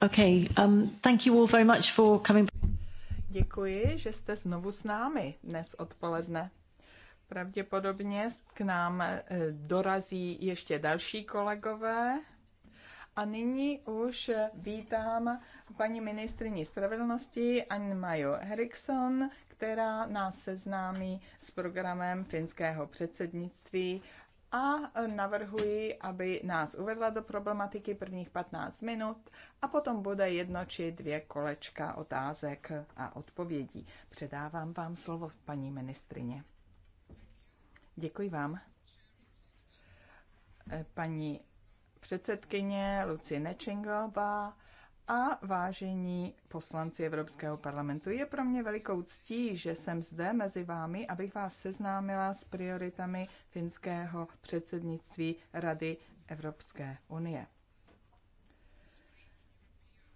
Okay, um, thank you all very much for coming. Děkuji, že jste znovu s námi dnes odpoledne. Pravděpodobně k nám eh, dorazí ještě další kolegové. A nyní už eh, vítám paní ministrní spravedlnosti Anne Majo Eriksson, která nás seznámí s programem finského předsednictví a navrhuji, aby nás uvedla do problematiky prvních 15 minut a potom bude jedno či dvě kolečka otázek a odpovědí. Předávám vám slovo, paní ministrině. Děkuji vám. Paní předsedkyně Lucie Nečingová, a vážení poslanci Evropského parlamentu. Je pro mě velikou ctí, že jsem zde mezi vámi, abych vás seznámila s prioritami finského předsednictví Rady Evropské unie.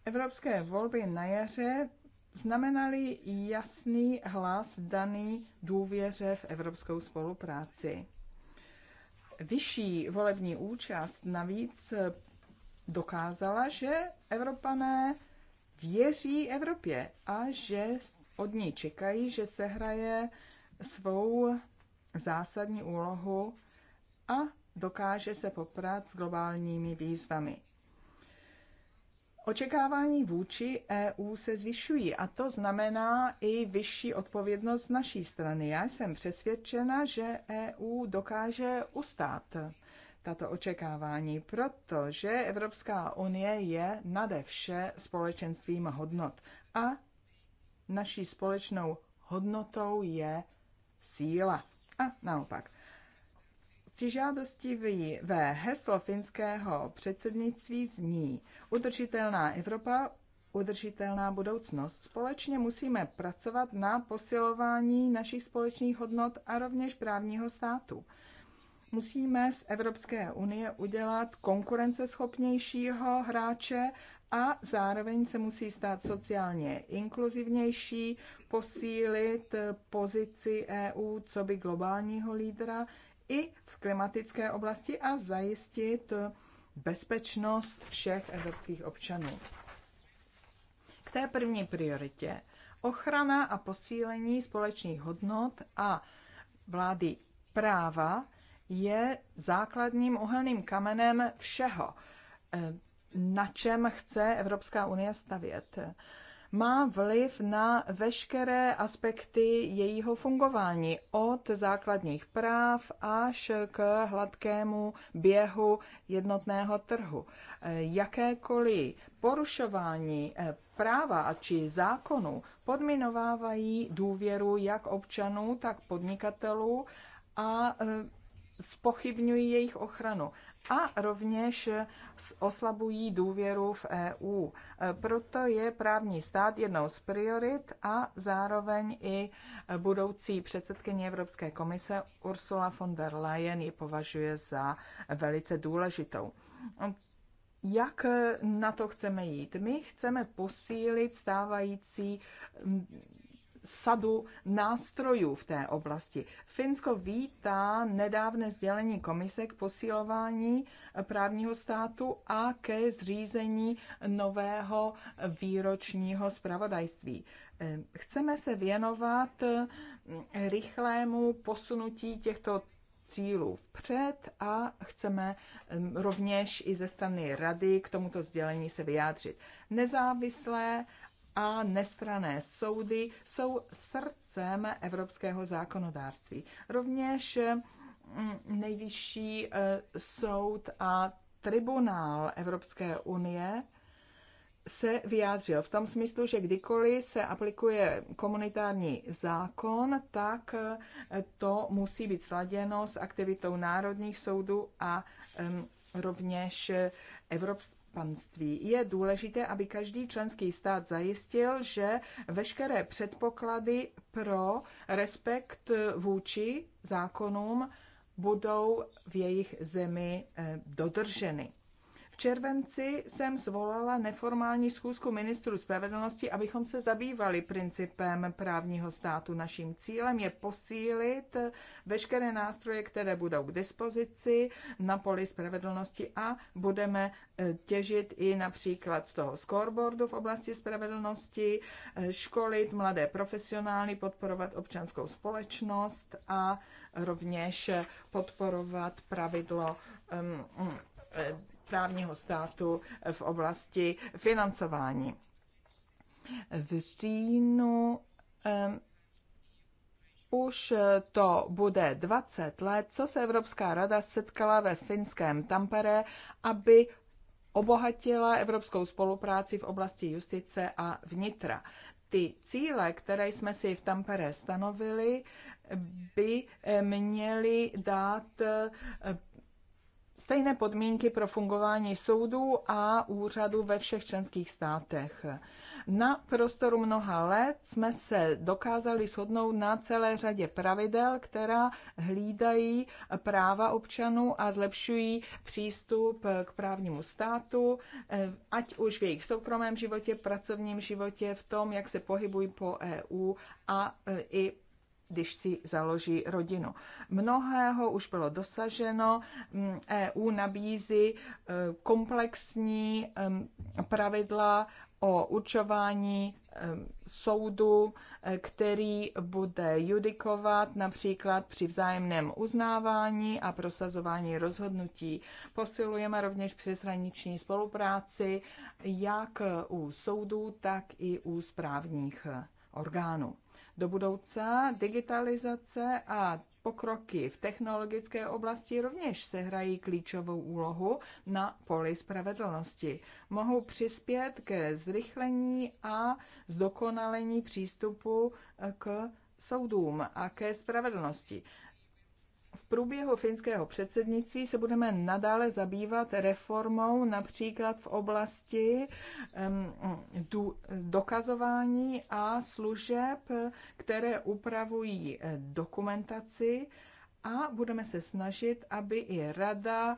Evropské volby na jaře znamenaly jasný hlas daný důvěře v evropskou spolupráci. Vyšší volební účast navíc dokázala, že Evropané věří Evropě a že od ní čekají, že se hraje svou zásadní úlohu a dokáže se poprat s globálními výzvami. Očekávání vůči EU se zvyšují a to znamená i vyšší odpovědnost z naší strany. Já jsem přesvědčena, že EU dokáže ustát tato očekávání, protože Evropská unie je nade vše společenstvím hodnot a naší společnou hodnotou je síla. A naopak. Cižádostivý ve heslo finského předsednictví zní Udržitelná Evropa, udržitelná budoucnost. Společně musíme pracovat na posilování našich společných hodnot a rovněž právního státu. Musíme z Evropské unie udělat konkurenceschopnějšího hráče a zároveň se musí stát sociálně inkluzivnější, posílit pozici EU co by globálního lídra i v klimatické oblasti a zajistit bezpečnost všech evropských občanů. K té první prioritě. Ochrana a posílení společných hodnot a vlády práva je základním uhelným kamenem všeho, eh, na čem chce Evropská unie stavět. Má vliv na veškeré aspekty jejího fungování, od základních práv až k hladkému běhu jednotného trhu. Eh, jakékoliv porušování eh, práva či zákonu podminovávají důvěru jak občanů, tak podnikatelů a spochybňují jejich ochranu a rovněž oslabují důvěru v EU. Proto je právní stát jednou z priorit a zároveň i budoucí předsedkyně Evropské komise Ursula von der Leyen ji považuje za velice důležitou. Jak na to chceme jít? My chceme posílit stávající sadu nástrojů v té oblasti. Finsko vítá nedávné sdělení komise k posilování právního státu a ke zřízení nového výročního zpravodajství. Chceme se věnovat rychlému posunutí těchto cílů vpřed a chceme rovněž i ze strany rady k tomuto sdělení se vyjádřit. Nezávislé a nestrané soudy jsou srdcem evropského zákonodárství. Rovněž mm, nejvyšší eh, soud a tribunál Evropské unie se vyjádřil v tom smyslu, že kdykoliv se aplikuje komunitární zákon, tak eh, to musí být sladěno s aktivitou národních soudů a um, rovněž evropanství. Je důležité, aby každý členský stát zajistil, že veškeré předpoklady pro respekt vůči zákonům budou v jejich zemi eh, dodrženy v červenci jsem zvolala neformální schůzku ministrů spravedlnosti, abychom se zabývali principem právního státu. Naším cílem je posílit veškeré nástroje, které budou k dispozici na poli spravedlnosti a budeme e, těžit i například z toho scoreboardu v oblasti spravedlnosti, e, školit mladé profesionály, podporovat občanskou společnost a rovněž podporovat pravidlo um, um, právního státu v oblasti financování. V říjnu um, už to bude 20 let, co se Evropská rada setkala ve finském Tampere, aby obohatila evropskou spolupráci v oblasti justice a vnitra. Ty cíle, které jsme si v Tampere stanovili, by eh, měly dát eh, stejné podmínky pro fungování soudů a úřadů ve všech členských státech. Na prostoru mnoha let jsme se dokázali shodnout na celé řadě pravidel, která hlídají práva občanů a zlepšují přístup k právnímu státu, eh, ať už v jejich soukromém životě, pracovním životě, v tom, jak se pohybují po EU a eh, i když si založí rodinu. Mnohého už bylo dosaženo. Mm, EU nabízí e, komplexní pravidla o určování soudu, e, který bude judikovat například při vzájemném uznávání a prosazování rozhodnutí. Posilujeme rovněž přeshraniční spolupráci jak u soudů, tak i u správních e, orgánů do budoucna digitalizace a pokroky v technologické oblasti rovněž sehrají klíčovou úlohu na poli spravedlnosti. Mohou přispět ke zrychlení a zdokonalení přístupu k soudům a ke spravedlnosti. V průběhu finského předsednictví se budeme nadále zabývat reformou například v oblasti dokazování a služeb, které upravují eh, dokumentaci a budeme se snažit, aby i rada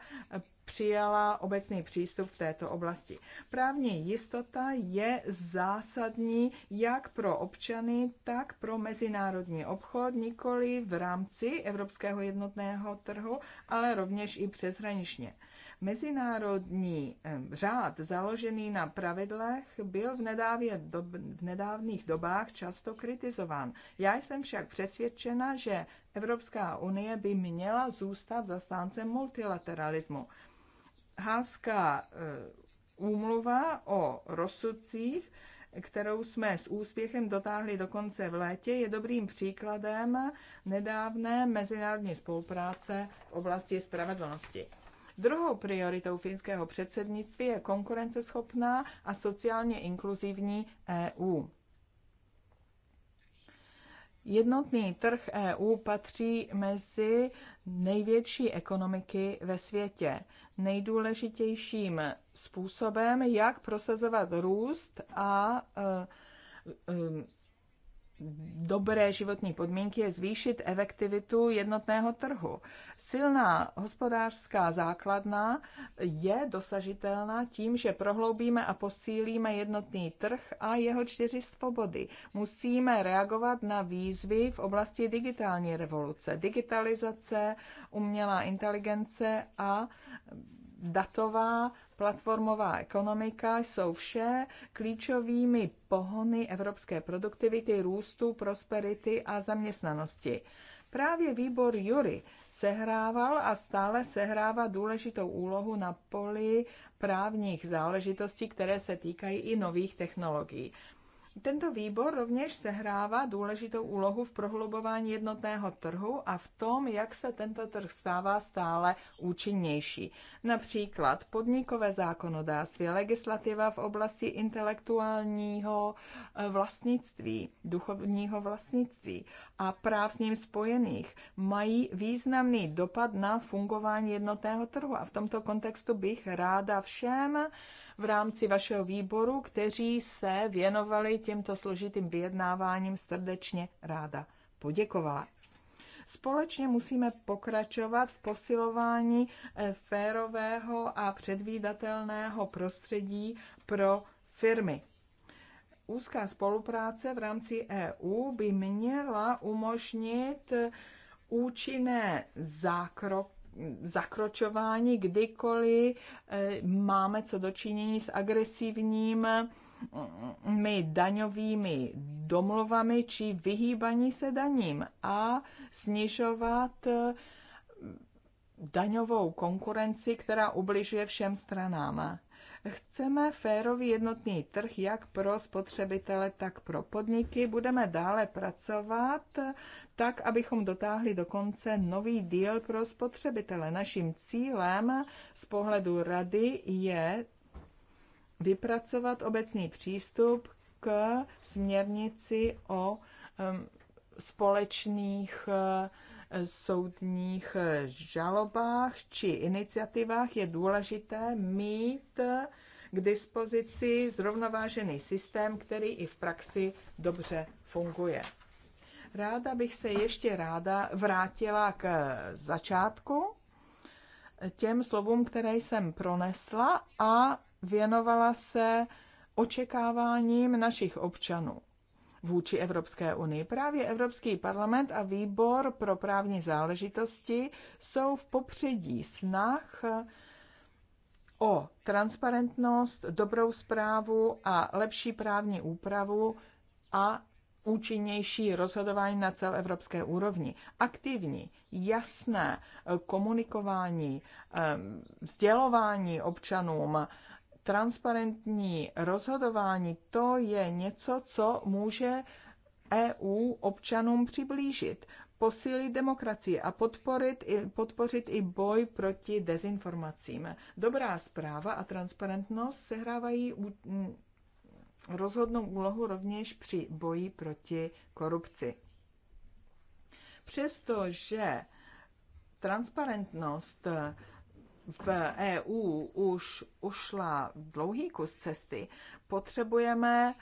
přijala obecný přístup v této oblasti. Právní jistota je zásadní jak pro občany, tak pro mezinárodní obchod, nikoli v rámci evropského jednotného trhu, ale rovněž i přeshraničně. Mezinárodní řád založený na pravidlech byl v, nedávě, dob, v nedávných dobách často kritizován. Já jsem však přesvědčena, že Evropská unie by měla zůstat zastáncem multilateralismu. Háská eh, úmluva o rozsudcích, kterou jsme s úspěchem dotáhli do konce v létě, je dobrým příkladem nedávné mezinárodní spolupráce v oblasti spravedlnosti. Druhou prioritou finského předsednictví je konkurenceschopná a sociálně inkluzivní EU. Jednotný trh EU patří mezi největší ekonomiky ve světě. Nejdůležitějším způsobem, jak prosazovat růst a e, e, dobré životní podmínky je zvýšit efektivitu jednotného trhu. Silná hospodářská základna je dosažitelná tím, že prohloubíme a posílíme jednotný trh a jeho čtyři svobody. Musíme reagovat na výzvy v oblasti digitální revoluce, digitalizace, umělá inteligence a datová platformová ekonomika jsou vše klíčovými pohony evropské produktivity, růstu, prosperity a zaměstnanosti. Právě výbor Jury sehrával a stále sehrává důležitou úlohu na poli právních záležitostí, které se týkají i nových technologií. Tento výbor rovněž sehrává důležitou úlohu v prohlubování jednotného trhu a v tom, jak se tento trh stává stále účinnější. Například podnikové zákonodárství, legislativa v oblasti intelektuálního eh, vlastnictví, duchovního vlastnictví a práv s ním spojených mají významný dopad na fungování jednotného trhu. A v tomto kontextu bych ráda všem v rámci vašeho výboru, kteří se věnovali těmto složitým vyjednáváním srdečně ráda poděkovala. Společně musíme pokračovat v posilování eh, férového a předvídatelného prostředí pro firmy. Úzká spolupráce v rámci EU by měla umožnit eh, účinné zákroky, zakročování, kdykoliv eh, máme co dočinění s agresivním mm, my daňovými domluvami či vyhýbaní se daním a snižovat eh, daňovou konkurenci, která ubližuje všem stranám. Chceme férový jednotný trh jak pro spotřebitele, tak pro podniky. Budeme dále pracovat tak, abychom dotáhli do konce nový díl pro spotřebitele. Naším cílem z pohledu rady je vypracovat obecný přístup k směrnici o um, společných soudních eh, žalobách či iniciativách je důležité mít eh, k dispozici zrovnovážený systém, který i v praxi dobře funguje. Ráda bych se ještě ráda vrátila k začátku těm slovům, které jsem pronesla a věnovala se očekáváním našich občanů vůči Evropské unii. Právě Evropský parlament a výbor pro právní záležitosti jsou v popředí snah o transparentnost, dobrou zprávu a lepší právní úpravu a účinnější rozhodování na celé evropské úrovni. Aktivní, jasné komunikování, sdělování občanům, transparentní rozhodování, to je něco, co může EU občanům přiblížit, posílit demokracii a podporit i, podpořit i boj proti dezinformacím. Dobrá zpráva a transparentnost sehrávají mm, rozhodnou úlohu rovněž při boji proti korupci. Přestože transparentnost v EU už ušla dlouhý kus cesty, potřebujeme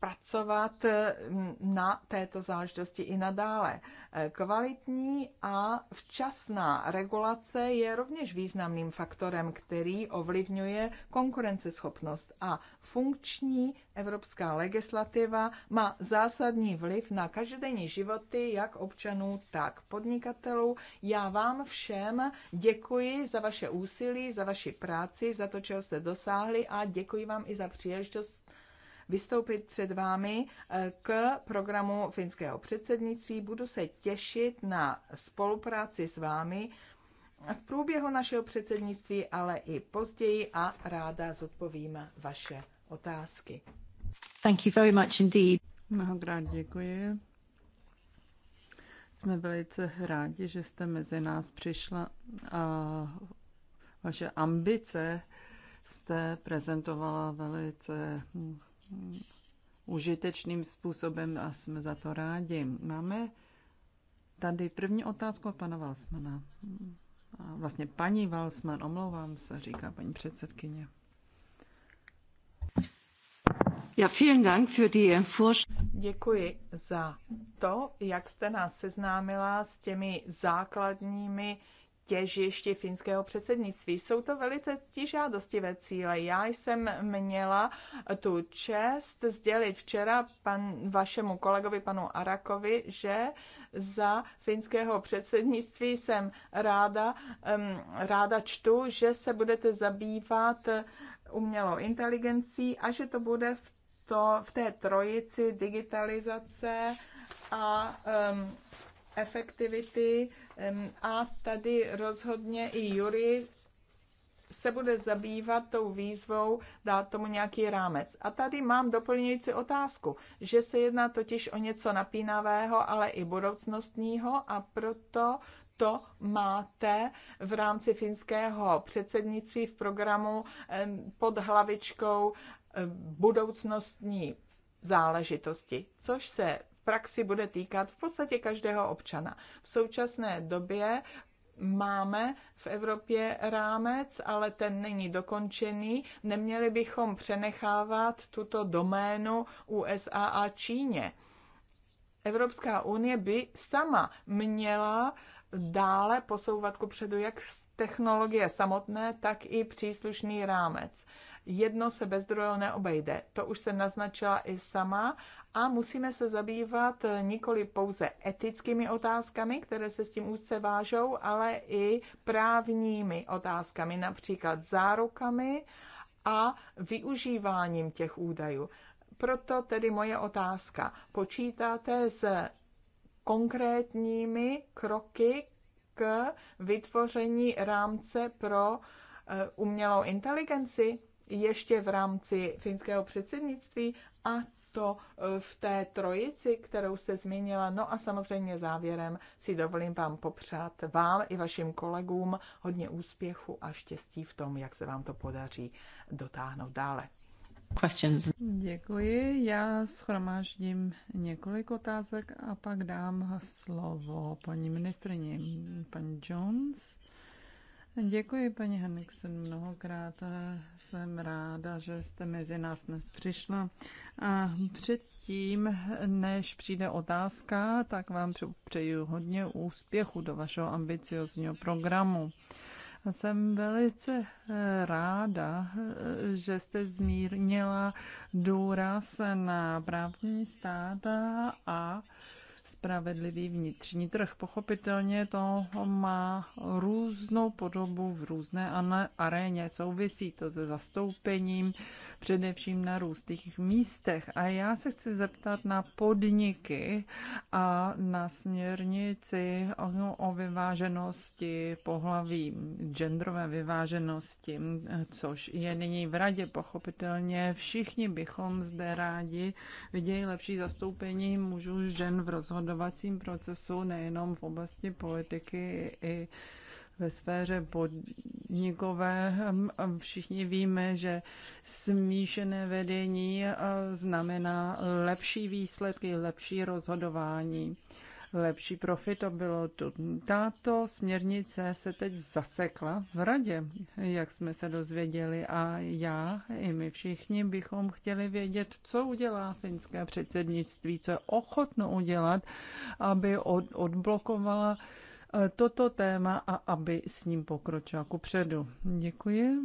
pracovat eh, na této záležitosti i nadále. Eh, kvalitní a včasná regulace je rovněž významným faktorem, který ovlivňuje konkurenceschopnost a funkční evropská legislativa má zásadní vliv na každodenní životy jak občanů, tak podnikatelů. Já vám všem děkuji za vaše úsilí, za vaši práci, za to, čeho jste dosáhli a děkuji vám i za příležitost vystoupit před vámi eh, k programu finského předsednictví. Budu se těšit na spolupráci s vámi v průběhu našeho předsednictví, ale i později a ráda zodpovím vaše otázky. Thank you very much indeed. Mnohokrát děkuji. Jsme velice rádi, že jste mezi nás přišla a vaše ambice jste prezentovala velice užitečným způsobem a jsme za to rádi. Máme tady první otázku od pana Valsmana. A vlastně paní Valsman, omlouvám se, říká paní předsedkyně. Ja, vielen Dank für die Děkuji za to, jak jste nás seznámila s těmi základními těžiště finského předsednictví. Jsou to velice žádostivé cíle. Já jsem měla tu čest sdělit včera pan, vašemu kolegovi panu Arakovi, že za finského předsednictví jsem ráda, um, ráda čtu, že se budete zabývat eh, umělou inteligencí a že to bude v, to, v té trojici digitalizace a um, efektivity a tady rozhodně i Jury se bude zabývat tou výzvou dát tomu nějaký rámec. A tady mám doplňující otázku, že se jedná totiž o něco napínavého, ale i budoucnostního a proto to máte v rámci finského předsednictví v programu pod hlavičkou budoucnostní záležitosti, což se praxi bude týkat v podstatě každého občana. V současné době máme v Evropě rámec, ale ten není dokončený. Neměli bychom přenechávat tuto doménu USA a Číně. Evropská unie by sama měla dále posouvat ku předu jak technologie samotné, tak i příslušný rámec. Jedno se bez druhého neobejde. To už se naznačila i sama a musíme se zabývat nikoli pouze etickými otázkami, které se s tím úzce vážou, ale i právními otázkami, například zárukami a využíváním těch údajů. Proto tedy moje otázka. Počítáte s konkrétními kroky k vytvoření rámce pro eh, umělou inteligenci ještě v rámci finského předsednictví a to e, v té trojici, kterou jste zmínila. No a samozřejmě závěrem si dovolím vám popřát vám i vašim kolegům hodně úspěchu a štěstí v tom, jak se vám to podaří dotáhnout dále. Questions. Děkuji. Já schromáždím několik otázek a pak dám slovo paní ministrině, paní Jones. Děkuji, paní Henriksen, mnohokrát. Jsem ráda, že jste mezi nás dnes přišla. A předtím, než přijde otázka, tak vám přeju hodně úspěchu do vašeho ambiciozního programu. Jsem velice eh, ráda, eh, že jste zmírnila důraz na právní stáda a nespravedlivý vnitřní trh. Pochopitelně to má různou podobu v různé aréně. Souvisí to se zastoupením, především na různých místech. A já se chci zeptat na podniky a na směrnici o vyváženosti pohlaví, genderové vyváženosti, což je nyní v radě. Pochopitelně všichni bychom zde rádi viděli lepší zastoupení mužů žen v rozhodování rozhodovacím procesu nejenom v oblasti politiky, i ve sféře podnikové. Hm, všichni víme, že smíšené vedení eh, znamená lepší výsledky, lepší rozhodování lepší to. Tato směrnice se teď zasekla v radě, jak jsme se dozvěděli a já i my všichni bychom chtěli vědět, co udělá finské předsednictví, co je ochotno udělat, aby od, odblokovala eh, toto téma a aby s ním pokročila ku předu. Děkuji.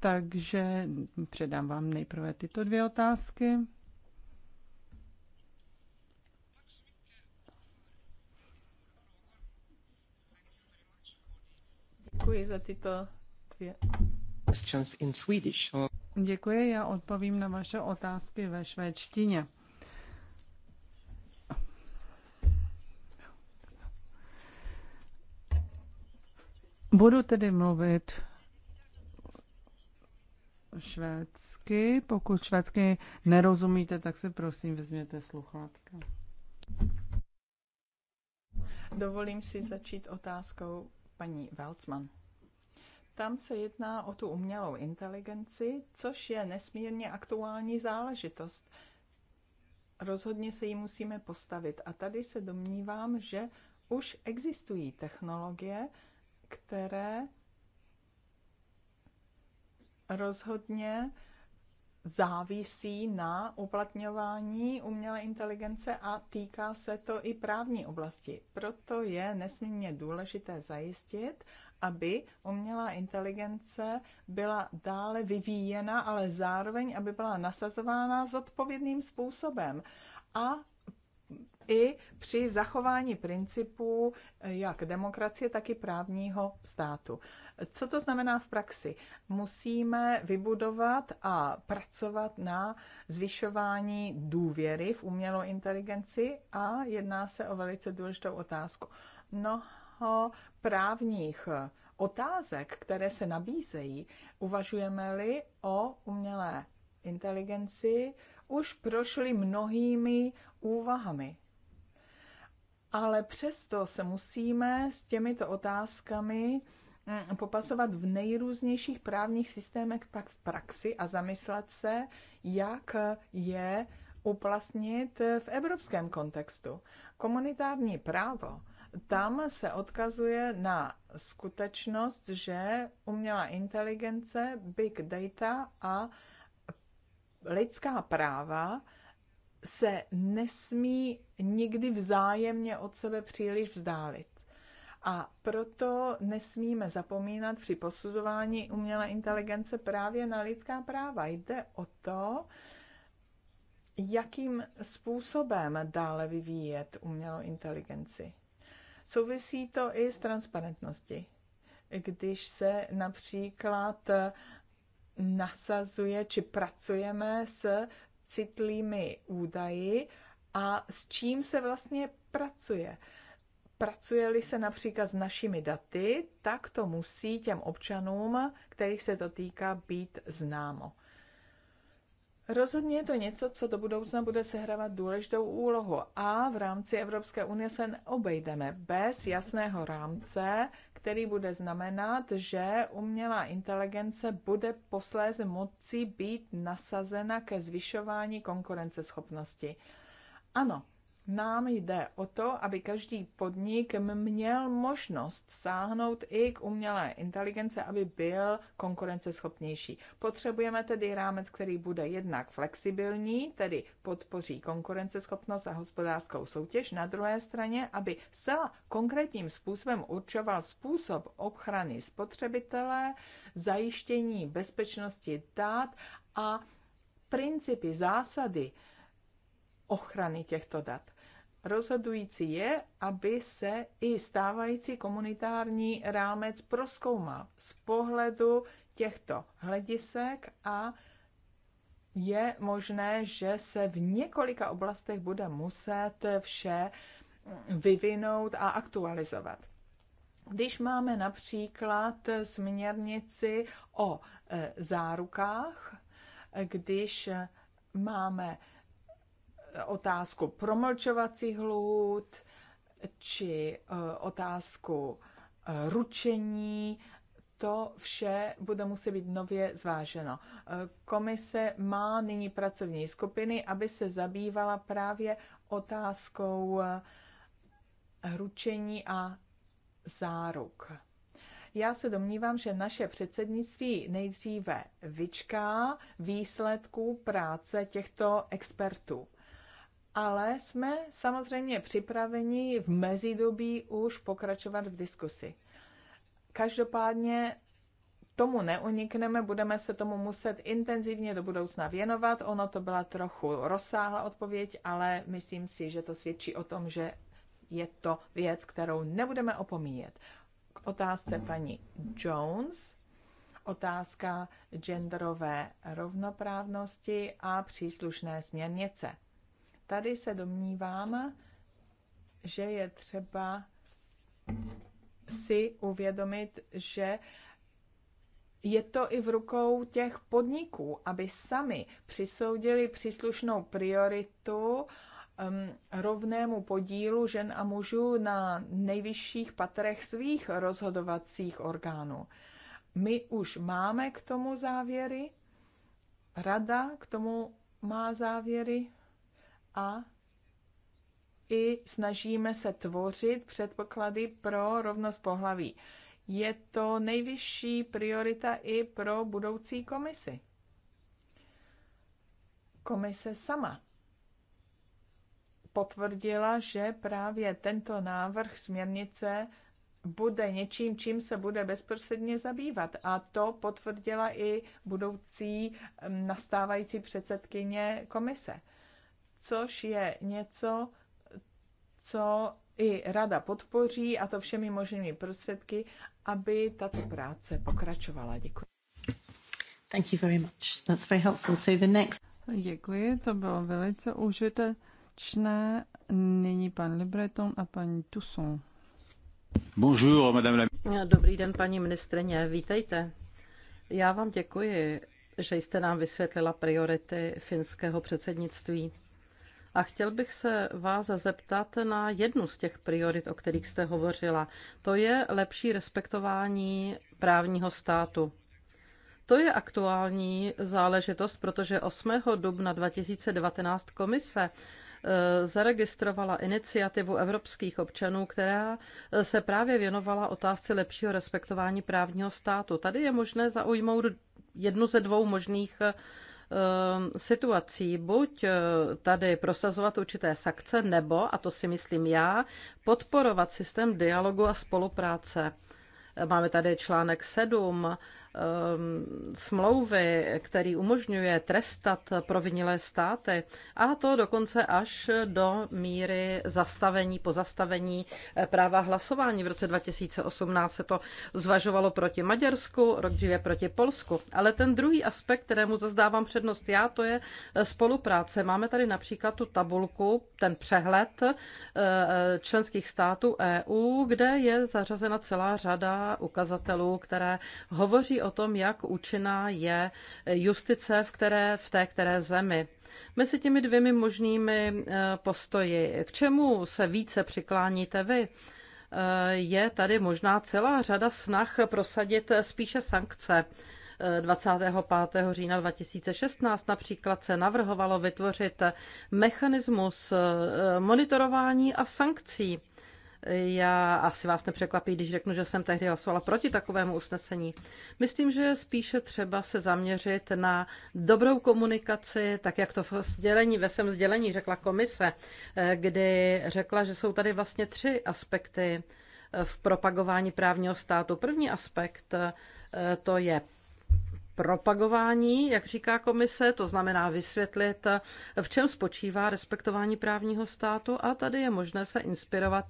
Takže předám vám nejprve tyto dvě otázky. Děkuji za tyto dvě. Questions in Swedish. Děkuji, já odpovím na vaše otázky ve švédštině. Budu tedy mluvit švédsky. Pokud švédsky nerozumíte, tak si prosím vezměte sluchátka. Dovolím si začít otázkou paní Welcman. Tam se jedná o tu umělou inteligenci, což je nesmírně aktuální záležitost. Rozhodně se jí musíme postavit. A tady se domnívám, že už existují technologie, které rozhodně závisí na uplatňování umělé inteligence a týká se to i právní oblasti. Proto je nesmírně důležité zajistit, aby umělá inteligence byla dále vyvíjena, ale zároveň, aby byla nasazována zodpovědným způsobem a i při zachování principů eh, jak demokracie, tak i právního státu. Co to znamená v praxi? Musíme vybudovat a pracovat na zvyšování důvěry v umělou inteligenci a jedná se o velice důležitou otázku. Mnoho právních eh, otázek, které se nabízejí, uvažujeme-li o umělé inteligenci, už prošly mnohými úvahami ale přesto se musíme s těmito otázkami mm, popasovat v nejrůznějších právních systémech pak v praxi a zamyslet se, jak je uplatnit v evropském kontextu. Komunitární právo, tam se odkazuje na skutečnost, že umělá inteligence, big data a lidská práva se nesmí nikdy vzájemně od sebe příliš vzdálit. A proto nesmíme zapomínat při posuzování umělé inteligence právě na lidská práva. Jde o to, jakým způsobem dále vyvíjet umělou inteligenci. Souvisí to i s transparentností. Když se například nasazuje či pracujeme s citlými údaji a s čím se vlastně pracuje. Pracuje-li se například s našimi daty, tak to musí těm občanům, kterých se to týká, být známo. Rozhodně je to něco, co do budoucna bude sehrávat důležitou úlohu a v rámci Evropské unie se obejdeme bez jasného rámce, který bude znamenat, že umělá inteligence bude posléze moci být nasazena ke zvyšování konkurenceschopnosti. Ano, nám jde o to, aby každý podnik měl možnost sáhnout i k umělé inteligence, aby byl konkurenceschopnější. Potřebujeme tedy rámec, který bude jednak flexibilní, tedy podpoří konkurenceschopnost a hospodářskou soutěž, na druhé straně, aby zcela konkrétním způsobem určoval způsob ochrany spotřebitele, zajištění bezpečnosti dát a principy, zásady ochrany těchto dat. Rozhodující je, aby se i stávající komunitární rámec proskoumal z pohledu těchto hledisek a je možné, že se v několika oblastech bude muset vše vyvinout a aktualizovat. Když máme například směrnici o e, zárukách, když máme otázku promlčovací lhůt či eh, otázku eh, ručení, to vše bude muset být nově zváženo. Eh, komise má nyní pracovní skupiny, aby se zabývala právě otázkou ručení a záruk. Já se domnívám, že naše předsednictví nejdříve vyčká výsledků práce těchto expertů ale jsme samozřejmě připraveni v mezidobí už pokračovat v diskusi. Každopádně tomu neunikneme, budeme se tomu muset intenzivně do budoucna věnovat. Ono to byla trochu rozsáhlá odpověď, ale myslím si, že to svědčí o tom, že je to věc, kterou nebudeme opomíjet. K otázce paní Jones, otázka genderové rovnoprávnosti a příslušné směrnice. Tady se domnívám, že je třeba si uvědomit, že je to i v rukou těch podniků, aby sami přisoudili příslušnou prioritu um, rovnému podílu žen a mužů na nejvyšších patrech svých rozhodovacích orgánů. My už máme k tomu závěry, rada k tomu má závěry, a i snažíme se tvořit předpoklady pro rovnost pohlaví. Je to nejvyšší priorita i pro budoucí komisi. Komise sama potvrdila, že právě tento návrh směrnice bude něčím, čím se bude bezprostředně zabývat. A to potvrdila i budoucí mm, nastávající předsedkyně komise což je něco, co i rada podpoří a to všemi možnými prostředky, aby tato práce pokračovala. Děkuji. Thank you very much. That's very helpful. So the next... Děkuji, to bylo velice užitečné. Nyní pan Libreton a paní Tusson. Bonjour, madame la... Dobrý den, paní ministrině, vítejte. Já vám děkuji, že jste nám vysvětlila priority finského předsednictví. A chtěl bych se vás zeptat na jednu z těch priorit, o kterých jste hovořila. To je lepší respektování právního státu. To je aktuální záležitost, protože 8. dubna 2019 komise eh, zaregistrovala iniciativu evropských občanů, která eh, se právě věnovala otázce lepšího respektování právního státu. Tady je možné zaujmout jednu ze dvou možných eh, Um, situací buď uh, tady prosazovat určité sakce, nebo, a to si myslím já, podporovat systém dialogu a spolupráce. Máme tady článek 7 Um, smlouvy, který umožňuje trestat provinilé státy, a to dokonce až do míry zastavení, pozastavení eh, práva hlasování. V roce 2018 se to zvažovalo proti Maďarsku, rok dříve proti Polsku. Ale ten druhý aspekt, kterému zazdávám přednost já, to je eh, spolupráce. Máme tady například tu tabulku, ten přehled eh, členských států EU, kde je zařazena celá řada ukazatelů, které hovoří o tom, jak účinná je justice v, které, v té které zemi. Mezi těmi dvěmi možnými eh, postoji, k čemu se více přikláníte vy? Eh, je tady možná celá řada snah prosadit spíše sankce. 25. Eh, října 2016 například se navrhovalo vytvořit mechanismus monitorování a sankcí já asi vás nepřekvapí, když řeknu, že jsem tehdy hlasovala proti takovému usnesení. Myslím, že spíše třeba se zaměřit na dobrou komunikaci, tak jak to v sdělení, ve svém sdělení řekla komise, eh, kdy řekla, že jsou tady vlastně tři aspekty v propagování právního státu. První aspekt eh, to je propagování, jak říká komise, to znamená vysvětlit, v čem spočívá respektování právního státu a tady je možné se inspirovat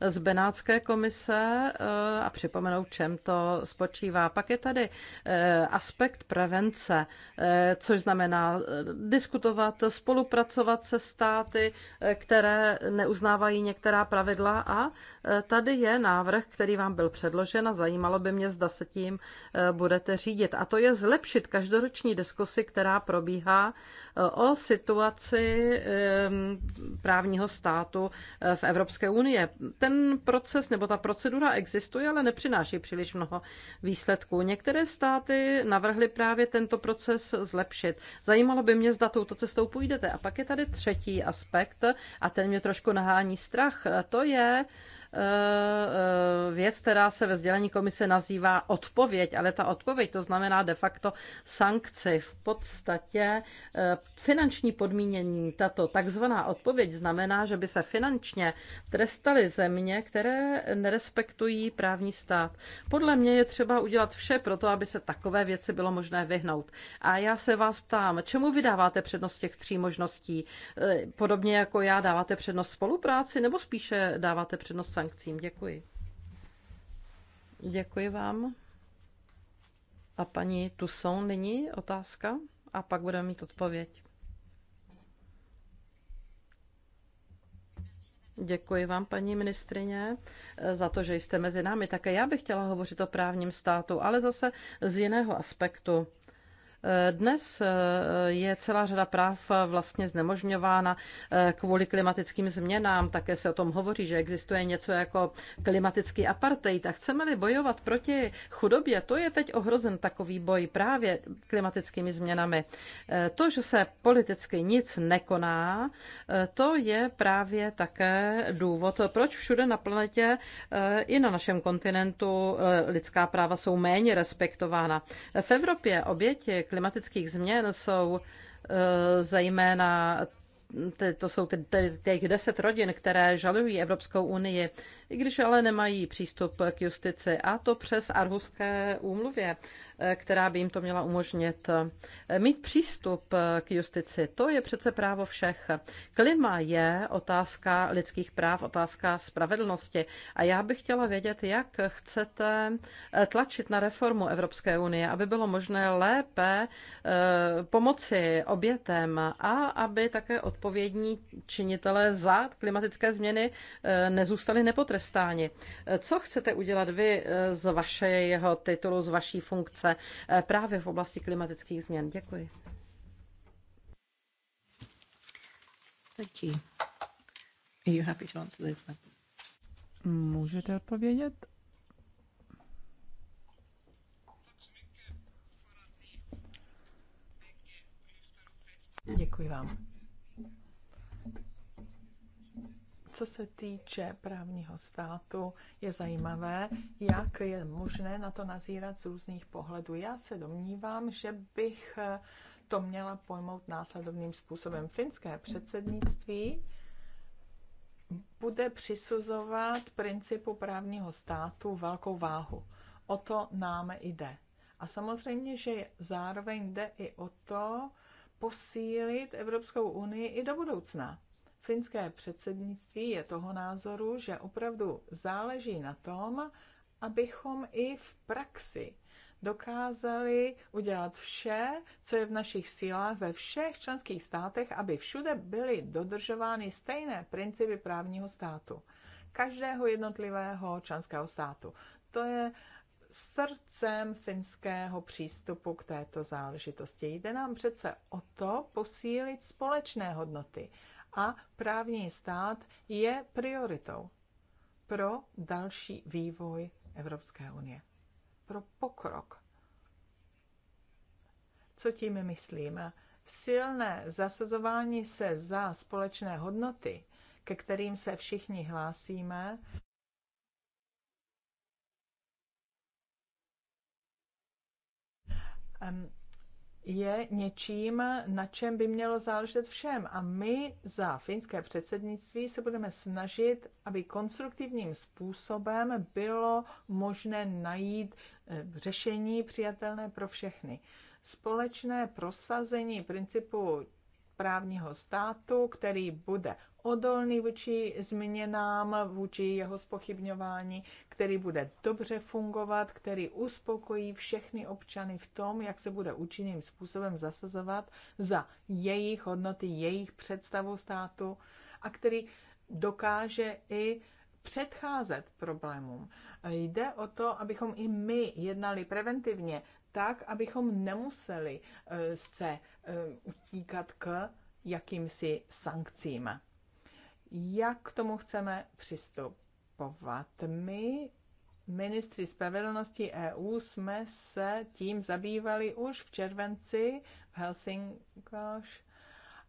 z Benátské komise eh, a připomenout, čem to spočívá. Pak je tady eh, aspekt prevence, eh, což znamená diskutovat, spolupracovat se státy, které neuznávají některá pravidla a tady je návrh, který vám byl předložen a zajímalo by mě, zda se tím budete řídit. A to je zlepšit každoroční diskusy, která probíhá eh, o situaci eh, právního státu eh, v Evropské unii. Ten proces nebo ta procedura existuje, ale nepřináší příliš mnoho výsledků. Některé státy navrhly právě tento proces zlepšit. Zajímalo by mě, zda touto cestou půjdete. A pak je tady třetí aspekt a ten mě trošku nahání strach. To je, Eh, eh, věc, která se ve sdělení komise nazývá odpověď, ale ta odpověď to znamená de facto sankci, v podstatě eh, finanční podmínění. Tato takzvaná odpověď znamená, že by se finančně trestaly země, které nerespektují právní stát. Podle mě je třeba udělat vše pro to, aby se takové věci bylo možné vyhnout. A já se vás ptám, čemu vydáváte přednost těch tří možností? Podobně jako já dáváte přednost spolupráci nebo spíše dáváte přednost sankcím. Děkuji. Děkuji vám. A paní Tuson, nyní otázka a pak budeme mít odpověď. Děkuji vám, paní ministrině, za to, že jste mezi námi. Také já bych chtěla hovořit o právním státu, ale zase z jiného aspektu. Dnes eh, je celá řada práv vlastně znemožňována eh, kvůli klimatickým změnám. Také se o tom hovoří, že existuje něco jako klimatický apartheid. A chceme-li bojovat proti chudobě, to je teď ohrozen takový boj právě klimatickými změnami. Eh, to, že se politicky nic nekoná, to je právě také důvod, proč všude na planetě i na našem kontinentu lidská práva jsou méně respektována. V Evropě oběti klimatických změn jsou eh, zejména to jsou těch deset rodin, které žalují Evropskou unii, i když ale nemají přístup k justici, a to přes Arhuské úmluvě která by jim to měla umožnit. Mít přístup k justici, to je přece právo všech. Klima je otázka lidských práv, otázka spravedlnosti. A já bych chtěla vědět, jak chcete tlačit na reformu Evropské unie, aby bylo možné lépe eh, pomoci obětem a aby také odpovědní činitelé za klimatické změny eh, nezůstali nepotrestáni. Co chcete udělat vy eh, z vašeho titulu, z vaší funkce? práce eh, právě v oblasti klimatických změn. Děkuji. Thank you. Are you happy to answer this one? Můžete odpovědět? Děkuji vám. Co se týče právního státu, je zajímavé, jak je možné na to nazírat z různých pohledů. Já se domnívám, že bych eh, to měla pojmout následovným způsobem. Finské předsednictví bude přisuzovat principu právního státu velkou váhu. O to nám jde. A samozřejmě, že zároveň jde i o to posílit Evropskou unii i do budoucna Finské předsednictví je toho názoru, že opravdu záleží na tom, abychom i v praxi dokázali udělat vše, co je v našich sílách ve všech členských státech, aby všude byly dodržovány stejné principy právního státu. Každého jednotlivého členského státu. To je srdcem finského přístupu k této záležitosti. Jde nám přece o to posílit společné hodnoty, a právní stát je prioritou pro další vývoj Evropské unie, pro pokrok. Co tím myslím? Silné zasazování se za společné hodnoty, ke kterým se všichni hlásíme, um, je něčím, na čem by mělo záležet všem. A my za finské předsednictví se budeme snažit, aby konstruktivním způsobem bylo možné najít eh, řešení přijatelné pro všechny. Společné prosazení principu právního státu, který bude odolný vůči změnám, vůči jeho spochybňování, který bude dobře fungovat, který uspokojí všechny občany v tom, jak se bude účinným způsobem zasazovat za jejich hodnoty, jejich představu státu a který dokáže i předcházet problémům. Jde o to, abychom i my jednali preventivně, tak, abychom nemuseli eh, se eh, utíkat k jakýmsi sankcím jak k tomu chceme přistupovat. My, ministři spravedlnosti EU, jsme se tím zabývali už v červenci v Helsinkách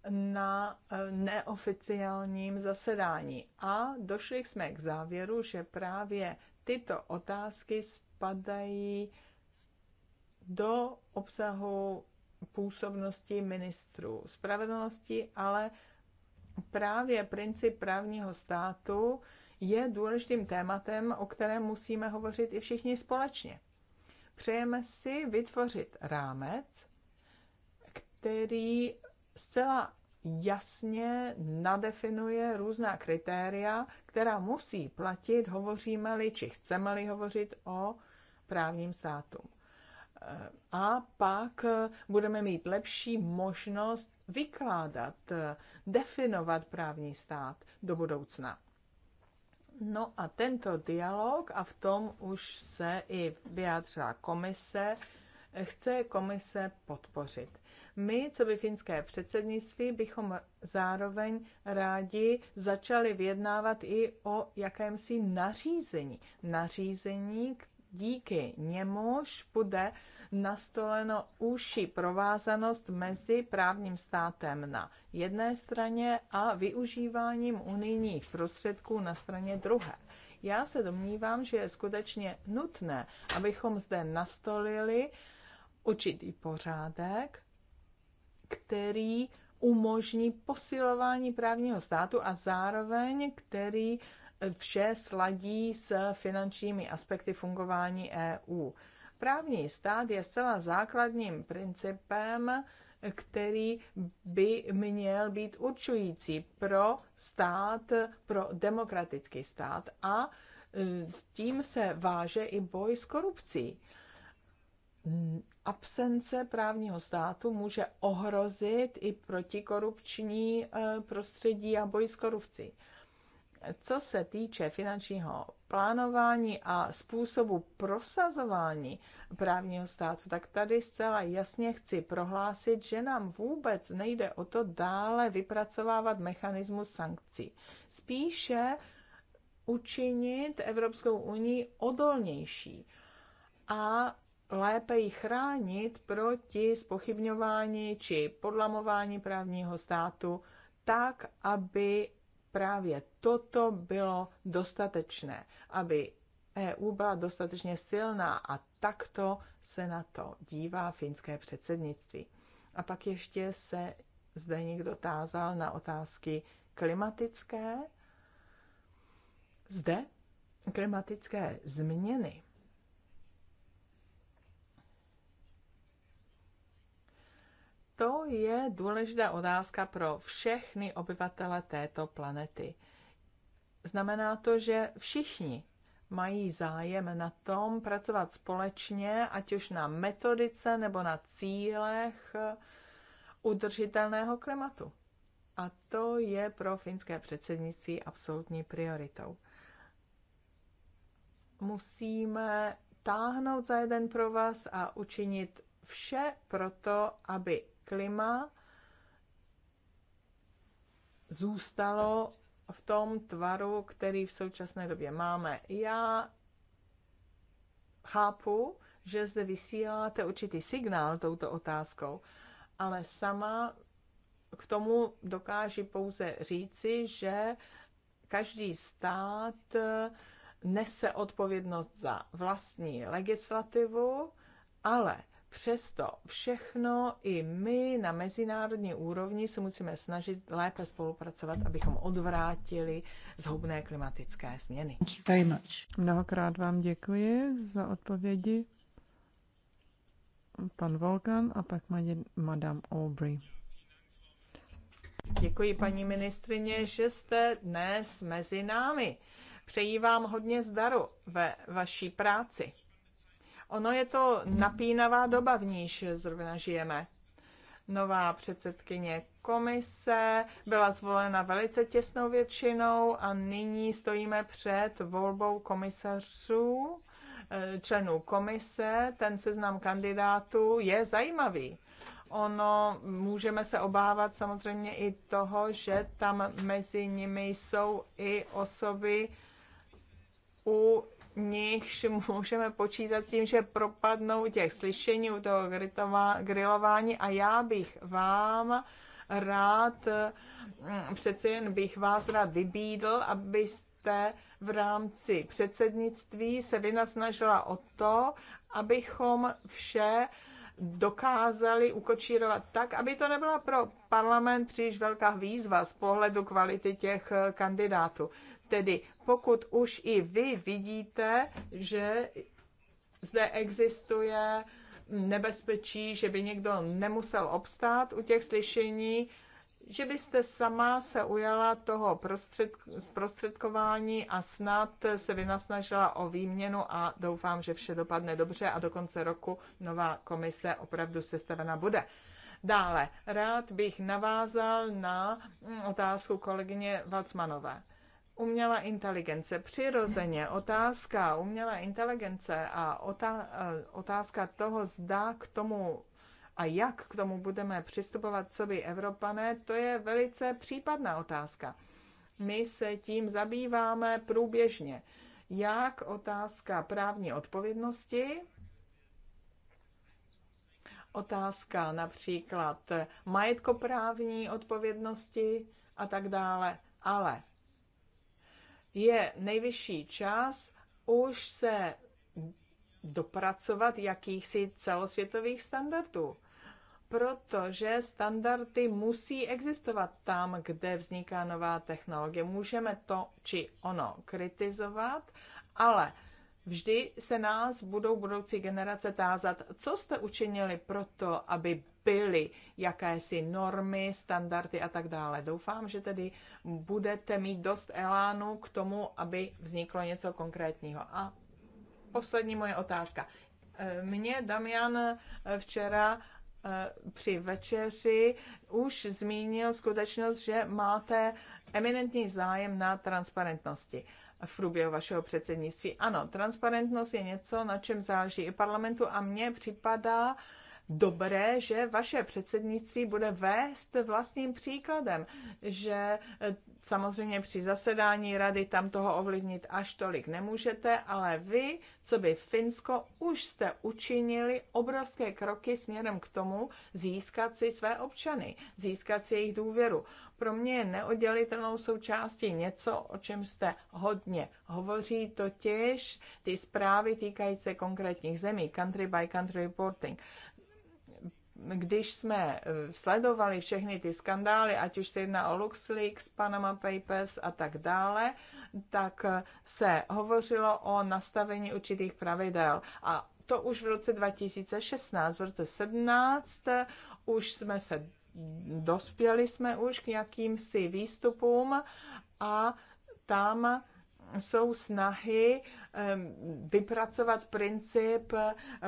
na eh, neoficiálním zasedání. A došli jsme k závěru, že právě tyto otázky spadají do obsahu působnosti ministrů spravedlnosti, ale právě princip právního státu je důležitým tématem, o kterém musíme hovořit i všichni společně. Přejeme si vytvořit rámec, který zcela jasně nadefinuje různá kritéria, která musí platit, hovoříme-li či chceme-li hovořit o právním státu a pak eh, budeme mít lepší možnost vykládat, eh, definovat právní stát do budoucna. No a tento dialog, a v tom už se i vyjádřila komise, chce komise podpořit. My, co by finské předsednictví, bychom zároveň rádi začali vyjednávat i o jakémsi nařízení. Nařízení, díky němuž bude nastoleno užší provázanost mezi právním státem na jedné straně a využíváním unijních prostředků na straně druhé. Já se domnívám, že je skutečně nutné, abychom zde nastolili určitý pořádek, který umožní posilování právního státu a zároveň, který vše sladí s finančními aspekty fungování EU. Právní stát je zcela základním principem, který by měl být určující pro stát, pro demokratický stát a e, s tím se váže i boj s korupcí. Absence právního státu může ohrozit i protikorupční e, prostředí a boj s korupcí. Co se týče finančního plánování a způsobu prosazování právního státu, tak tady zcela jasně chci prohlásit, že nám vůbec nejde o to dále vypracovávat mechanismus sankcí. Spíše učinit Evropskou unii odolnější a lépe ji chránit proti spochybňování či podlamování právního státu tak, aby právě toto bylo dostatečné, aby EU byla dostatečně silná a takto se na to dívá finské předsednictví. A pak ještě se zde někdo tázal na otázky klimatické. Zde klimatické změny To je důležitá otázka pro všechny obyvatele této planety. Znamená to, že všichni mají zájem na tom pracovat společně, ať už na metodice nebo na cílech udržitelného klimatu. A to je pro finské předsednictví absolutní prioritou. Musíme táhnout za jeden pro vás a učinit vše proto, aby klima zůstalo v tom tvaru, který v současné době máme. Já chápu, že zde vysíláte určitý signál touto otázkou, ale sama k tomu dokáží pouze říci, že každý stát nese odpovědnost za vlastní legislativu, ale Přesto všechno i my na mezinárodní úrovni se musíme snažit lépe spolupracovat, abychom odvrátili zhubné klimatické změny. Mnohokrát vám děkuji za odpovědi. Pan Volkan a pak Madame Aubrey. Děkuji, paní ministrině, že jste dnes mezi námi. Přeji vám hodně zdaru ve vaší práci. Ono je to napínavá doba, v níž zrovna žijeme. Nová předsedkyně komise byla zvolena velice těsnou většinou a nyní stojíme před volbou komisařů, eh, členů komise. Ten seznam kandidátů je zajímavý ono můžeme se obávat samozřejmě i toho, že tam mezi nimi jsou i osoby, u nichž můžeme počítat s tím, že propadnou těch slyšení u toho grilování a já bych vám rád, mm, přece jen bych vás rád vybídl, abyste v rámci předsednictví se vynasnažila o to, abychom vše dokázali ukočírovat tak, aby to nebyla pro parlament příliš velká výzva z pohledu kvality těch kandidátů. Tedy pokud už i vy vidíte, že zde existuje nebezpečí, že by někdo nemusel obstát u těch slyšení, že byste sama se ujala toho prostřed, zprostředkování a snad se vynasnažila o výměnu a doufám, že vše dopadne dobře a do konce roku nová komise opravdu sestavena bude. Dále, rád bych navázal na otázku kolegyně Vacmanové umělá inteligence. Přirozeně otázka umělé inteligence a eh, otázka toho, zda k tomu a jak k tomu budeme přistupovat, co by Evropané, to je velice případná otázka. My se tím zabýváme průběžně. Jak otázka právní odpovědnosti, otázka například majetkoprávní odpovědnosti a tak dále. Ale je nejvyšší čas už se dopracovat jakýchsi celosvětových standardů. Protože standardy musí existovat tam, kde vzniká nová technologie. Můžeme to či ono kritizovat, ale Vždy se nás budou budoucí generace tázat, co jste učinili pro to, aby byly jakési normy, standardy a tak dále. Doufám, že tedy budete mít dost elánu k tomu, aby vzniklo něco konkrétního. A poslední moje otázka. E, mě Damian e, včera e, při večeři už zmínil skutečnost, že máte eminentní zájem na transparentnosti v průběhu vašeho předsednictví. Ano, transparentnost je něco, na čem záleží i parlamentu a mně připadá dobré, že vaše předsednictví bude vést vlastním příkladem, že eh, samozřejmě při zasedání rady tam toho ovlivnit až tolik nemůžete, ale vy, co by Finsko, už jste učinili obrovské kroky směrem k tomu získat si své občany, získat si jejich důvěru. Pro mě je neoddělitelnou součástí něco, o čem jste hodně hovoří, totiž ty zprávy týkající konkrétních zemí, country by country reporting když jsme eh, sledovali všechny ty skandály, ať už se jedná o LuxLeaks, Panama Papers a tak dále, tak eh, se hovořilo o nastavení určitých pravidel. A to už v roce 2016, v roce 17 eh, už jsme se dospěli jsme už k jakýmsi výstupům a tam jsou snahy vypracovat princip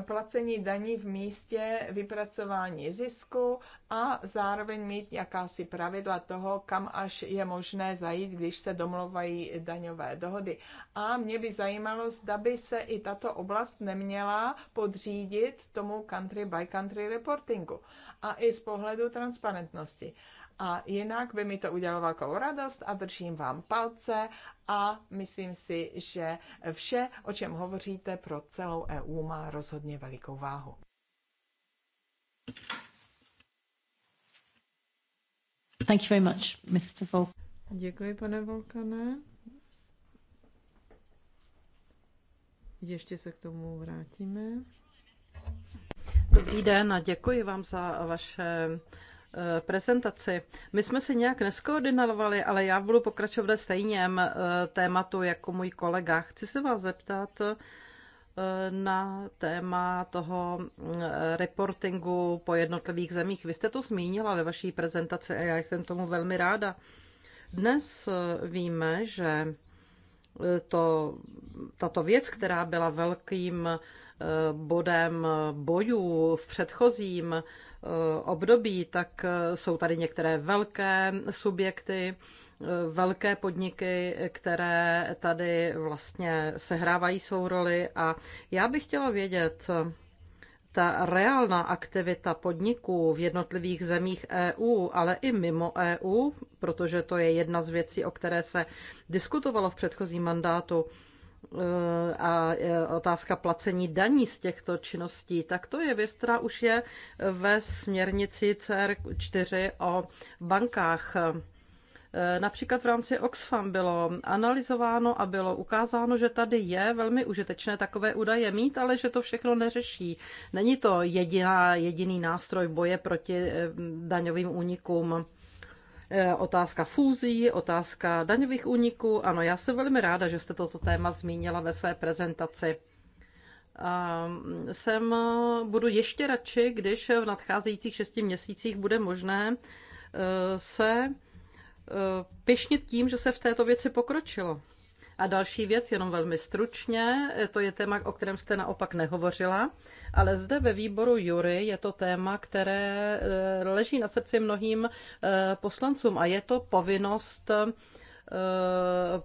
placení daní v místě vypracování zisku a zároveň mít jakási pravidla toho, kam až je možné zajít, když se domlouvají daňové dohody. A mě by zajímalo, zda by se i tato oblast neměla podřídit tomu country by country reportingu a i z pohledu transparentnosti. A jinak by mi to udělalo velkou radost a držím vám palce a myslím si, že vše, o čem hovoříte pro celou EU, má rozhodně velikou váhu. Thank you very much, Mr. Vol. Děkuji, pane Volkane. Ještě se k tomu vrátíme. Dobrý den a děkuji vám za vaše Eh, prezentaci. My jsme se nějak neskoordinovali, ale já budu pokračovat ve stejném eh, tématu jako můj kolega. Chci se vás zeptat eh, na téma toho reportingu po jednotlivých zemích. Vy jste to zmínila ve vaší prezentaci a já jsem tomu velmi ráda. Dnes víme, že to, tato věc, která byla velkým bodem bojů v předchozím Eh, období, tak eh, jsou tady některé velké subjekty, eh, velké podniky, které tady vlastně sehrávají svou roli a já bych chtěla vědět, ta reálná aktivita podniků v jednotlivých zemích EU, ale i mimo EU, protože to je jedna z věcí, o které se diskutovalo v předchozím mandátu, a e, otázka placení daní z těchto činností, tak to je věc, která už je ve směrnici CR4 o bankách. E, například v rámci Oxfam bylo analyzováno a bylo ukázáno, že tady je velmi užitečné takové údaje mít, ale že to všechno neřeší. Není to jediná, jediný nástroj boje proti e, daňovým únikům. Eh, otázka fúzí, otázka daňových úniků. Ano, já jsem velmi ráda, že jste toto téma zmínila ve své prezentaci. Ehm, jsem, eh, budu ještě radši, když v nadcházejících šesti měsících bude možné eh, se pišnit tím, že se v této věci pokročilo. A další věc, jenom velmi stručně, to je téma, o kterém jste naopak nehovořila, ale zde ve výboru Jury je to téma, které eh, leží na srdci mnohým eh, poslancům a je to povinnost eh,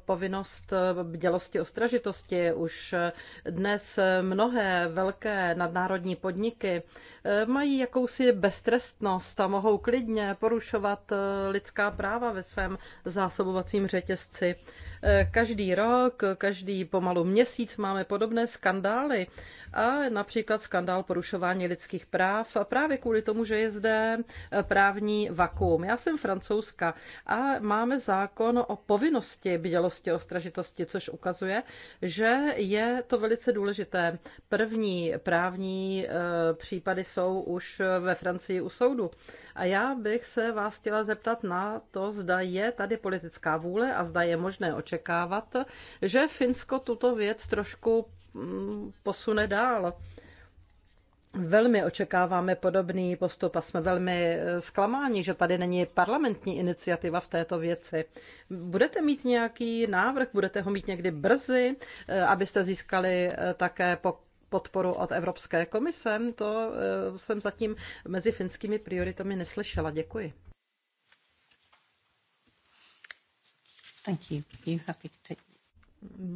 povinnost dělosti ostražitosti. Už dnes mnohé velké nadnárodní podniky Eh, mají jakousi beztrestnost a mohou klidně porušovat eh, lidská práva ve svém zásobovacím řetězci. Eh, každý rok, každý pomalu měsíc máme podobné skandály a například skandál porušování lidských práv A právě kvůli tomu, že je zde právní vakuum. Já jsem francouzka a máme zákon o povinnosti bdělosti stražitosti, což ukazuje, že je to velice důležité. První právní případy jsou už ve Francii u soudu. A já bych se vás chtěla zeptat na to, zda je tady politická vůle a zda je možné očekávat, že Finsko tuto věc trošku mm, posune dál. Velmi očekáváme podobný postup a jsme velmi eh, zklamáni, že tady není parlamentní iniciativa v této věci. Budete mít nějaký návrh, budete ho mít někdy brzy, eh, abyste získali eh, také podporu od Evropské komise. To eh, jsem zatím mezi finskými prioritami neslyšela. Děkuji. Thank you. You happy to take...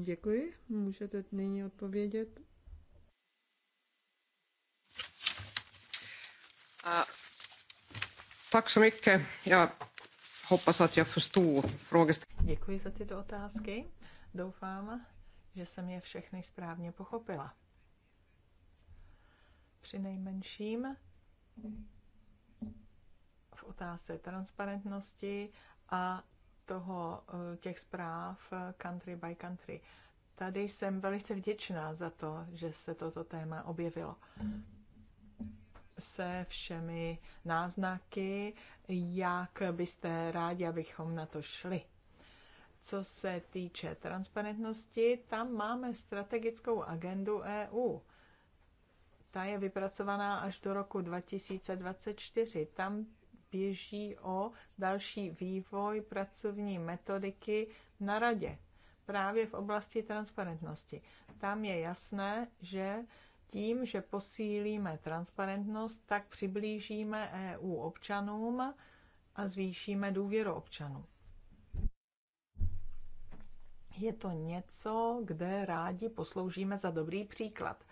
Děkuji. Můžete nyní odpovědět. Uh, tack så mycket. Jag hoppas att jag förstod Děkuji za tyto otázky. Doufám, že jsem je všechny správně pochopila při nejmenším v otázce transparentnosti a toho, eh, těch zpráv eh, country by country. Tady jsem velice vděčná za to, že se toto téma objevilo. Se všemi náznaky, jak byste rádi, abychom na to šli. Co se týče transparentnosti, tam máme strategickou agendu EU ta je vypracovaná až do roku 2024. Tam běží o další vývoj pracovní metodiky na radě, právě v oblasti transparentnosti. Tam je jasné, že tím, že posílíme transparentnost, tak přiblížíme EU občanům a zvýšíme důvěru občanů. Je to něco, kde rádi posloužíme za dobrý příklad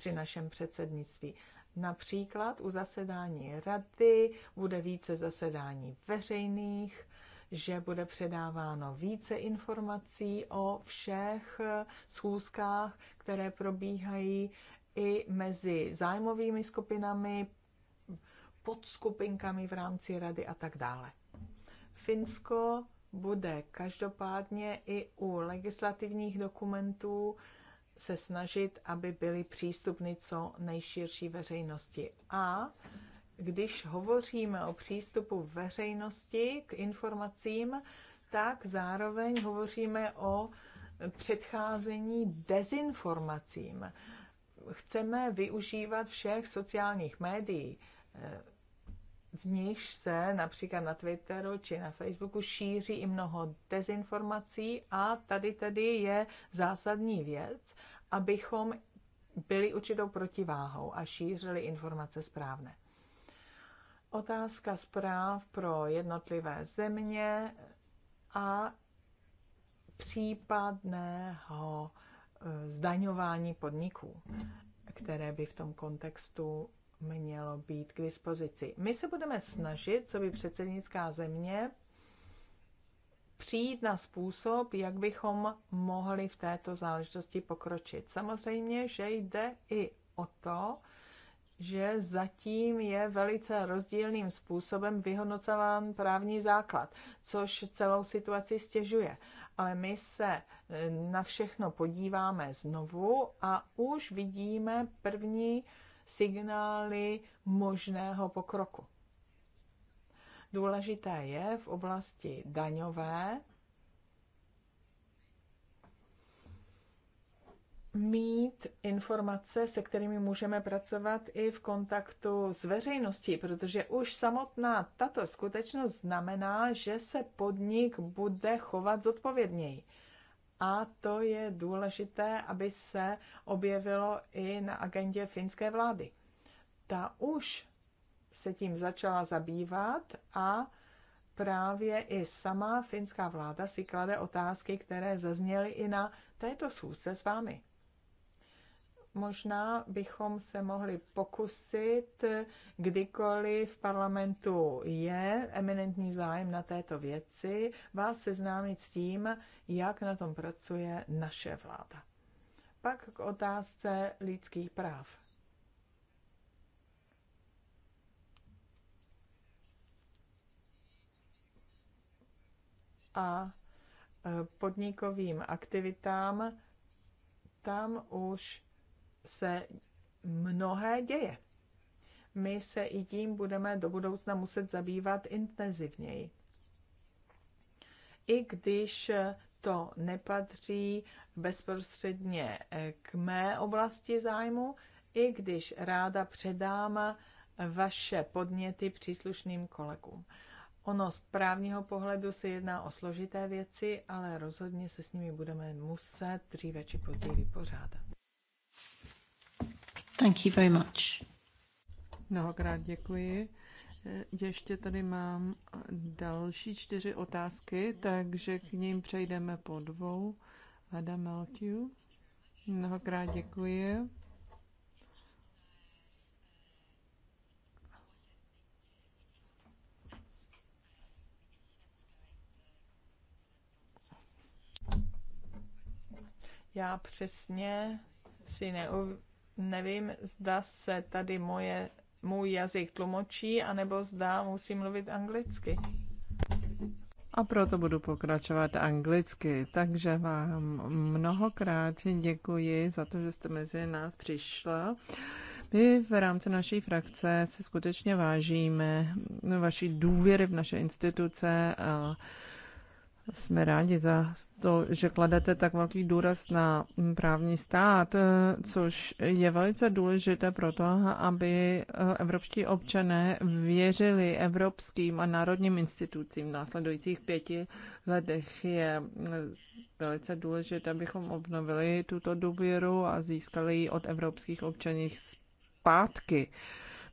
při našem předsednictví. Například u zasedání rady bude více zasedání veřejných, že bude předáváno více informací o všech schůzkách, které probíhají i mezi zájmovými skupinami, podskupinkami v rámci rady a tak dále. Finsko bude každopádně i u legislativních dokumentů se snažit, aby byly přístupny co nejširší veřejnosti. A když hovoříme o přístupu veřejnosti k informacím, tak zároveň hovoříme o předcházení dezinformacím. Chceme využívat všech sociálních médií, v nich se například na Twitteru či na Facebooku šíří i mnoho dezinformací a tady tedy je zásadní věc, abychom byli určitou protiváhou a šířili informace správné. Otázka zpráv pro jednotlivé země a případného e, zdaňování podniků, které by v tom kontextu mělo být k dispozici. My se budeme snažit, co by předsednická země, přijít na způsob, jak bychom mohli v této záležitosti pokročit. Samozřejmě, že jde i o to, že zatím je velice rozdílným způsobem vyhodnocován právní základ, což celou situaci stěžuje. Ale my se eh, na všechno podíváme znovu a už vidíme první signály možného pokroku. Důležité je v oblasti daňové mít informace, se kterými můžeme pracovat i v kontaktu s veřejností, protože už samotná tato skutečnost znamená, že se podnik bude chovat zodpovědněji. A to je důležité, aby se objevilo i na agendě finské vlády. Ta už se tím začala zabývat a právě i sama finská vláda si klade otázky, které zazněly i na této schůzce s vámi. Možná bychom se mohli pokusit, kdykoliv v parlamentu je eminentní zájem na této věci, vás seznámit s tím, jak na tom pracuje naše vláda. Pak k otázce lidských práv a e, podnikovým aktivitám, tam už se mnohé děje. My se i tím budeme do budoucna muset zabývat intenzivněji. I když to nepatří bezprostředně e, k mé oblasti zájmu, i když ráda předám vaše podněty příslušným kolegům. Ono z právního pohledu se jedná o složité věci, ale rozhodně se s nimi budeme muset dříve či později vypořádat. Thank you very much. Mnohokrát děkuji. Ještě tady mám další čtyři otázky, takže k ním přejdeme po dvou. Adam Maltiu. Mnohokrát děkuji. Já přesně si neu, nevím, zda se tady moje, můj jazyk tlumočí, anebo zda musím mluvit anglicky. A proto budu pokračovat anglicky. Takže vám mnohokrát děkuji za to, že jste mezi nás přišla. My v rámci naší frakce si skutečně vážíme vaší důvěry v naše instituce a jsme rádi za to, že kladete tak velký důraz na mm, právní stát, eh, což je velice důležité pro to, aby eh, evropští občané věřili evropským a národním institucím v následujících pěti letech. Je eh, velice důležité, abychom obnovili tuto důvěru a získali ji od evropských občanů zpátky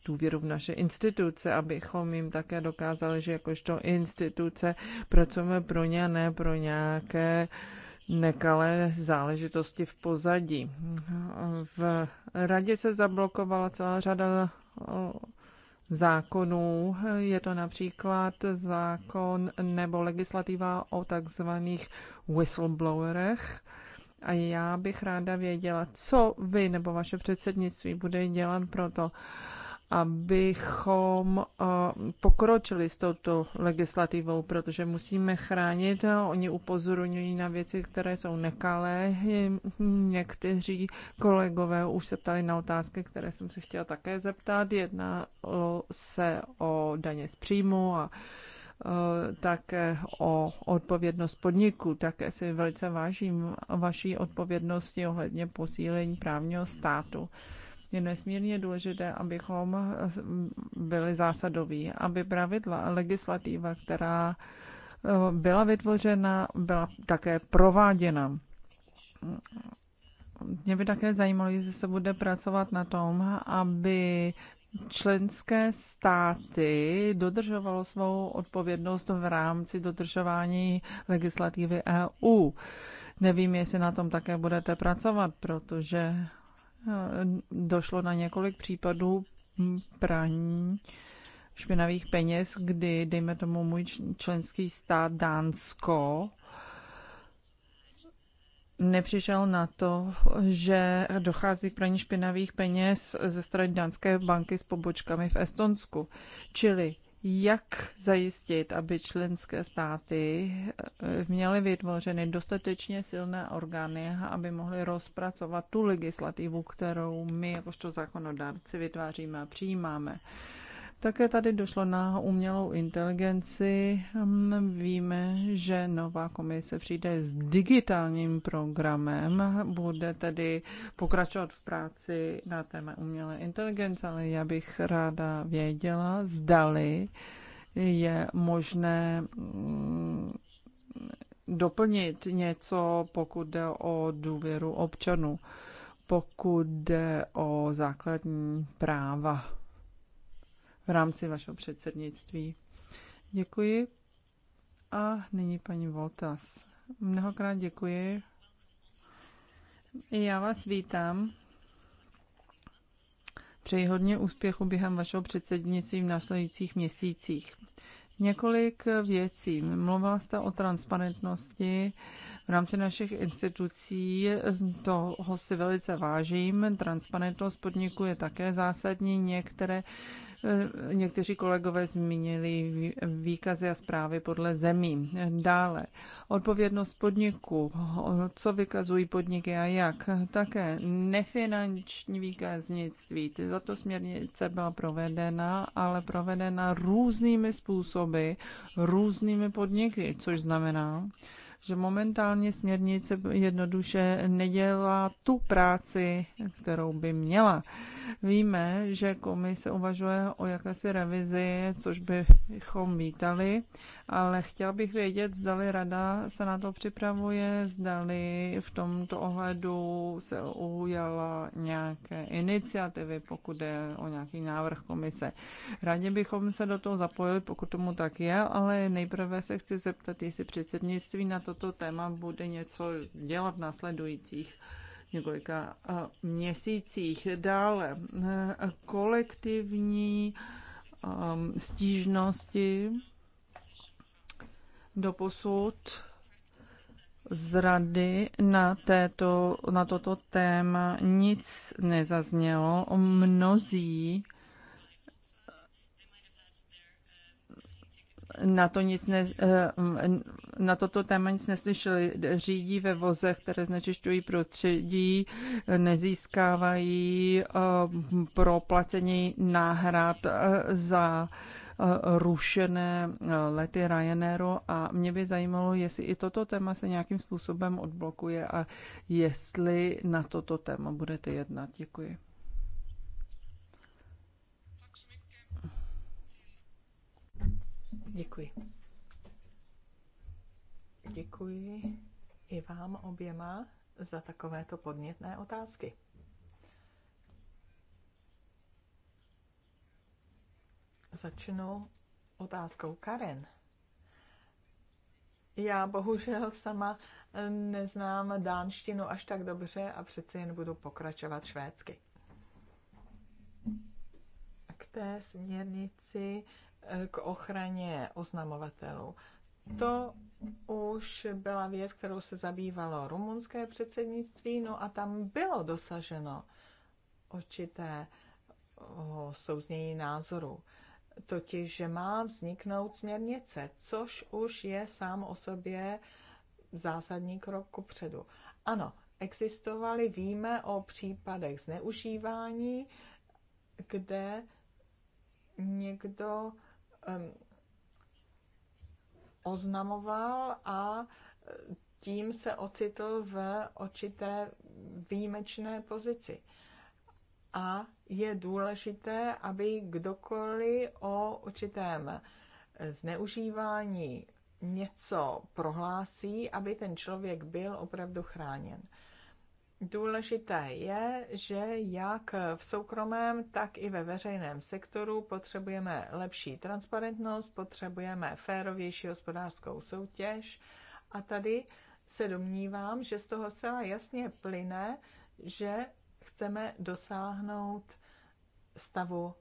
důvěru v naše instituce, abychom jim také dokázali, že jakožto instituce pracujeme pro ně a ne pro nějaké nekalé záležitosti v pozadí. V radě se zablokovala celá řada zákonů. Je to například zákon nebo legislativa o takzvaných whistleblowerech. A já bych ráda věděla, co vy nebo vaše předsednictví bude dělat pro to, abychom eh, pokročili s touto legislativou, protože musíme chránit. Eh, oni upozorňují na věci, které jsou nekalé. Někteří kolegové už se ptali na otázky, které jsem se chtěla také zeptat. Jednalo se o daně z příjmu a eh, také o odpovědnost podniku. Také si velice vážím vaší odpovědnosti ohledně posílení právního státu. Je nesmírně důležité, abychom byli zásadoví, aby pravidla a legislativa, která eh, byla vytvořena, byla také prováděna. Mě by také zajímalo, jestli se bude pracovat na tom, aby členské státy dodržovalo svou odpovědnost v rámci dodržování legislativy EU. Nevím, jestli na tom také budete pracovat, protože došlo na několik případů praní špinavých peněz, kdy, dejme tomu, můj členský stát Dánsko nepřišel na to, že dochází k praní špinavých peněz ze strany Dánské banky s pobočkami v Estonsku. Čili jak zajistit, aby členské státy eh, měly vytvořeny dostatečně silné orgány, aby mohly rozpracovat tu legislativu, kterou my jakožto zákonodárci vytváříme a přijímáme. Také tady došlo na umělou inteligenci. Hm, víme, že nová komise přijde s digitálním programem, bude tedy pokračovat v práci na téma umělé inteligence, ale já bych ráda věděla, zdali je možné hm, doplnit něco, pokud jde o důvěru občanů, pokud jde o základní práva v rámci vašeho předsednictví. Děkuji. A nyní paní Voltas. Mnohokrát děkuji. Já vás vítám. Přeji hodně úspěchu během vašeho předsednictví v následujících měsících. Několik věcí. Mluvila jste o transparentnosti v rámci našich institucí. Toho si velice vážím. Transparentnost podniku je také zásadní. Některé Někteří kolegové zmínili výkazy a zprávy podle zemí. Dále, odpovědnost podniků, co vykazují podniky a jak. Také nefinanční výkaznictví. Tato směrnice byla provedena, ale provedena různými způsoby, různými podniky, což znamená, že momentálně směrnice jednoduše nedělá tu práci, kterou by měla. Víme, že komise uvažuje o jakési revizi, což bychom vítali, ale chtěl bych vědět, zdali rada se na to připravuje, zdali v tomto ohledu se ujala nějaké iniciativy, pokud je o nějaký návrh komise. Rádi bychom se do toho zapojili, pokud tomu tak je, ale nejprve se chci zeptat, jestli předsednictví na to toto téma bude něco dělat v následujících několika měsících. Dále e, kolektivní stížnosti do posud z rady na, této, na toto téma nic nezaznělo. Mnozí na, to nic ne, eh, na toto téma nic neslyšeli. Řídí ve vozech, které znečišťují prostředí, nezískávají eh, pro placení náhrad eh, za rušené lety Ryanairu a mě by zajímalo, jestli i toto téma se nějakým způsobem odblokuje a jestli na toto téma budete jednat. Děkuji. Děkuji. Děkuji i vám oběma za takovéto podnětné otázky. Začnu otázkou Karen. Já bohužel sama neznám dánštinu až tak dobře a přeci jen budu pokračovat švédsky. K té směrnici k ochraně oznamovatelů. Hmm. To už byla věc, kterou se zabývalo rumunské předsednictví, no a tam bylo dosaženo určité souznění názoru. Totiž, že má vzniknout směrnice, což už je sám o sobě zásadní krok ku předu. Ano, existovaly, víme o případech zneužívání, kde někdo oznamoval a tím se ocitl v očité výjimečné pozici. A je důležité, aby kdokoliv o určitém zneužívání něco prohlásí, aby ten člověk byl opravdu chráněn. Důležité je, že jak v soukromém, tak i ve veřejném sektoru potřebujeme lepší transparentnost, potřebujeme férovější hospodářskou soutěž a tady se domnívám, že z toho zcela jasně plyne, že chceme dosáhnout stavu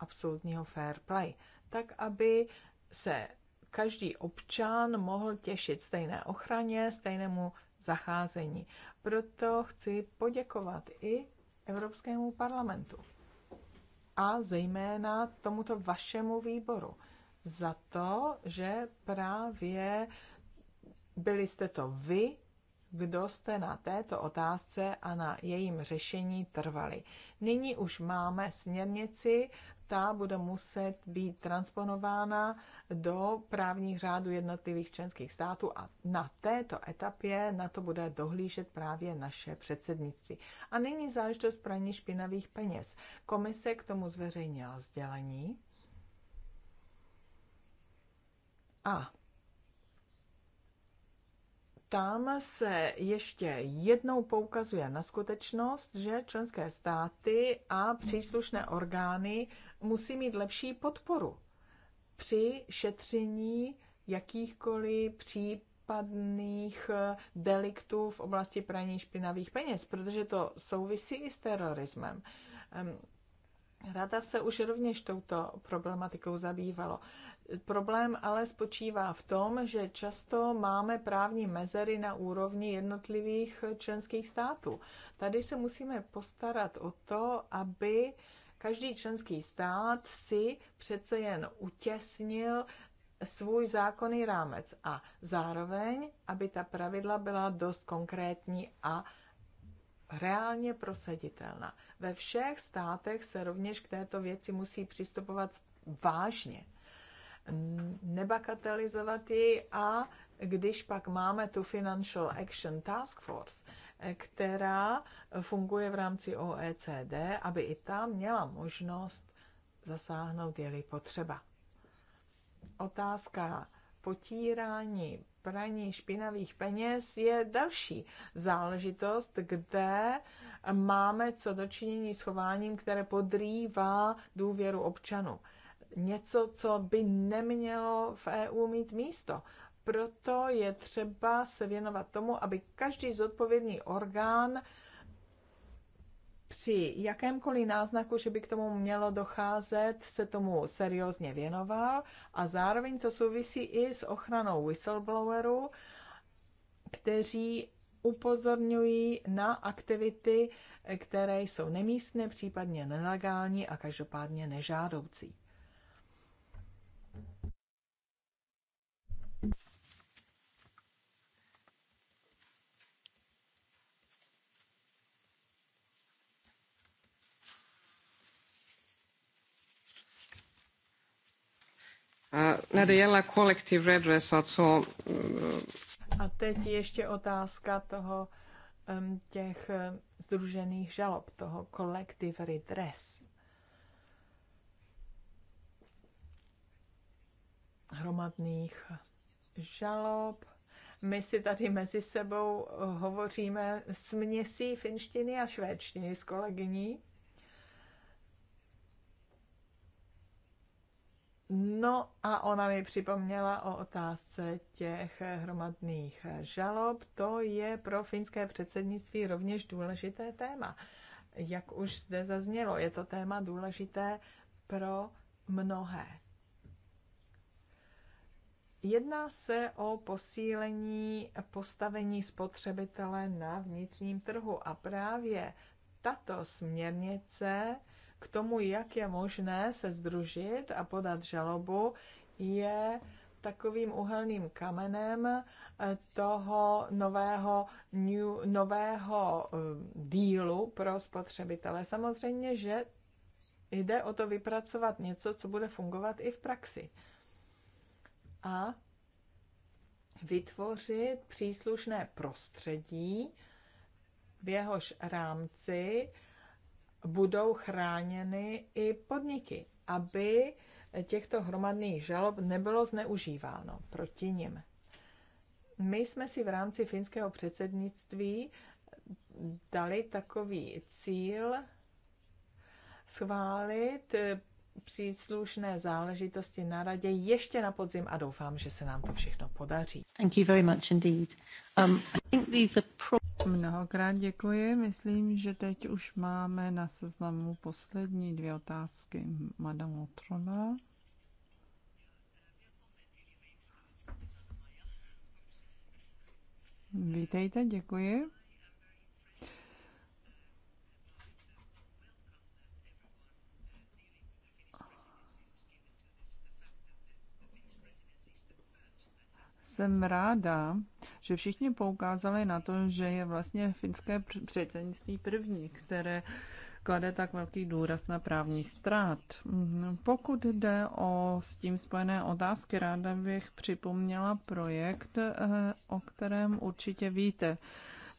absolutního fair play, tak aby se každý občan mohl těšit stejné ochraně, stejnému zacházení. Proto chci poděkovat i Evropskému parlamentu a zejména tomuto vašemu výboru za to, že právě byli jste to vy, kdo jste na této otázce a na jejím řešení trvali. Nyní už máme směrnici ta bude muset být transponována do právních řádů jednotlivých členských států a na této etapě na to bude dohlížet právě naše předsednictví. A nyní záležitost praní špinavých peněz. Komise k tomu zveřejnila sdělení a tam se ještě jednou poukazuje na skutečnost, že členské státy a příslušné orgány musí mít lepší podporu při šetření jakýchkoliv případných eh, deliktů v oblasti praní špinavých peněz, protože to souvisí i s terorismem. Rada se už rovněž touto problematikou zabývalo. Problém ale spočívá v tom, že často máme právní mezery na úrovni jednotlivých členských států. Tady se musíme postarat o to, aby Každý členský stát si přece jen utěsnil svůj zákonný rámec a zároveň, aby ta pravidla byla dost konkrétní a reálně prosaditelná. Ve všech státech se rovněž k této věci musí přistupovat vážně, nebakatelizovat ji a když pak máme tu Financial Action Task Force, která funguje v rámci OECD, aby i ta měla možnost zasáhnout, je potřeba. Otázka potírání praní špinavých peněz je další záležitost, kde máme co dočinění s chováním, které podrývá důvěru občanů. Něco, co by nemělo v EU mít místo. Proto je třeba se věnovat tomu, aby každý zodpovědný orgán při jakémkoliv náznaku, že by k tomu mělo docházet, se tomu seriózně věnoval a zároveň to souvisí i s ochranou whistleblowerů, kteří upozorňují na aktivity, které jsou nemístné, případně nelegální a každopádně nežádoucí. Eh, när det gäller kollektiv så... Eh, a teď ještě otázka toho těch združených eh, žalob, toho collective redress. Hromadných žalob. My si tady mezi sebou hovoříme směsí finštiny a švédštiny s kolegyní. No a ona mi připomněla o otázce těch hromadných žalob. To je pro finské předsednictví rovněž důležité téma. Jak už zde zaznělo, je to téma důležité pro mnohé. Jedná se o posílení postavení spotřebitele na vnitřním trhu a právě tato směrnice k tomu, jak je možné se združit a podat žalobu, je takovým uhelným kamenem eh, toho nového, new, nového eh, dílu pro spotřebitele. Samozřejmě, že jde o to vypracovat něco, co bude fungovat i v praxi. A vytvořit příslušné prostředí, v jehož rámci budou chráněny i podniky, aby těchto hromadných žalob nebylo zneužíváno proti nim. My jsme si v rámci finského předsednictví dali takový cíl schválit příslušné záležitosti na radě ještě na podzim a doufám, že se nám to všechno podaří. Thank you very much indeed. Um, I think these are pro- Mnohokrát děkuji. Myslím, že teď už máme na seznamu poslední dvě otázky. Madame Otrona. Vítejte, děkuji. jsem ráda, že všichni poukázali na to, že je vlastně finské předsednictví první, které klade tak velký důraz na právní ztrát. Mhm. Pokud jde o s tím spojené otázky, ráda bych připomněla projekt, eh, o kterém určitě víte,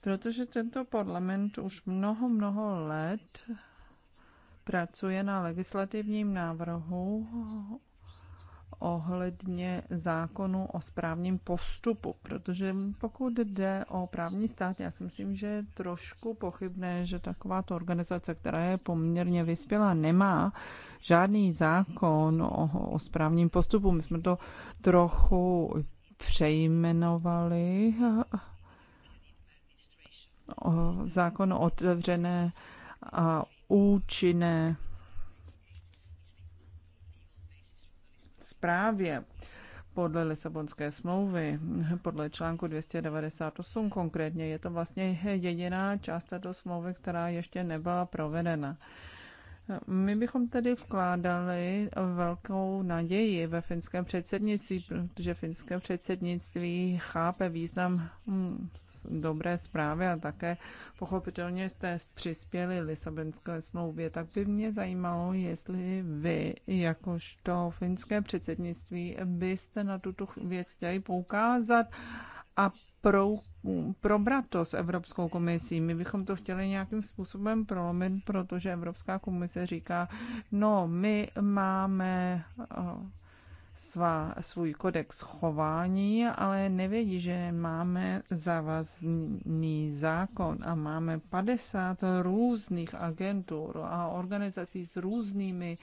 protože tento parlament už mnoho, mnoho let pracuje na legislativním návrhu ohledně zákonu o správním postupu, protože pokud jde o právní stát, já si myslím, že je trošku pochybné, že takováto organizace, která je poměrně vyspělá, nemá žádný zákon o, o správním postupu. My jsme to trochu přejmenovali zákon o otevřené a účinné zprávě podle Lisabonské smlouvy, podle článku 298 konkrétně, je to vlastně jediná část této smlouvy, která ještě nebyla provedena. My bychom tady vkládali velkou naději ve finském předsednictví, protože finské předsednictví chápe význam mm, dobré zprávy a také pochopitelně jste přispěli Lisabonské smlouvě. Tak by mě zajímalo, jestli vy, jakožto finské předsednictví, byste na tuto věc chtěli poukázat a pro, probrat to s Evropskou komisí. My bychom to chtěli nějakým způsobem prolomit, protože Evropská komise říká, no my máme eh, svá, svůj kodex chování, ale nevědí, že máme závazný zákon a máme 50 různých agentur a organizací s různými uh,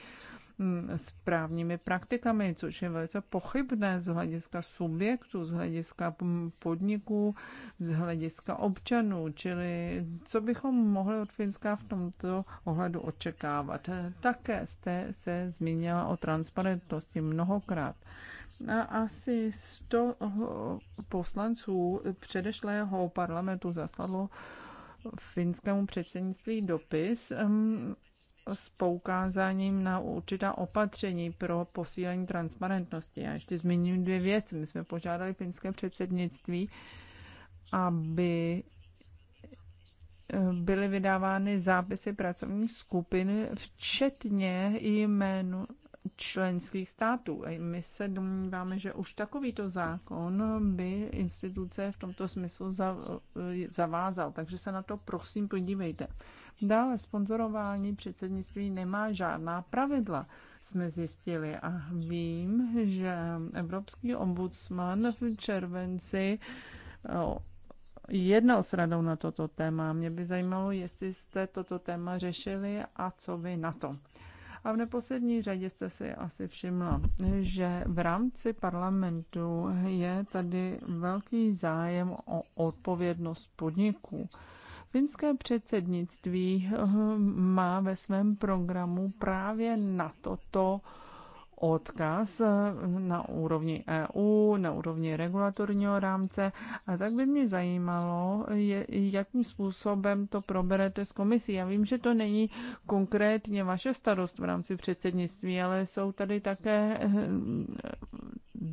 Mm, správními praktikami, což je velice pochybné z hlediska subjektu, z hlediska mm, podniků, z hlediska občanů. Čili co bychom mohli od Finska v tomto ohledu očekávat? Také jste se zmínila o transparentnosti mnohokrát. A asi 100 poslanců předešlého parlamentu zaslalo finskému předsednictví dopis mm, s poukázáním na určitá opatření pro posílení transparentnosti. Já ještě zmíním dvě věci. My jsme požádali finské předsednictví, aby eh, byly vydávány zápisy pracovní skupin, včetně jménu členských států. My se domníváme, že už takovýto zákon by instituce v tomto smyslu eh, zavázal, takže se na to prosím podívejte. Dále sponzorování předsednictví nemá žádná pravidla, jsme zjistili. A vím, že Evropský ombudsman v červenci jednal s radou na toto téma. Mě by zajímalo, jestli jste toto téma řešili a co vy na to. A v neposlední řadě jste si asi všimla, že v rámci parlamentu je tady velký zájem o odpovědnost podniků. Finské předsednictví eh, má ve svém programu právě na toto odkaz eh, na úrovni EU, na úrovni regulatorního rámce. A tak by mě zajímalo, jakým způsobem to proberete s komisí. Já vím, že to není konkrétně vaše starost v rámci předsednictví, ale jsou tady také eh,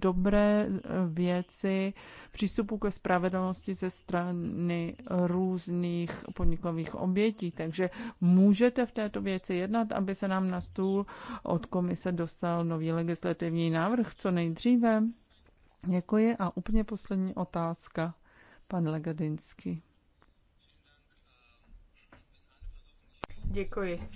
dobré eh, věci přístupu ke spravedlnosti ze strany různých podnikových obětí. Takže můžete v této věci jednat, aby se nám na stůl od komise dostal nový legislativní návrh co nejdříve. Děkuji a úplně poslední otázka, pan Legadinský. Děkuji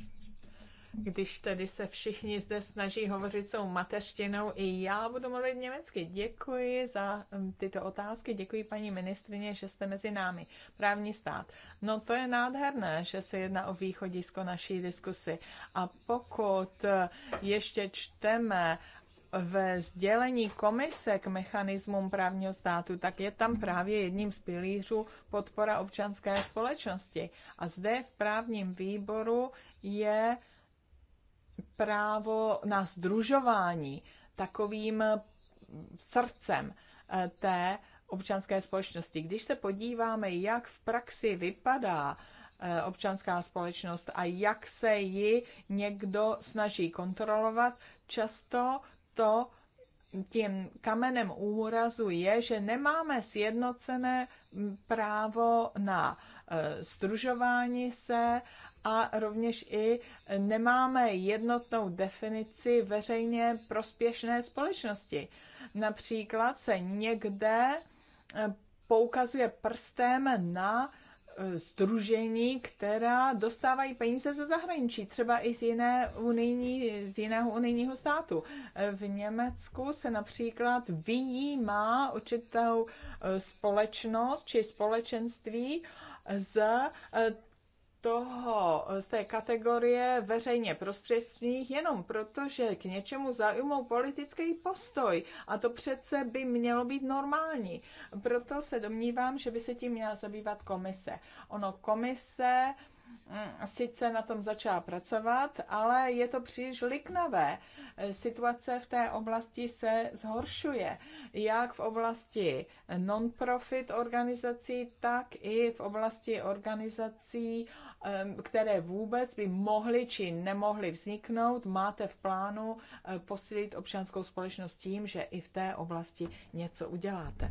když tedy se všichni zde snaží hovořit svou mateřštinou, i já budu mluvit německy. Děkuji za um, tyto otázky, děkuji paní ministrině, že jste mezi námi. Právní stát. No to je nádherné, že se jedná o východisko naší diskusy. A pokud eh, ještě čteme ve sdělení komise k mechanismům právního státu, tak je tam právě jedním z pilířů podpora občanské společnosti. A zde v právním výboru je právo na združování takovým srdcem eh, té občanské společnosti. Když se podíváme, jak v praxi vypadá eh, občanská společnost a jak se ji někdo snaží kontrolovat, často to tím kamenem úrazu je, že nemáme sjednocené právo na združování eh, se a rovněž i nemáme jednotnou definici veřejně prospěšné společnosti. Například se někde eh, poukazuje prstem na združení, eh, která dostávají peníze ze zahraničí, třeba i z, jiné unijní, z jiného unijního státu. Eh, v Německu se například vyjímá určitou společnost či společenství z toho, z té kategorie veřejně prospěšných jenom proto, že k něčemu zaujmou politický postoj. A to přece by mělo být normální. Proto se domnívám, že by se tím měla zabývat komise. Ono komise mm, sice na tom začala pracovat, ale je to příliš liknavé. Situace v té oblasti se zhoršuje, jak v oblasti non-profit organizací, tak i v oblasti organizací které vůbec by mohly či nemohly vzniknout. Máte v plánu eh, posílit občanskou společnost tím, že i v té oblasti něco uděláte.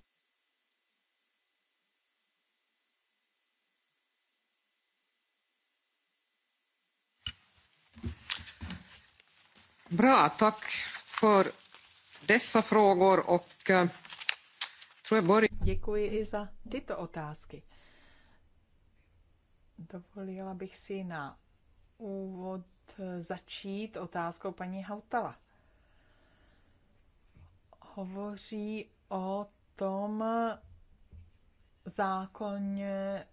Bra, tak för dessa frågor och eh, tror jag börjar... Děkuji i za tyto otázky. Dovolila bych si na úvod začít otázkou paní Hautala. Hovoří o tom zákoně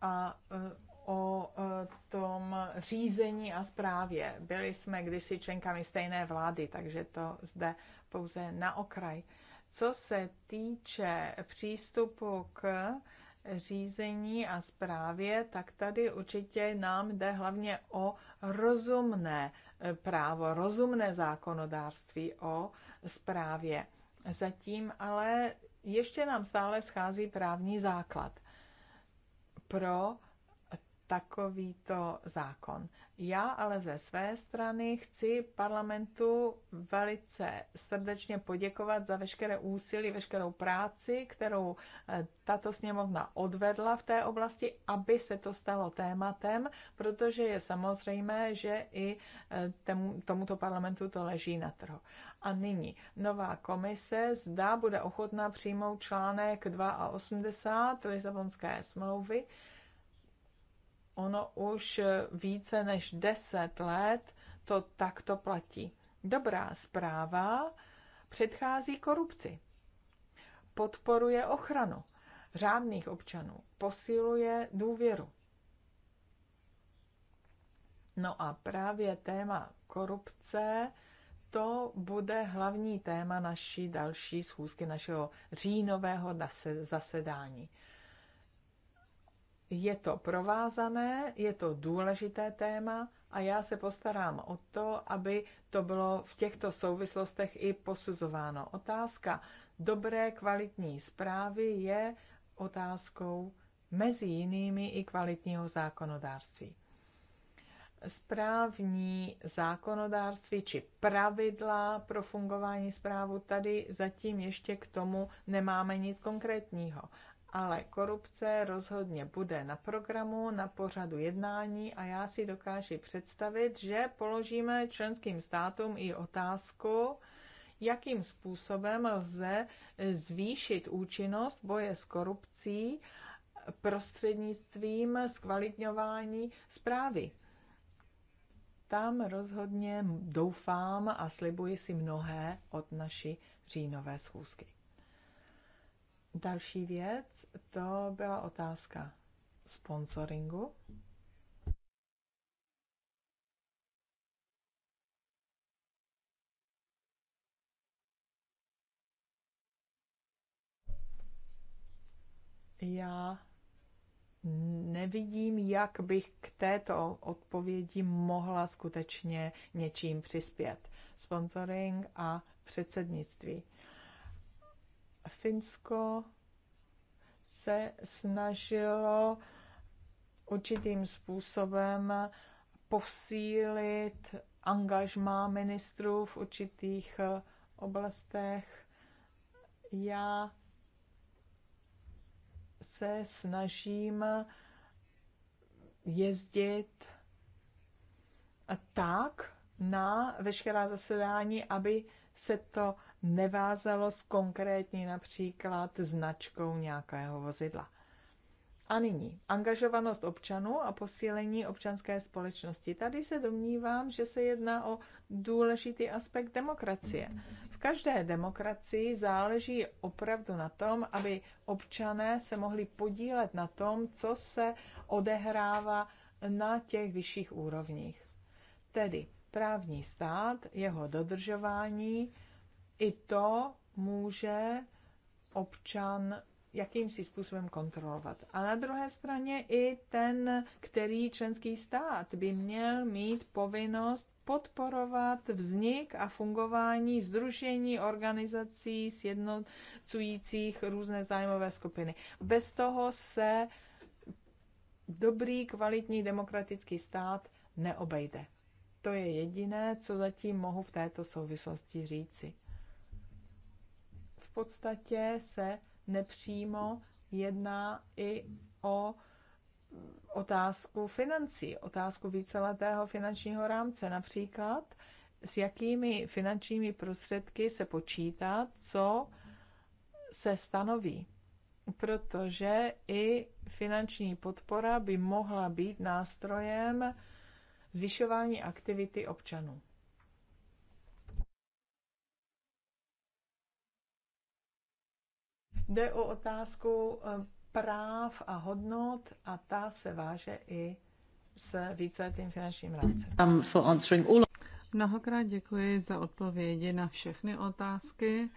a e, o e, tom řízení a zprávě. Byli jsme kdysi členkami stejné vlády, takže to zde pouze na okraj. Co se týče přístupu k řízení a správě, tak tady určitě nám jde hlavně o rozumné e, právo, rozumné zákonodárství o správě. Zatím ale ještě nám stále schází právní základ pro takovýto zákon. Já ale ze své strany chci parlamentu velice srdečně poděkovat za veškeré úsilí, veškerou práci, kterou eh, tato sněmovna odvedla v té oblasti, aby se to stalo tématem, protože je samozřejmé, že i eh, temu, tomuto parlamentu to leží na trhu. A nyní nová komise zdá bude ochotná přijmout článek 82 Lisabonské smlouvy, ono už více než 10 let to takto platí. Dobrá zpráva předchází korupci, podporuje ochranu řádných občanů, posiluje důvěru. No a právě téma korupce, to bude hlavní téma naší další schůzky, našeho říjnového zasedání. Je to provázané, je to důležité téma a já se postarám o to, aby to bylo v těchto souvislostech i posuzováno. Otázka dobré kvalitní zprávy je otázkou mezi jinými i kvalitního zákonodárství. Správní zákonodárství či pravidla pro fungování zprávu tady zatím ještě k tomu nemáme nic konkrétního, ale korupce rozhodně bude na programu, na pořadu jednání a já si dokážu představit, že položíme členským státům i otázku, jakým způsobem lze zvýšit účinnost boje s korupcí prostřednictvím zkvalitňování zprávy. Tam rozhodně doufám a slibuji si mnohé od naší říjnové schůzky. Další věc, to byla otázka sponsoringu. Já nevidím, jak bych k této odpovědi mohla skutečně něčím přispět. Sponsoring a předsednictví. Finsko se snažilo určitým způsobem posílit angažmá ministrů v určitých eh, oblastech. Já se snažím jezdit tak na veškerá zasedání, aby se to nevázalo s konkrétní například značkou nějakého vozidla. A nyní angažovanost občanů a posílení občanské společnosti. Tady se domnívám, že se jedná o důležitý aspekt demokracie. V každé demokracii záleží opravdu na tom, aby občané se mohli podílet na tom, co se odehrává na těch vyšších úrovních. Tedy právní stát, jeho dodržování, i to může občan jakýmsi způsobem kontrolovat. A na druhé straně i ten, který členský stát by měl mít povinnost podporovat vznik a fungování združení organizací sjednocujících různé zájmové skupiny. Bez toho se dobrý, kvalitní demokratický stát neobejde. To je jediné, co zatím mohu v této souvislosti říci podstatě se nepřímo jedná i o otázku financí, otázku víceletého finančního rámce. Například, s jakými finančními prostředky se počítá, co se stanoví. Protože i finanční podpora by mohla být nástrojem zvyšování aktivity občanů. Jde o otázku eh, práv a hodnot a ta se váže i s víceletým finančním rámcem. Um, Mnohokrát děkuji za odpovědi na všechny otázky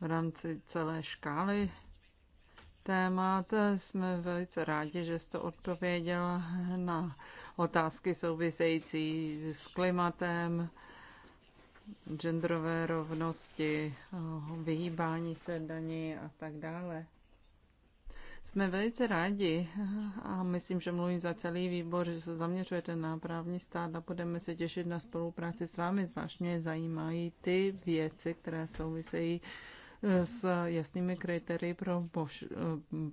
v rámci celé škály témat. Jsme velice rádi, že jste odpověděl na otázky související s klimatem, genderové rovnosti, vyhýbání se daní a tak dále. Jsme velice rádi a myslím, že mluvím za celý výbor, že se zaměřujete na právní stát a budeme se těšit na spolupráci s vámi. Zvláštně zajímají ty věci, které souvisejí eh, s jasnými kritérii pro eh,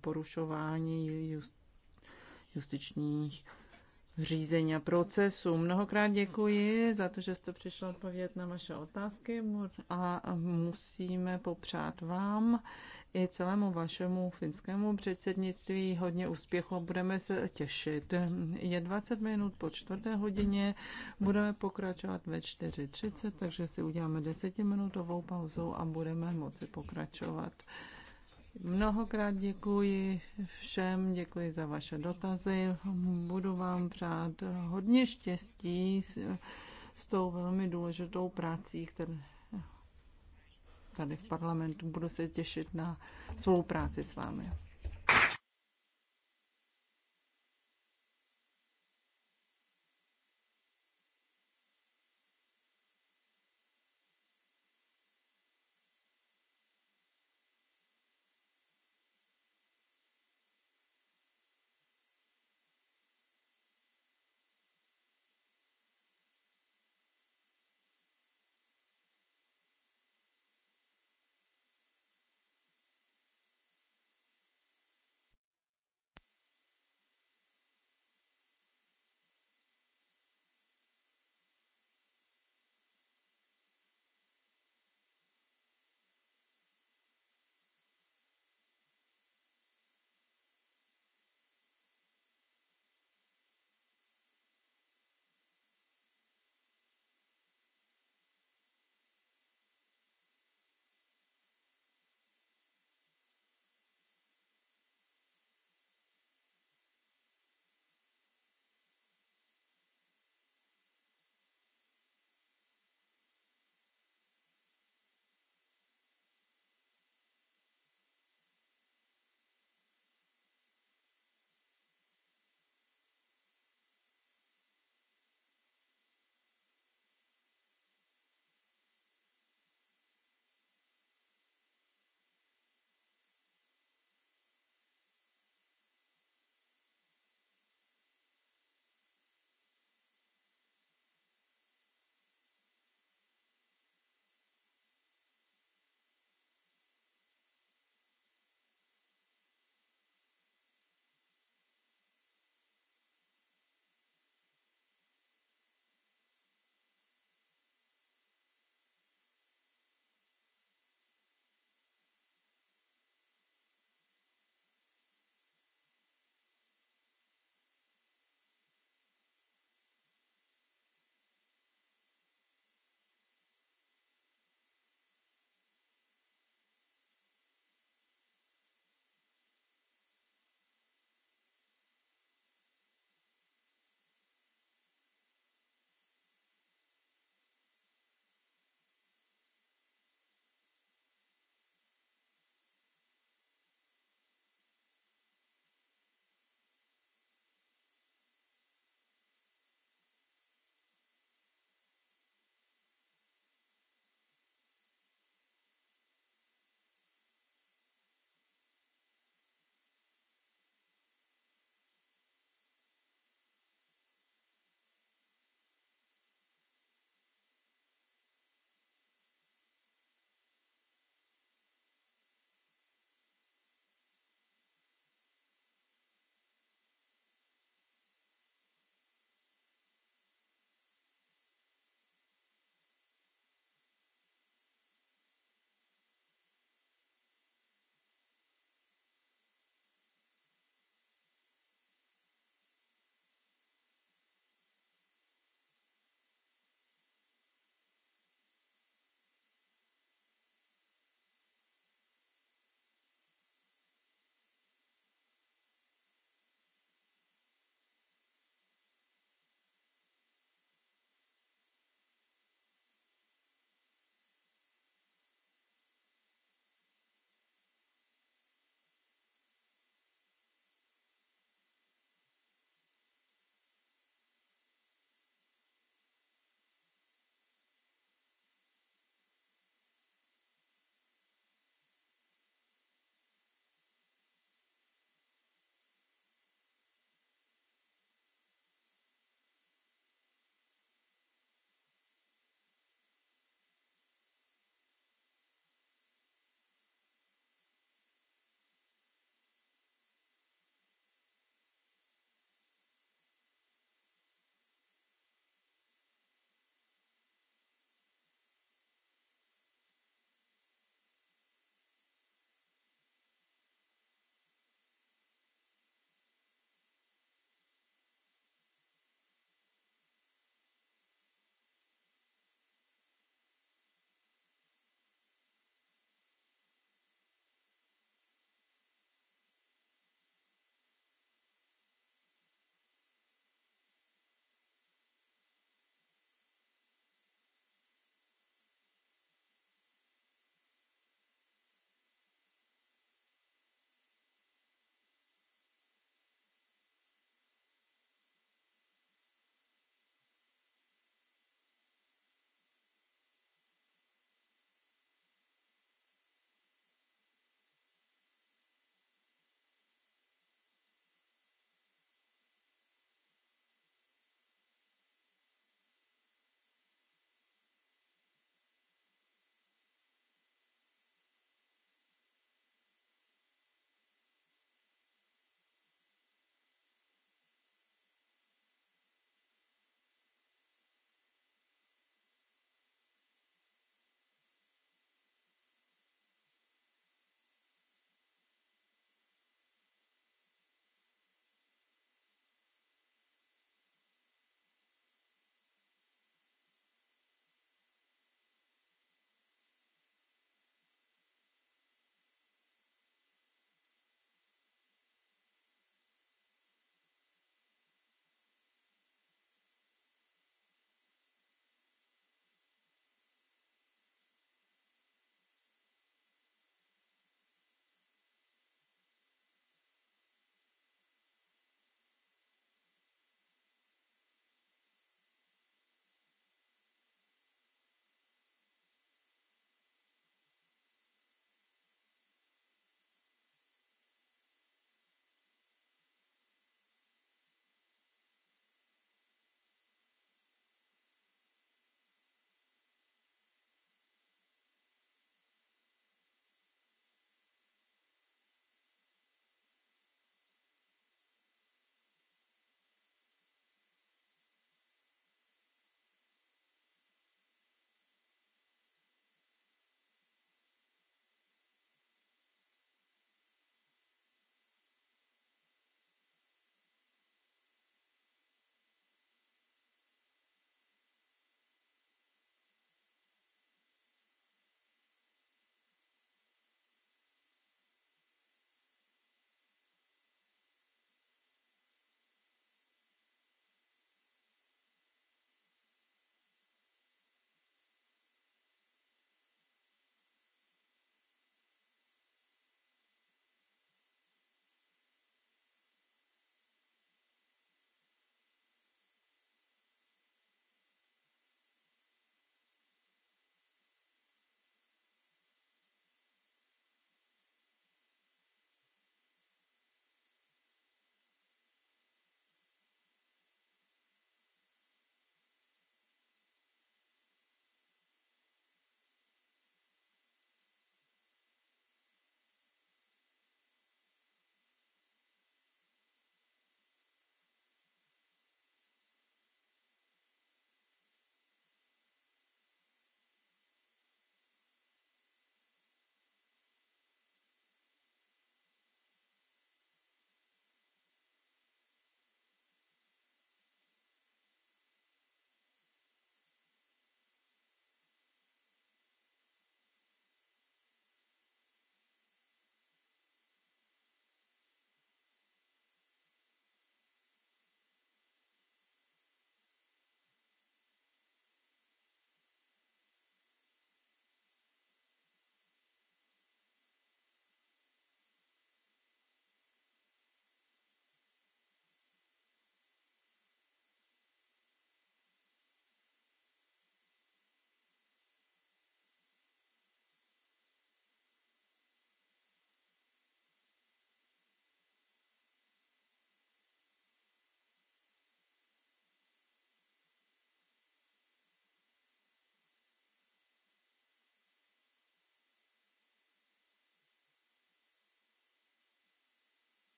porušování justičních řízení a procesu. Mnohokrát děkuji za to, že jste přišla odpovědět na vaše otázky a musíme popřát vám i celému vašemu finskému předsednictví hodně úspěchu a budeme se těšit. Je 20 minut po čtvrté hodině, budeme pokračovat ve 4.30, takže si uděláme desetiminutovou pauzou a budeme moci pokračovat. Mnohokrát děkuji všem, děkuji za vaše dotazy. Budu vám přát hodně štěstí s, s tou velmi důležitou prací, které tady v parlamentu budu se těšit na spolupráci s vámi.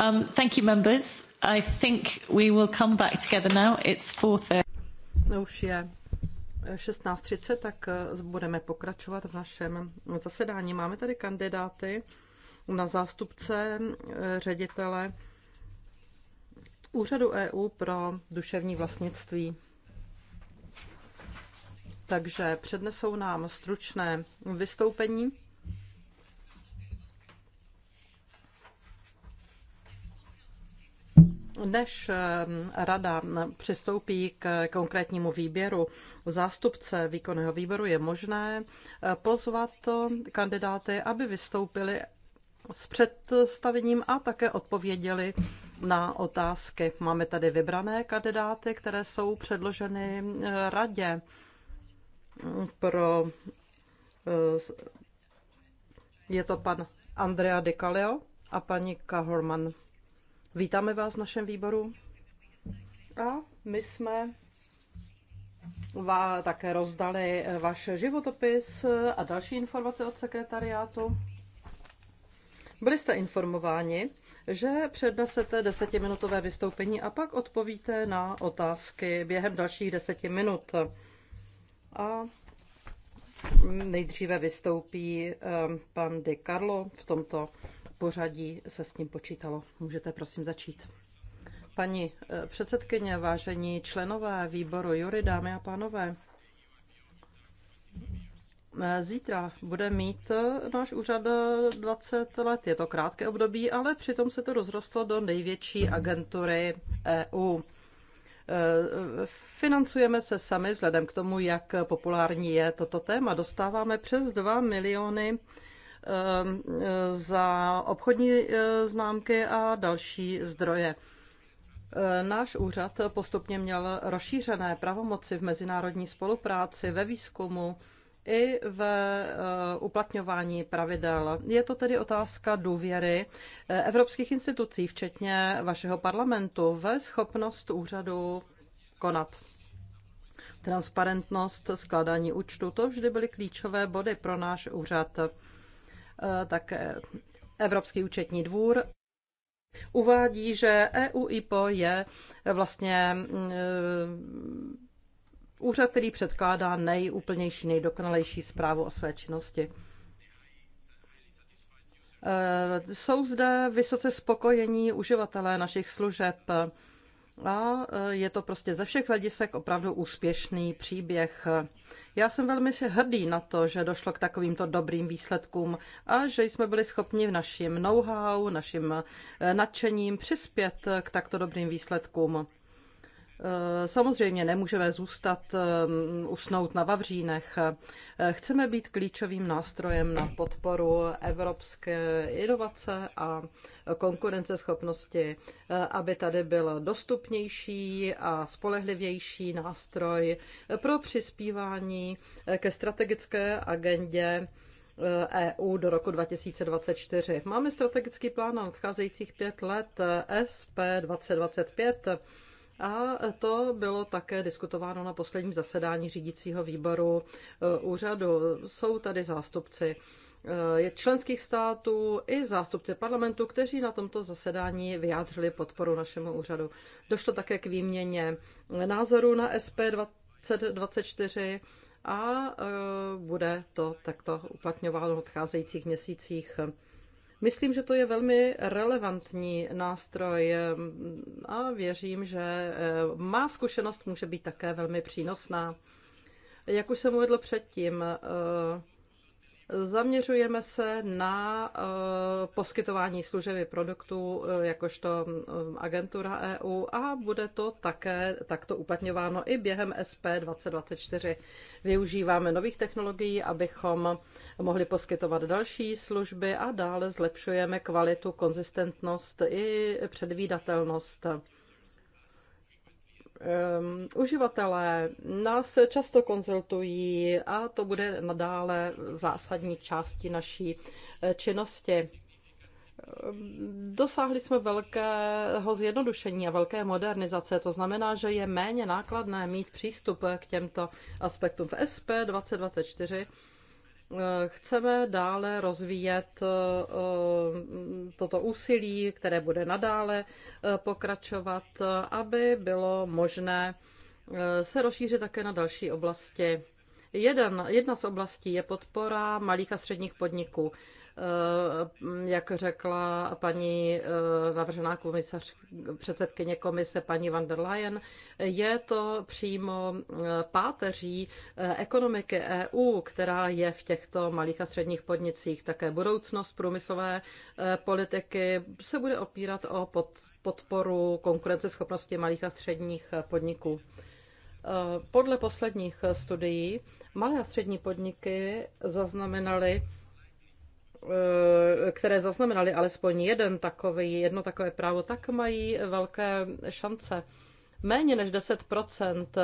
Um, thank you, members. I think we will come back together now. It's 4.30. No, už je 16.30, eh, tak eh, budeme pokračovat v našem zasedání. Máme tady kandidáty na zástupce eh, ředitele Úřadu EU pro duševní vlastnictví. Takže přednesou nám stručné vystoupení Než ehm, rada přistoupí k konkrétnímu výběru zástupce výkonného výboru, je možné eh, pozvat kandidáty, aby vystoupili s představením a také odpověděli na otázky. Máme tady vybrané kandidáty, které jsou předloženy eh, radě mm, pro... Eh, je to pan Andrea Di Calio a paní Kahorman. Vítáme vás v našem výboru a my jsme vám také rozdali eh, váš životopis a další informace od sekretariátu. Byli jste informováni, že přednesete desetiminutové vystoupení a pak odpovíte na otázky během dalších deseti minut. A nejdříve vystoupí eh, pan Di Carlo v tomto pořadí se s tím počítalo. Můžete prosím začít. Paní eh, předsedkyně, vážení členové výboru Jury, dámy a pánové, eh, Zítra bude mít eh, náš úřad 20 let. Je to krátké období, ale přitom se to rozrostlo do největší agentury EU. Financujeme se sami vzhledem k tomu, jak populární je toto téma. Dostáváme přes 2 miliony Ehm, za obchodní eh, známky a další zdroje. Eh, náš úřad postupně měl rozšířené pravomoci v mezinárodní spolupráci, ve výzkumu i ve eh, uplatňování pravidel. Je to tedy otázka důvěry evropských institucí, včetně vašeho parlamentu, ve schopnost úřadu konat. Transparentnost, skládání účtu, to vždy byly klíčové body pro náš úřad. Eh, tak eh, Evropský účetní dvůr uvádí, že EU IPO je vlastně mm, eh, úřad, který předkládá nejúplnější, nejdokonalejší zprávu o své činnosti. Jsou zde vysoce spokojení uživatelé našich služeb a e, je to prostě ze všech hledisek opravdu úspěšný příběh. Já jsem velmi hrdý na to, že došlo k takovýmto dobrým výsledkům a že jsme byli schopni v našem know-how, naším e, nadšením přispět k takto dobrým výsledkům. Eh, samozřejmě nemůžeme zůstat eh, usnout na Vavřínech. Eh, chceme být klíčovým nástrojem na podporu evropské inovace a konkurenceschopnosti, aby tady byl dostupnější a spolehlivější nástroj pro přispívání ke strategické agendě EU e do roku 2024. Máme strategický plán na odcházejících pět let SP 2025 a to bylo také diskutováno na posledním zasedání řídícího výboru eh, úřadu. Jsou tady zástupci eh, členských států i zástupci parlamentu, kteří na tomto zasedání vyjádřili podporu našemu úřadu. Došlo také k výměně názorů na SP2024 a eh, bude to takto uplatňováno v odcházejících měsících. Myslím, že to je velmi relevantní nástroj ehm, a věřím, že ehm, má zkušenost může být také velmi přínosná. Jak už jsem uvedl předtím, ehm, Zaměřujeme se na eh, poskytování služeby produktů eh, jakožto eh, agentura EU a bude to také takto uplatňováno i během SP 2024. Využíváme nových technologií, abychom mohli poskytovat další služby a dále zlepšujeme kvalitu, konzistentnost i předvídatelnost um, uživatelé nás často konzultují a to bude nadále zásadní části naší eh, činnosti. Ehm, dosáhli jsme velkého zjednodušení a velké modernizace. To znamená, že je méně nákladné mít přístup k těmto aspektům. V SP 2024 Eh, chceme dále rozvíjet eh, eh, toto úsilí, které bude nadále pokračovat, aby bylo možné se rozšířit také na další oblasti. jedna z oblastí je podpora malých a středních podniků. Eh, jak řekla paní eh, navržená komisař, předsedkyně komise paní van der Leyen, je to přímo eh, páteří ekonomiky EU, která je v těchto malých a středních podnicích. Také budoucnost průmyslové politiky se bude opírat o podporu konkurenceschopnosti malých a středních podniků. Podle posledních studií malé a střední podniky zaznamenaly Eh, které zaznamenali alespoň jeden takový, jedno takové právo, tak mají velké šance. Méně než 10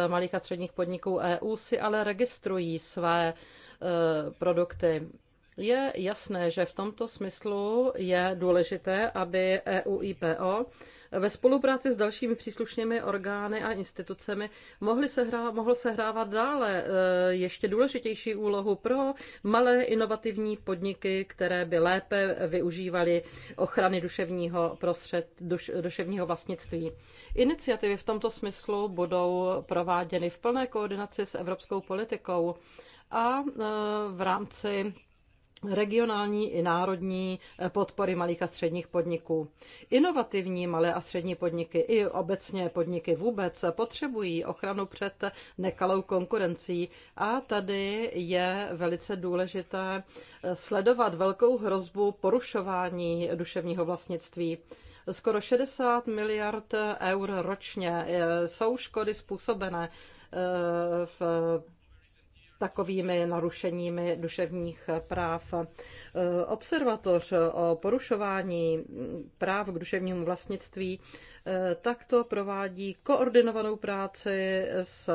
malých a středních podniků EU si ale registrují své eh, produkty. Je jasné, že v tomto smyslu je důležité, aby EU IPO ve spolupráci s dalšími příslušnými orgány a institucemi mohly sehrá, mohl sehrávat dále eh, ještě důležitější úlohu pro malé inovativní podniky, které by lépe využívaly ochrany duševního, prostřed, duš, duševního vlastnictví. Iniciativy v tomto smyslu budou prováděny v plné koordinaci s evropskou politikou a eh, v rámci regionální i národní eh, podpory malých a středních podniků. Inovativní malé a střední podniky i obecně podniky vůbec potřebují ochranu před nekalou konkurencí a tady je velice důležité eh, sledovat velkou hrozbu porušování duševního vlastnictví. Skoro 60 miliard eur ročně eh, jsou škody způsobené v takovými narušeními duševních práv. E, observatoř o porušování práv k duševnímu vlastnictví e, takto provádí koordinovanou práci s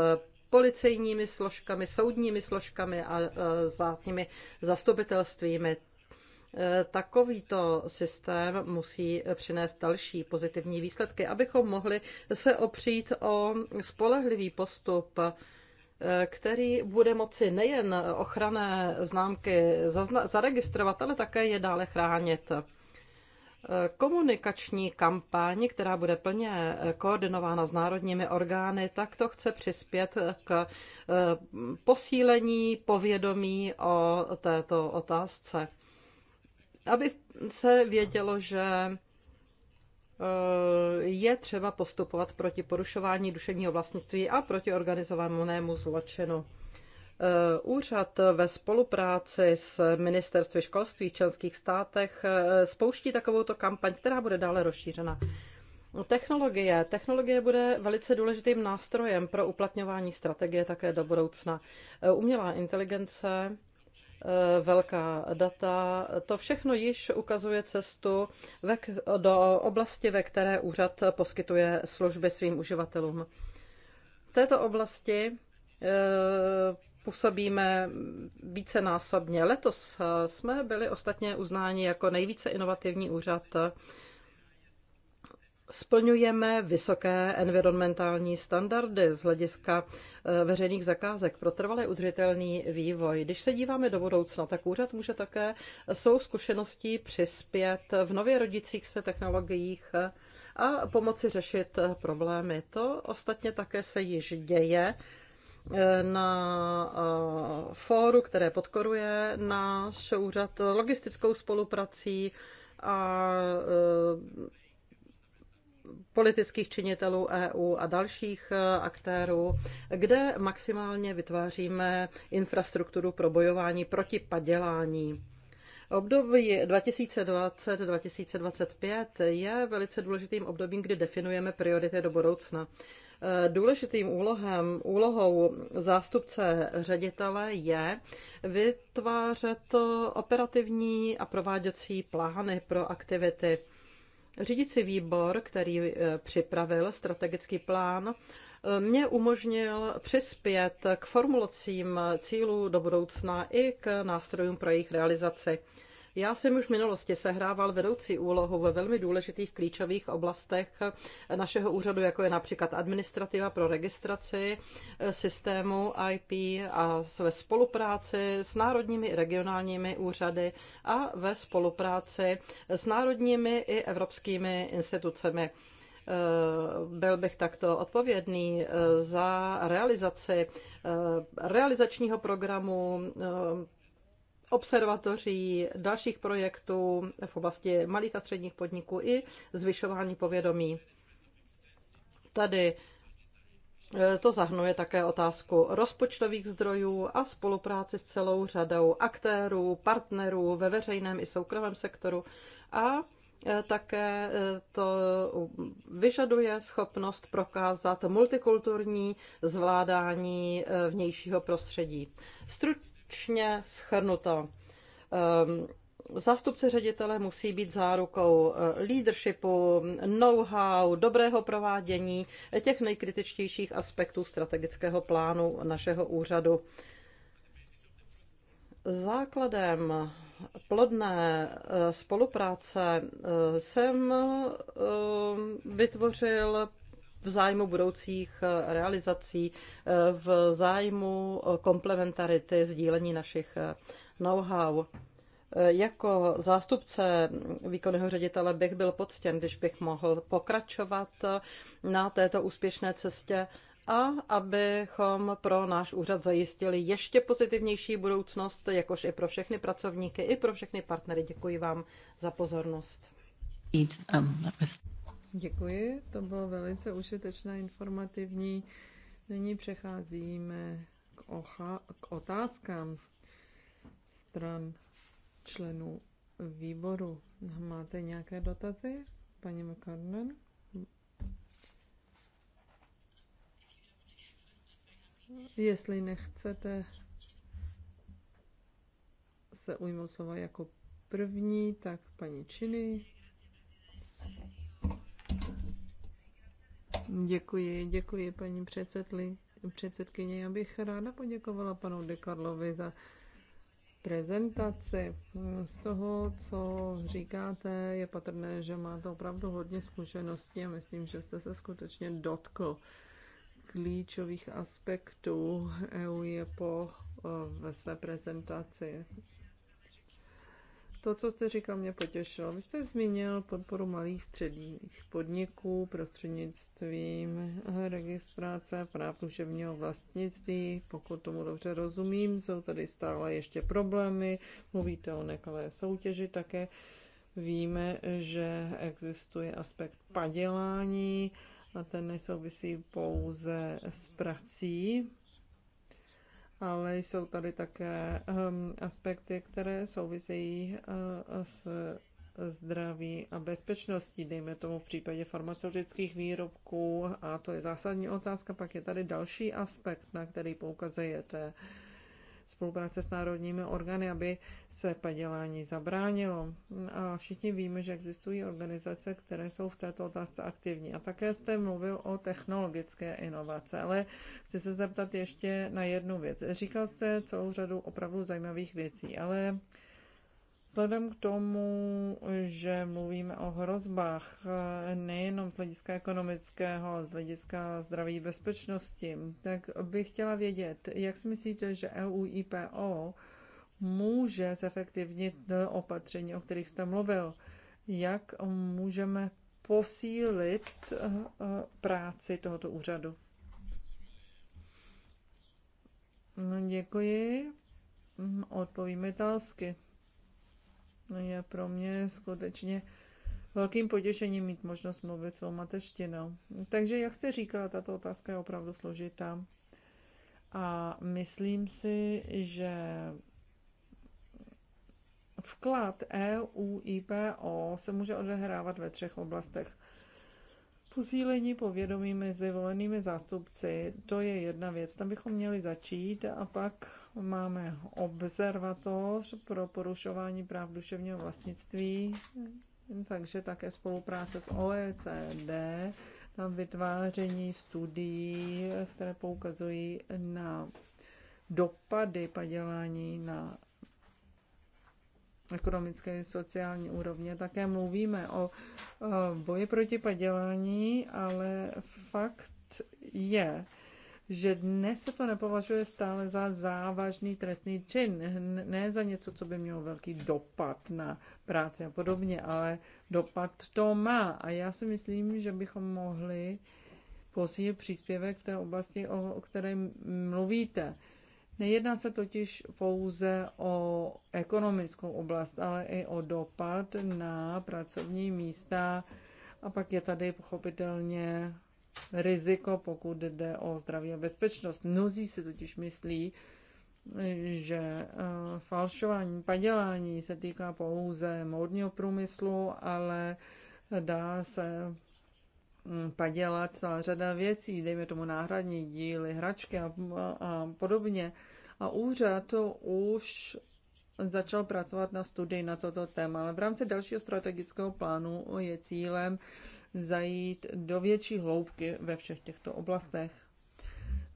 policejními složkami, soudními složkami a e, zátními zastupitelstvími. Takovýto systém musí přinést další pozitivní výsledky, abychom mohli se opřít o spolehlivý postup který bude moci nejen ochranné známky zaregistrovat, ale také je dále chránit. Komunikační kampaň, která bude plně koordinována s národními orgány, tak to chce přispět k eh, posílení povědomí o této otázce. Aby se vědělo, že Eh, je třeba postupovat proti porušování duševního vlastnictví a proti organizovanému zločinu. Eh, úřad ve spolupráci s ministerstvy školství v členských státech eh, spouští takovouto kampaň, která bude dále rozšířena. Technologie. Technologie bude velice důležitým nástrojem pro uplatňování strategie také do budoucna. Umělá inteligence Eh, velká data. To všechno již ukazuje cestu do oblasti, ve které úřad poskytuje služby svým uživatelům. V této oblasti eh, působíme vícenásobně. Letos eh, jsme byli ostatně uznáni jako nejvíce inovativní úřad splňujeme vysoké environmentální standardy z hlediska eh, veřejných zakázek pro trvalý udržitelný vývoj. Když se díváme do budoucna, tak úřad může také svou zkušeností přispět v nově rodicích se technologiích eh, a pomoci řešit eh, problémy. To ostatně také se již děje na fóru, které podkoruje náš úřad logistickou spoluprací a politických činitelů EU a dalších e, aktérů, kde maximálně vytváříme infrastrukturu pro bojování proti padělání. Období 2020-2025 je velice důležitým obdobím, kdy definujeme priority do budoucna. E, důležitým úlohem, úlohou zástupce ředitele je vytvářet operativní a prováděcí plány pro aktivity Řídící výbor, který e, připravil strategický plán, e, mě umožnil přispět k formulacím cílů do budoucna i k nástrojům pro jejich realizaci. Já jsem už v minulosti sehrával vedoucí úlohu ve velmi důležitých klíčových oblastech našeho úřadu, jako je například administrativa pro registraci eh, systému IP a ve spolupráci s národními i regionálními úřady a ve spolupráci s národními i evropskými institucemi eh, byl bych takto odpovědný eh, za realizaci realizačního programu observatoří, dalších projektů v oblasti malých a středních podniků i zvyšování povědomí. Tady e, to zahrnuje také otázku rozpočtových zdrojů a spolupráci s celou řadou aktérů, partnerů ve veřejném i soukromém sektoru a e, také e, to vyžaduje schopnost prokázat multikulturní zvládání vnějšího prostředí. Stru- stručně schrnuto. Ehm, Zástupce ředitele musí být zárukou eh, leadershipu, know-how, dobrého provádění těch nejkritičtějších aspektů strategického plánu našeho úřadu. Základem plodné eh, spolupráce eh, jsem vytvořil v zájmu budoucích eh, realizací, eh, v zájmu eh, komplementarity, sdílení našich know-how. Jako zástupce výkonného ředitele bych byl poctěn, když bych mohl pokračovat na této úspěšné cestě a abychom pro náš úřad zajistili ještě pozitivnější budoucnost, jakož i pro všechny pracovníky, i pro všechny partnery. Děkuji vám za pozornost. Um, Děkuji, to bylo velice užitečné, informativní. Nyní přecházíme k, ocha, k otázkám stran členů výboru. Máte nějaké dotazy, paní McCarnan? Jestli nechcete se ujmout slova jako první, tak paní Činy. Děkuji, děkuji paní předsedli, předsedkyně. Já bych ráda poděkovala panu Dekarlovi za prezentaci. Z toho, co říkáte, je patrné, že máte opravdu hodně zkušeností a myslím, že jste se skutečně dotkl klíčových aspektů EU je po e, ve své prezentaci. To, co jste říkal, mě potěšilo. Vy jste zmínil podporu malých středních podniků prostřednictvím registrace práv duševního vlastnictví. Pokud tomu dobře rozumím, jsou tady stále ještě problémy. Mluvíte o nekalé soutěži také. Víme, že existuje aspekt padělání a ten nesouvisí pouze s prací, ale jsou tady také ehm, aspekty, které souvisejí eh, s zdraví a bezpečností. dejme tomu v případě farmaceutických výrobků a to je zásadní otázka. Pak je tady další aspekt, na který poukazujete spolupráce s národními orgány, aby se padělání zabránilo. A všichni víme, že existují organizace, které jsou v této otázce aktivní. A také jste mluvil o technologické inovace, ale chci se zeptat ještě na jednu věc. Říkal jste celou řadu opravdu zajímavých věcí, ale Vzhledem k tomu, že mluvíme o hrozbách nejenom z hlediska ekonomického, ale z hlediska zdraví bezpečnosti, tak bych chtěla vědět, jak si myslíte, že EU může zefektivnit opatření, o kterých jste mluvil? Jak můžeme posílit eh, práci tohoto úřadu? Děkuji. Odpovím italsky je pro mě skutečně velkým potěšením mít možnost mluvit svou mateštinou. Takže, jak jste říkala, tato otázka je opravdu složitá. A myslím si, že vklad EU IPO se může odehrávat ve třech oblastech. Posílení povědomí mezi volenými zástupci, to je jedna věc. Tam bychom měli začít a pak máme observatoř pro porušování práv duševního vlastnictví, takže také spolupráce s OECD, tam vytváření studií, které poukazují na dopady padělání na ekonomické i sociální úrovně. Také mluvíme o boji proti padělání, ale fakt je, že dnes se to nepovažuje stále za závažný trestný čin, ne za něco, co by mělo velký dopad na práci a podobně, ale dopad to má. A já si myslím, že bychom mohli posílit příspěvek v té oblasti, o, o které mluvíte. Nejedná se totiž pouze o ekonomickou oblast, ale i o dopad na pracovní místa. A pak je tady pochopitelně riziko, pokud jde o zdraví a bezpečnost. Mnozí si totiž myslí, že eh, falšování, padělání se týká pouze módního průmyslu, ale dá se Mm, padělat celá řada věcí, dejme tomu náhradní díly, hračky a, a podobně. A úřad to už začal pracovat na studii na toto téma, ale v rámci dalšího strategického plánu je cílem zajít do větší hloubky ve všech těchto oblastech.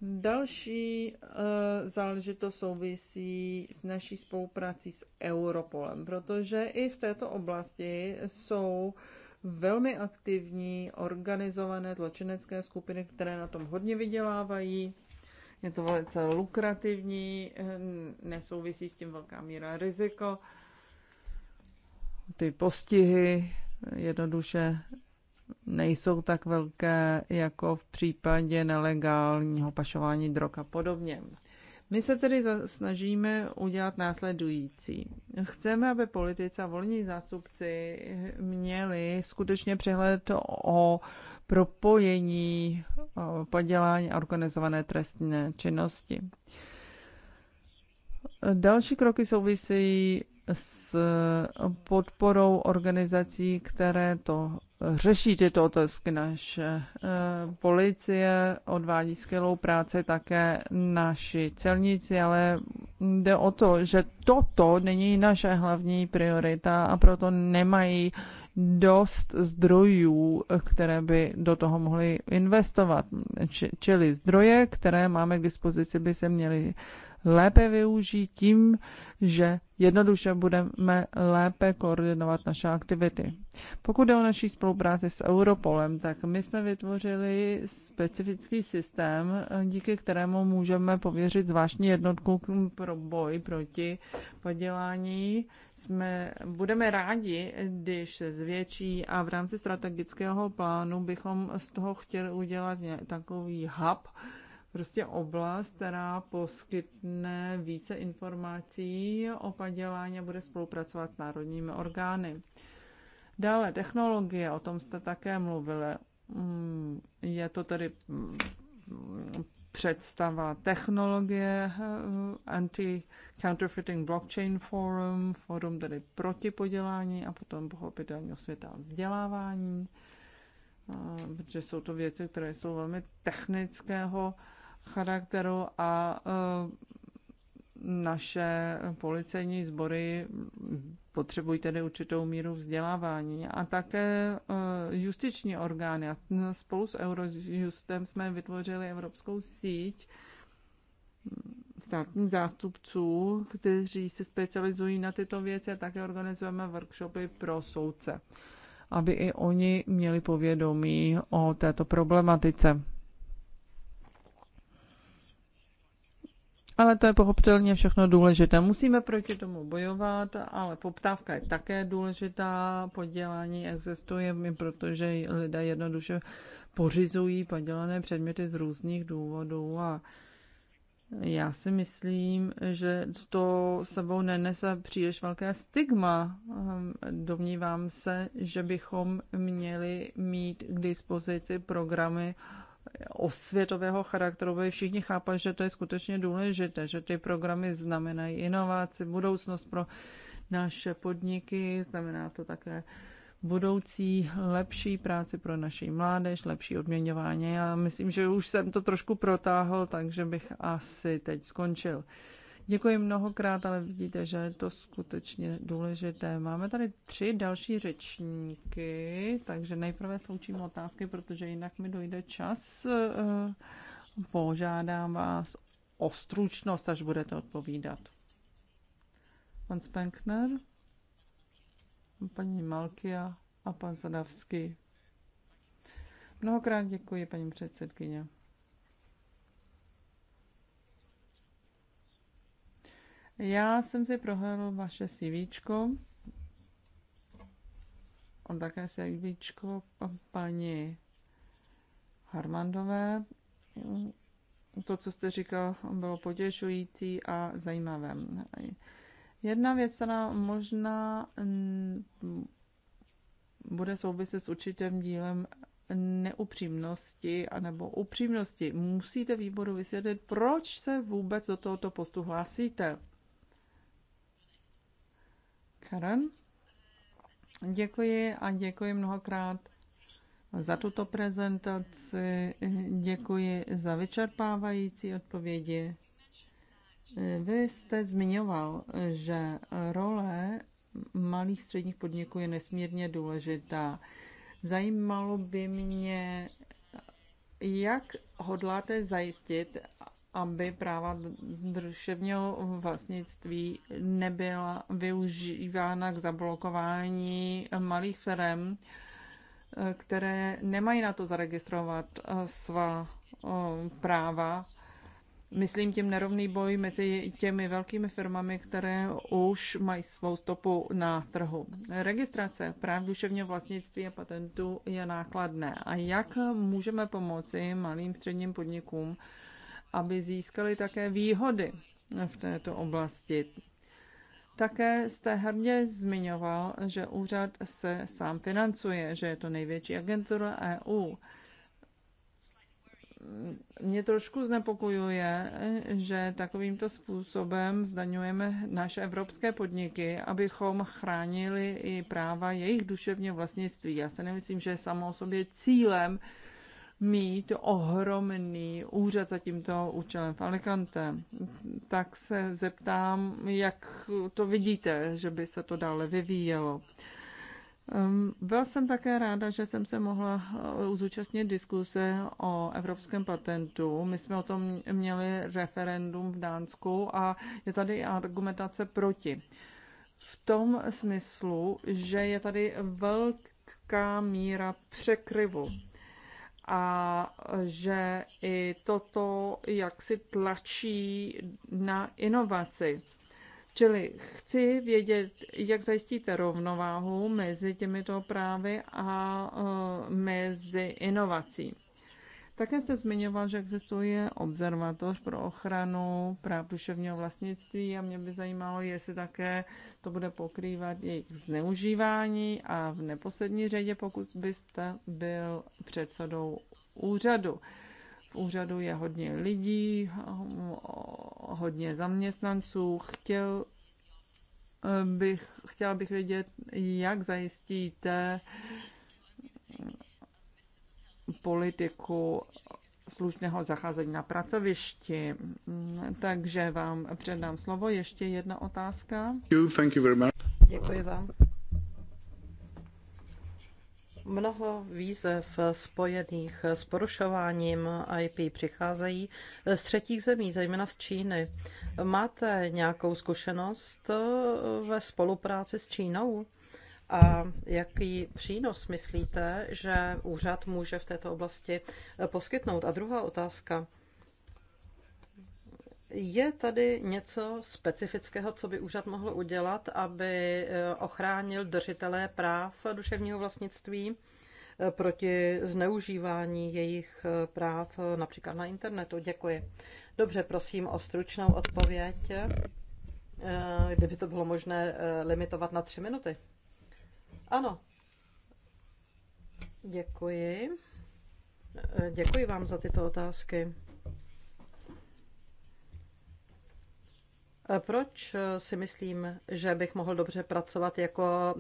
Další uh, záležitost souvisí s naší spoluprací s Europolem, protože i v této oblasti jsou uh, velmi aktivní, organizované zločinecké skupiny, které na tom hodně vydělávají. Je to velice lukrativní, nesouvisí s tím velká míra riziko. Ty postihy jednoduše nejsou tak velké jako v případě nelegálního pašování drog a podobně. My se tedy snažíme udělat následující. Chceme, aby politici a volní zástupci měli skutečně přehled o propojení padělání a organizované trestné činnosti. Další kroky souvisejí s podporou organizací, které to řeší tyto otázky. Naše eh, policie odvádí skvělou práci, také naši celníci, ale jde o to, že toto není naše hlavní priorita a proto nemají dost zdrojů, které by do toho mohly investovat. Čili zdroje, které máme k dispozici, by se měly lépe využít tím, že jednoduše budeme lépe koordinovat naše aktivity. Pokud jde o naší spolupráci s Europolem, tak my jsme vytvořili specifický systém, díky kterému můžeme pověřit zvláštní jednotku pro boj proti podělání. Jsme, budeme rádi, když se zvětší a v rámci strategického plánu bychom z toho chtěli udělat takový hub, prostě oblast, která poskytne více informací o padělání a bude spolupracovat s národními orgány. Dále technologie, o tom jste také mluvili. Mm, je to tedy mm, představa technologie, eh, Anti-Counterfeiting Blockchain Forum, forum tedy proti podělání a potom pochopitelně světa vzdělávání, eh, protože jsou to věci, které jsou velmi technického charakteru a eh, naše policejní sbory potřebují tedy určitou míru vzdělávání a také eh, justiční orgány. Spolu s Eurojustem jsme vytvořili evropskou síť státních zástupců, kteří se specializují na tyto věci a také organizujeme workshopy pro soudce, aby i oni měli povědomí o této problematice. ale to je pochopitelně všechno důležité. Musíme proti tomu bojovat, ale poptávka je také důležitá, podělání existuje, protože lidé jednoduše pořizují padělané předměty z různých důvodů a já si myslím, že to sebou nenese příliš velké stigma. Ehm, domnívám se, že bychom měli mít k dispozici programy osvětového charakteru, aby všichni chápali, že to je skutečně důležité, že ty programy znamenají inovaci, budoucnost pro naše podniky, znamená to také budoucí lepší práci pro naši mládež, lepší odměňování. Já myslím, že už jsem to trošku protáhl, takže bych asi teď skončil. Děkuji mnohokrát, ale vidíte, že je to skutečně důležité. Máme tady tři další řečníky, takže nejprve sloučím otázky, protože jinak mi dojde čas. Eh, požádám vás o stručnost, až budete odpovídat. Pan Spenkner, paní Malkia a pan Zadavský. Mnohokrát děkuji, paní předsedkyně. Já jsem si prohlédl vaše CV. On také CV paní Harmandové. To, co jste říkal, bylo potěšující a zajímavé. Jedna věc, která možná bude souviset s určitým dílem neupřímnosti anebo upřímnosti. Musíte výboru vysvětlit, proč se vůbec do tohoto postu hlásíte. Karen. Děkuji a děkuji mnohokrát za tuto prezentaci. Děkuji za vyčerpávající odpovědi. Vy jste zmiňoval, že role malých středních podniků je nesmírně důležitá. Zajímalo by mě, jak hodláte zajistit, aby práva drševního vlastnictví nebyla využívána k zablokování malých firm, které nemají na to zaregistrovat eh, svá eh, práva. Myslím tím nerovný boj mezi těmi velkými firmami, které už mají svou stopu na trhu. Registrace práv duševního vlastnictví a patentů je nákladné. A jak můžeme pomoci malým středním podnikům, aby získali také výhody v této oblasti. Také jste hrdě zmiňoval, že úřad se sám financuje, že je to největší agentura EU. Mě trošku znepokojuje, že takovýmto způsobem zdaňujeme naše evropské podniky, abychom chránili i práva jejich duševního vlastnictví. Já se nemyslím, že je samo o sobě cílem mít ohromný úřad za tímto účelem v Alicante. Tak se zeptám, jak to vidíte, že by se to dále vyvíjelo. Ehm, Byl jsem také ráda, že jsem se mohla eh, zúčastnit diskuse o evropském patentu. My jsme o tom měli referendum v Dánsku a je tady argumentace proti. V tom smyslu, že je tady velká míra překryvu a že i toto jaksi tlačí na inovaci. Čili chci vědět, jak zajistíte rovnováhu mezi těmito právy a e, mezi inovací. Také jste zmiňoval, že existuje observatoř pro ochranu práv duševního vlastnictví a mě by zajímalo, jestli také to bude pokrývat jejich zneužívání a v neposlední řadě, pokud byste byl předsedou úřadu. V úřadu je hodně lidí, hodně zaměstnanců. Chtěl eh, bych, chtěla bych vědět, jak zajistíte politiku slušného zacházení na pracovišti. Takže vám předám slovo. Ještě jedna otázka. Děkuji vám. Mnoho výzev spojených s porušováním IP přicházejí z třetích zemí, zejména z Číny. Máte nějakou zkušenost ve spolupráci s Čínou? A jaký přínos myslíte, že úřad může v této oblasti eh, poskytnout? A druhá otázka. Je tady něco specifického, co by úřad mohl udělat, aby eh, ochránil držitelé práv duševního vlastnictví eh, proti zneužívání jejich práv například na internetu? Děkuji. Dobře, prosím o stručnou odpověď, kdyby to bylo možné limitovat na tři minuty. Ano. Děkuji. Eh, děkuji vám za tyto otázky. Eh, proč eh, si myslím, že bych mohl dobře pracovat jako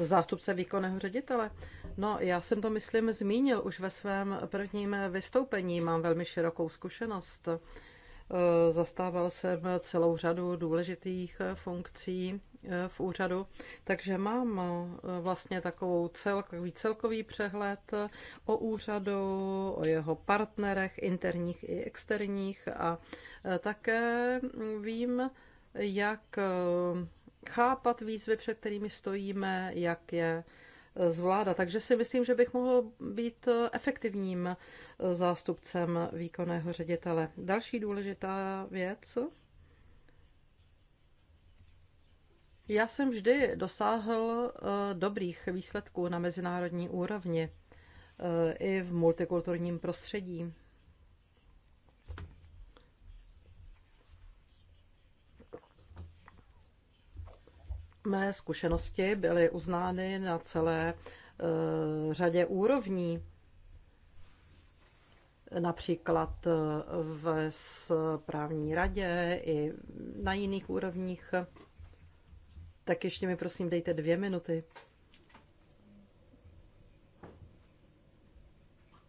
zástupce výkonného ředitele? No, já jsem to, myslím, zmínil už ve svém prvním vystoupení. Mám velmi širokou zkušenost. Zastával jsem celou řadu důležitých funkcí Eh, v úřadu. Takže mám eh, vlastně takovou cel, takový celkový přehled eh, o úřadu, o jeho partnerech, interních i externích a také mm, vím, jak chápat výzvy, před kterými stojíme, jak je zvládat. Takže si myslím, že bych mohl být efektivním zástupcem výkonného ředitele. Další důležitá věc, Já jsem vždy dosáhl eh, dobrých výsledků na mezinárodní úrovni eh, i v multikulturním prostředí. Mé zkušenosti byly uznány na celé eh, řadě úrovní. Například v správní radě i na jiných úrovních tak ještě mi prosím dejte dvě minuty.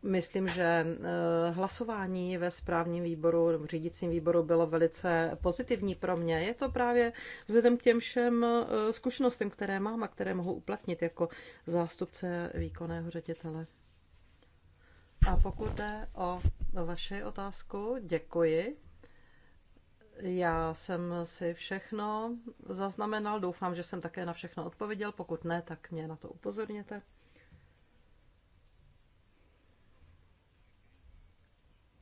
Myslím, že eh, hlasování ve správním výboru, v řídicím výboru bylo velice pozitivní pro mě. Je to právě vzhledem k těm všem eh, zkušenostem, které mám a které mohu uplatnit jako zástupce výkonného ředitele. A pokud jde o vaši otázku, děkuji. Já jsem si všechno zaznamenal, doufám, že jsem také na všechno odpověděl, pokud ne, tak mě na to upozorněte.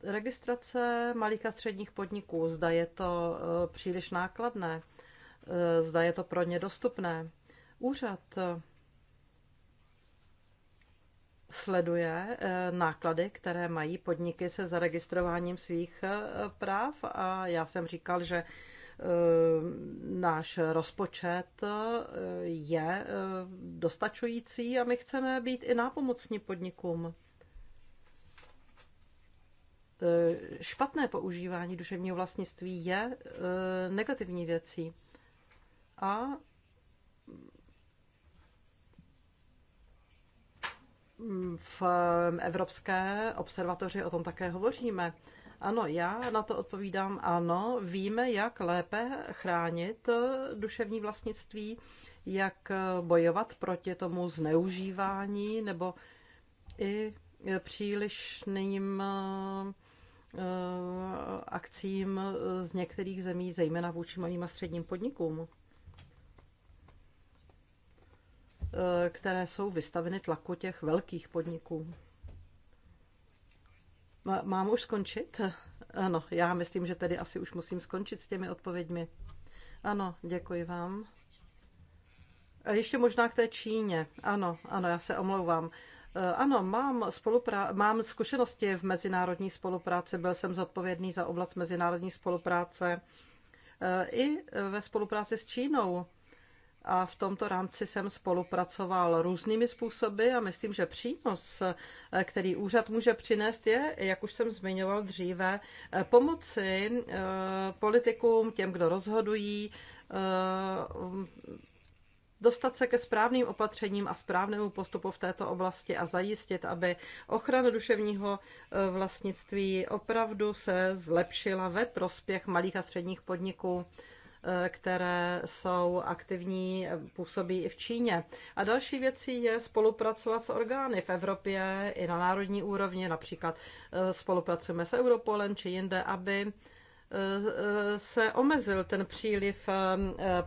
Registrace malých a středních podniků, zda je to eh, příliš nákladné, eh, zda je to pro ně dostupné. Úřad sleduje eh, náklady, které mají podniky se zaregistrováním svých eh, práv a já jsem říkal, že eh, náš rozpočet je dostačující a my chceme být i nápomocní podnikům. Špatné používání duševního vlastnictví je negativní věcí. A Mm, v Evropské observatoři o tom také hovoříme. Ano, já na to odpovídám ano. Víme, jak lépe chránit eh, duševní vlastnictví, jak eh, bojovat proti tomu zneužívání nebo i přílišným eh, akcím z některých zemí, zejména vůči malým a středním podnikům. Eh, které jsou vystaveny tlaku těch velkých podniků. Mám už skončit? Ano, já myslím, že tedy asi už musím skončit s těmi odpověďmi. Ano, děkuji vám. A ještě možná k té Číně. Ano, ano, já se omlouvám. Eh, ano, mám, spoluprá- mám zkušenosti v mezinárodní spolupráci, byl jsem zodpovědný za oblast mezinárodní spolupráce eh, i ve spolupráci s Čínou a v tomto rámci jsem spolupracoval různými způsoby a myslím, že přínos, eh, který úřad může přinést, je, jak už jsem zmiňoval dříve, eh, pomoci eh, politikům, těm, kdo rozhodují, um, dostat se ke správným opatřením a správnému postupu v této oblasti a zajistit, aby ochrana duševního vlastnictví opravdu se zlepšila ve prospěch malých a středních podniků. Eh, které jsou aktivní, působí i v Číně. A další věcí je spolupracovat s orgány v Evropě i na národní úrovni, například eh, spolupracujeme s Europolem či jinde, aby se omezil ten příliv eh,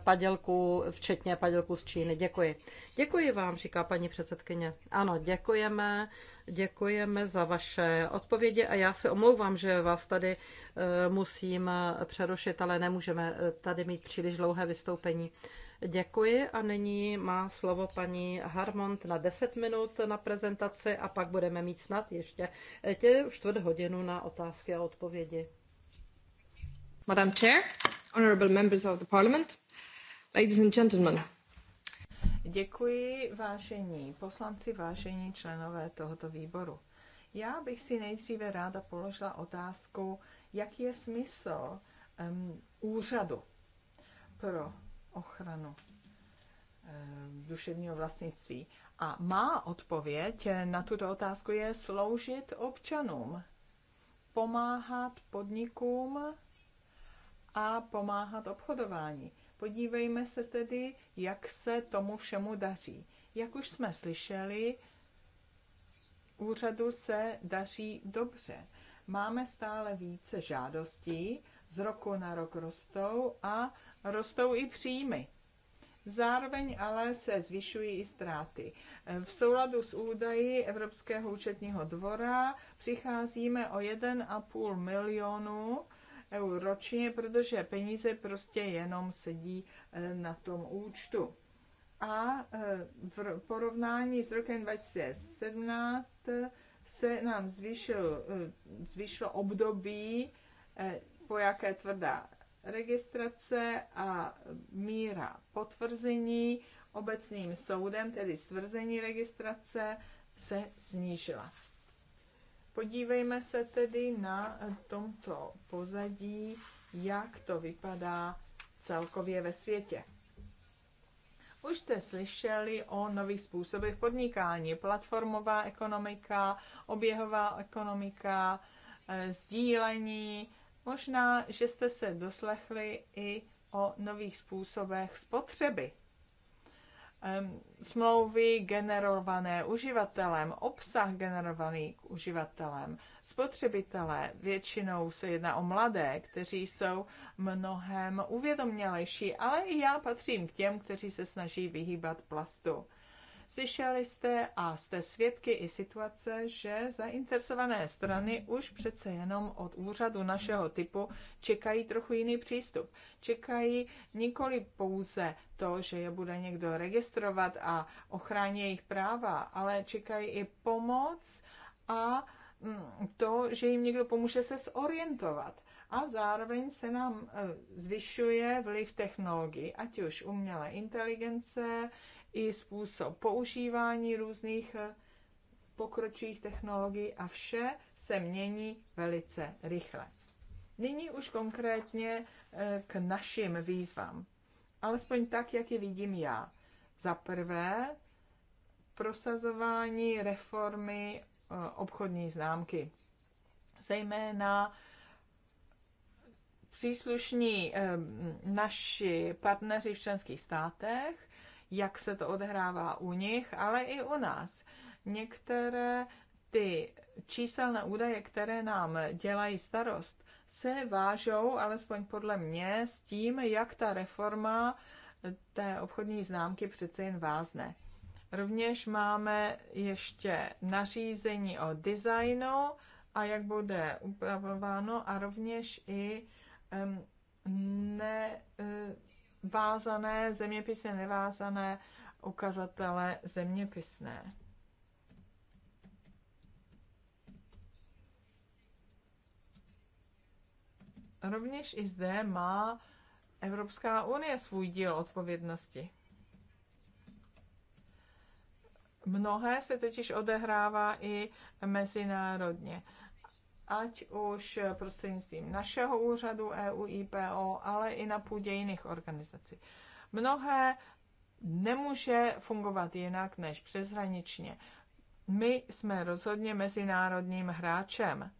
padělků, včetně padělků z Číny. Děkuji. Děkuji vám, říká paní předsedkyně. Ano, děkujeme. Děkujeme za vaše odpovědi a já se omlouvám, že vás tady eh, musím přerušit, ale nemůžeme eh, tady mít příliš dlouhé vystoupení. Děkuji a nyní má slovo paní Harmont na 10 minut na prezentaci a pak budeme mít snad ještě tě čtvrt hodinu na otázky a odpovědi. Madam Chair, honorable members of the parliament, ladies and gentlemen. Děkuji, vážení poslanci, vážení členové tohoto výboru. Já bych si nejdříve ráda položila otázku, jaký je smysl um, úřadu pro ochranu um, duševního vlastnictví. A má odpověď na tuto otázku je sloužit občanům, pomáhat podnikům, a pomáhat obchodování. Podívejme se tedy, jak se tomu všemu daří. Jak už jsme slyšeli, úřadu se daří dobře. Máme stále více žádostí, z roku na rok rostou a rostou i příjmy. Zároveň ale se zvyšují i ztráty. V souladu s údaji Evropského účetního dvora přicházíme o 1,5 milionu eur ročně, protože peníze prostě jenom sedí eh, na tom účtu. A eh, v porovnání s rokem 2017 eh, se nám zvýšil, zvýšilo období, po jaké tvrdá registrace a míra potvrzení obecným soudem, tedy stvrzení registrace, se snížila. Podívejme se tedy na tomto pozadí, jak to vypadá celkově ve světě. Už jste slyšeli o nových způsobech podnikání. Platformová ekonomika, oběhová ekonomika, eh, sdílení. Možná, že jste se doslechli i o nových způsobech spotřeby smlouvy generované uživatelem, obsah generovaný uživatelem, spotřebitelé, většinou se jedná o mladé, kteří jsou mnohem uvědomělejší, ale i já patřím k těm, kteří se snaží vyhýbat plastu. Slyšeli jste a jste svědky i situace, že zainteresované strany už přece jenom od úřadu našeho typu čekají trochu jiný přístup. Čekají nikoli pouze to, že je bude někdo registrovat a ochrání jejich práva, ale čekají i pomoc a mm, to, že jim někdo pomůže se zorientovat. A zároveň se nám e, zvyšuje vliv technologií, ať už umělé inteligence, i způsob používání různých eh, pokročilých technologií a vše se mění velice rychle. Nyní už konkrétně eh, k našim výzvám, alespoň tak, jak je vidím já. Za prvé, prosazování reformy eh, obchodní známky, zejména příslušní naši partneři v členských státech jak se to odehrává u nich, ale i u nás. Některé ty číselné údaje, které nám dělají starost, se vážou, alespoň podle mě, s tím, jak ta reforma té obchodní známky přece jen vázne. Rovněž máme ještě nařízení o designu a jak bude upravováno a rovněž i um, ne, uh, vázané, zeměpisně nevázané, ukazatele zeměpisné. Rovněž i zde má Evropská unie svůj díl odpovědnosti. Mnohé se totiž odehrává i mezinárodně ať už prostřednictvím našeho úřadu EU IPO, ale i na půdě jiných organizací. Mnohé nemůže fungovat jinak než přeshraničně. My jsme rozhodně mezinárodním hráčem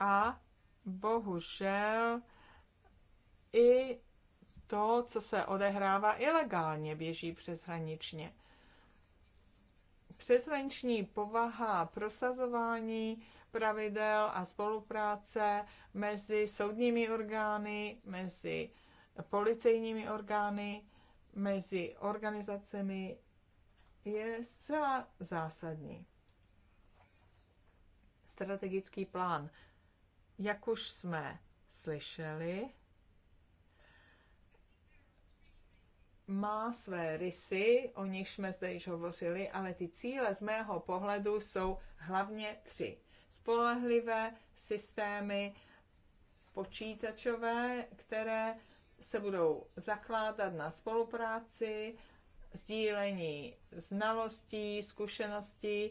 a bohužel i to, co se odehrává ilegálně, běží přeshraničně. Přeshraniční povaha prosazování pravidel a spolupráce mezi soudními orgány, mezi policejními orgány, mezi organizacemi je zcela zásadní. Strategický plán. Jak už jsme slyšeli, má své rysy, o nich jsme zde již hovořili, ale ty cíle z mého pohledu jsou hlavně tři spolehlivé systémy počítačové, které se budou zakládat na spolupráci, sdílení znalostí, zkušeností,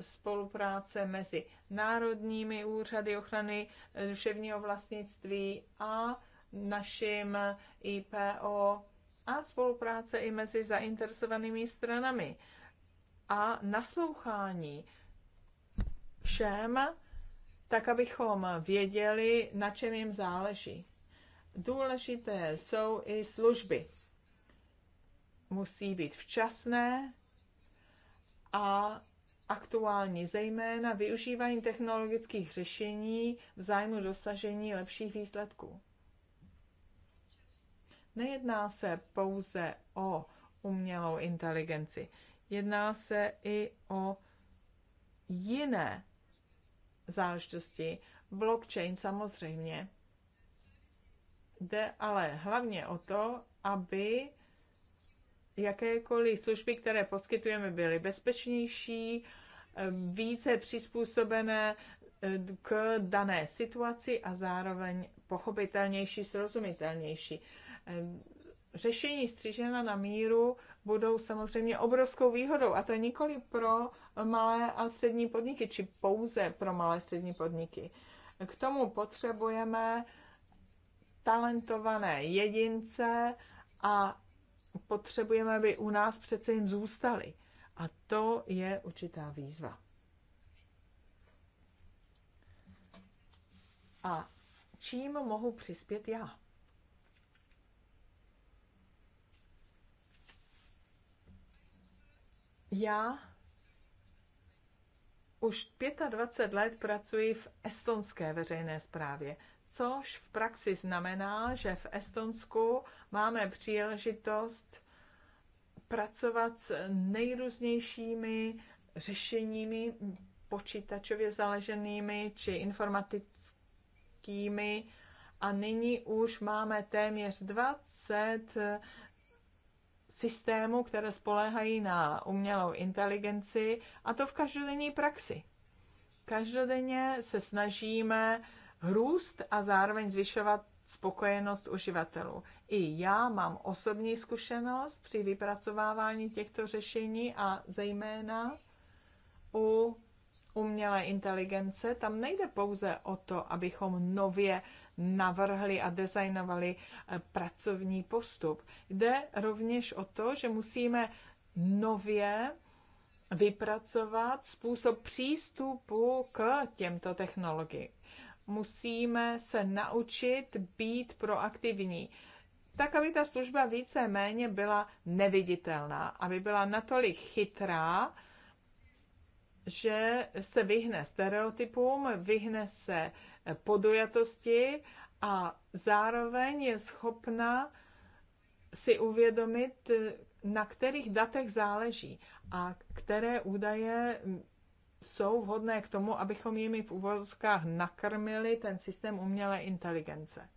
spolupráce mezi národními úřady ochrany duševního vlastnictví a naším IPO a spolupráce i mezi zainteresovanými stranami a naslouchání všem, tak abychom věděli, na čem jim záleží. Důležité jsou i služby. Musí být včasné a aktuální, zejména využívání technologických řešení v zájmu dosažení lepších výsledků. Nejedná se pouze o umělou inteligenci, jedná se i o jiné záležitosti. Blockchain samozřejmě. Jde ale hlavně o to, aby jakékoliv služby, které poskytujeme, byly bezpečnější, více přizpůsobené eh, k dané situaci a zároveň pochopitelnější, srozumitelnější. Eh, řešení střížena na míru budou samozřejmě obrovskou výhodou a to nikoli pro malé a střední podniky, či pouze pro malé a střední podniky. K tomu potřebujeme talentované jedince a potřebujeme, aby u nás přece jen zůstali. A to je určitá výzva. A čím mohu přispět já? Já už 25 let pracuji v estonské veřejné správě, což v praxi znamená, že v Estonsku máme příležitost pracovat s nejrůznějšími řešeními počítačově založenými či informatickými a nyní už máme téměř 20 systémů, které spoléhají na umělou inteligenci, a to v každodenní praxi. Každodenně se snažíme růst a zároveň zvyšovat spokojenost uživatelů. I já mám osobní zkušenost při vypracovávání těchto řešení a zejména u umělé inteligence. Tam nejde pouze o to, abychom nově navrhli a designovali eh, pracovní postup. Jde rovněž o to, že musíme nově vypracovat způsob přístupu k těmto technologiím. Musíme se naučit být proaktivní tak aby ta služba více méně byla neviditelná, aby byla natolik chytrá, že se vyhne stereotypům, vyhne se podujatosti a zároveň je schopna si uvědomit, na kterých datech záleží a které údaje jsou vhodné k tomu, abychom jimi v uvozkách nakrmili ten systém umělé inteligence.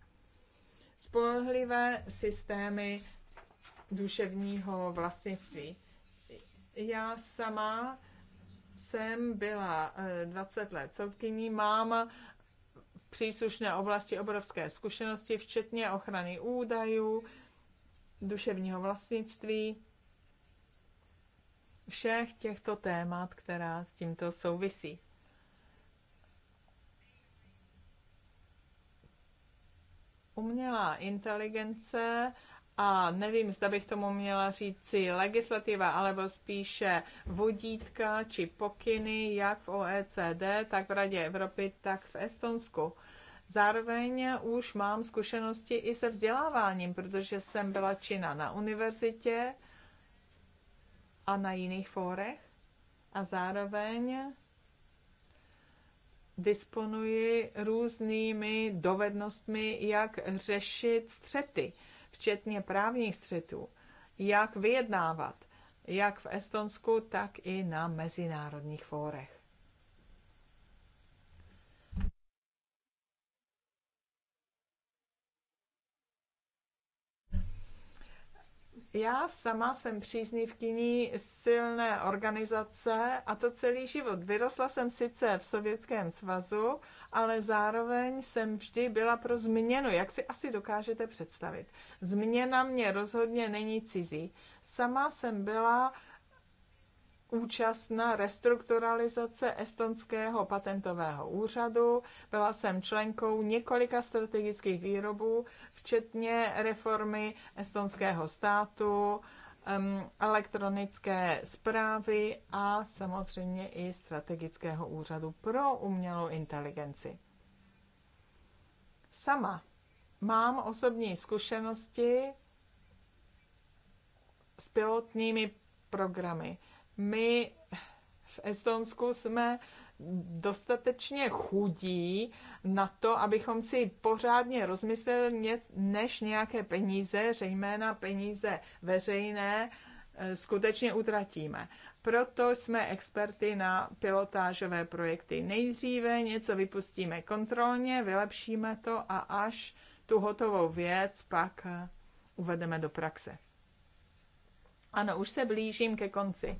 Spolehlivé systémy duševního vlastnictví. Já sama jsem byla 20 eh, let soudkyní, mám příslušné oblasti obrovské zkušenosti, včetně ochrany údajů, duševního vlastnictví, všech těchto témat, která s tímto souvisí. Umělá inteligence a nevím, zda bych tomu měla říci legislativa, alebo spíše vodítka či pokyny, jak v OECD, tak v Radě Evropy, tak v Estonsku. Zároveň už mám zkušenosti i se vzděláváním, protože jsem byla čina na univerzitě a na jiných fórech a zároveň disponuji různými dovednostmi, jak řešit střety včetně právních střetů, jak vyjednávat, jak v Estonsku, tak i na mezinárodních fórech. Já sama jsem příznivkyní silné organizace a to celý život. Vyrosla jsem sice v Sovětském svazu, ale zároveň jsem vždy byla pro změnu, jak si asi dokážete představit. Změna mě rozhodně není cizí. Sama jsem byla účastna restrukturalizace estonského patentového úřadu. Byla jsem členkou několika strategických výrobů, včetně reformy estonského státu, elektronické zprávy a samozřejmě i strategického úřadu pro umělou inteligenci. Sama mám osobní zkušenosti s pilotními programy. My v Estonsku jsme dostatečně chudí na to, abychom si pořádně rozmysleli, než nějaké peníze, zejména peníze veřejné, eh, skutečně utratíme. Proto jsme experty na pilotážové projekty. Nejdříve něco vypustíme kontrolně, vylepšíme to a až tu hotovou věc pak eh, uvedeme do praxe. Ano, už se blížím ke konci.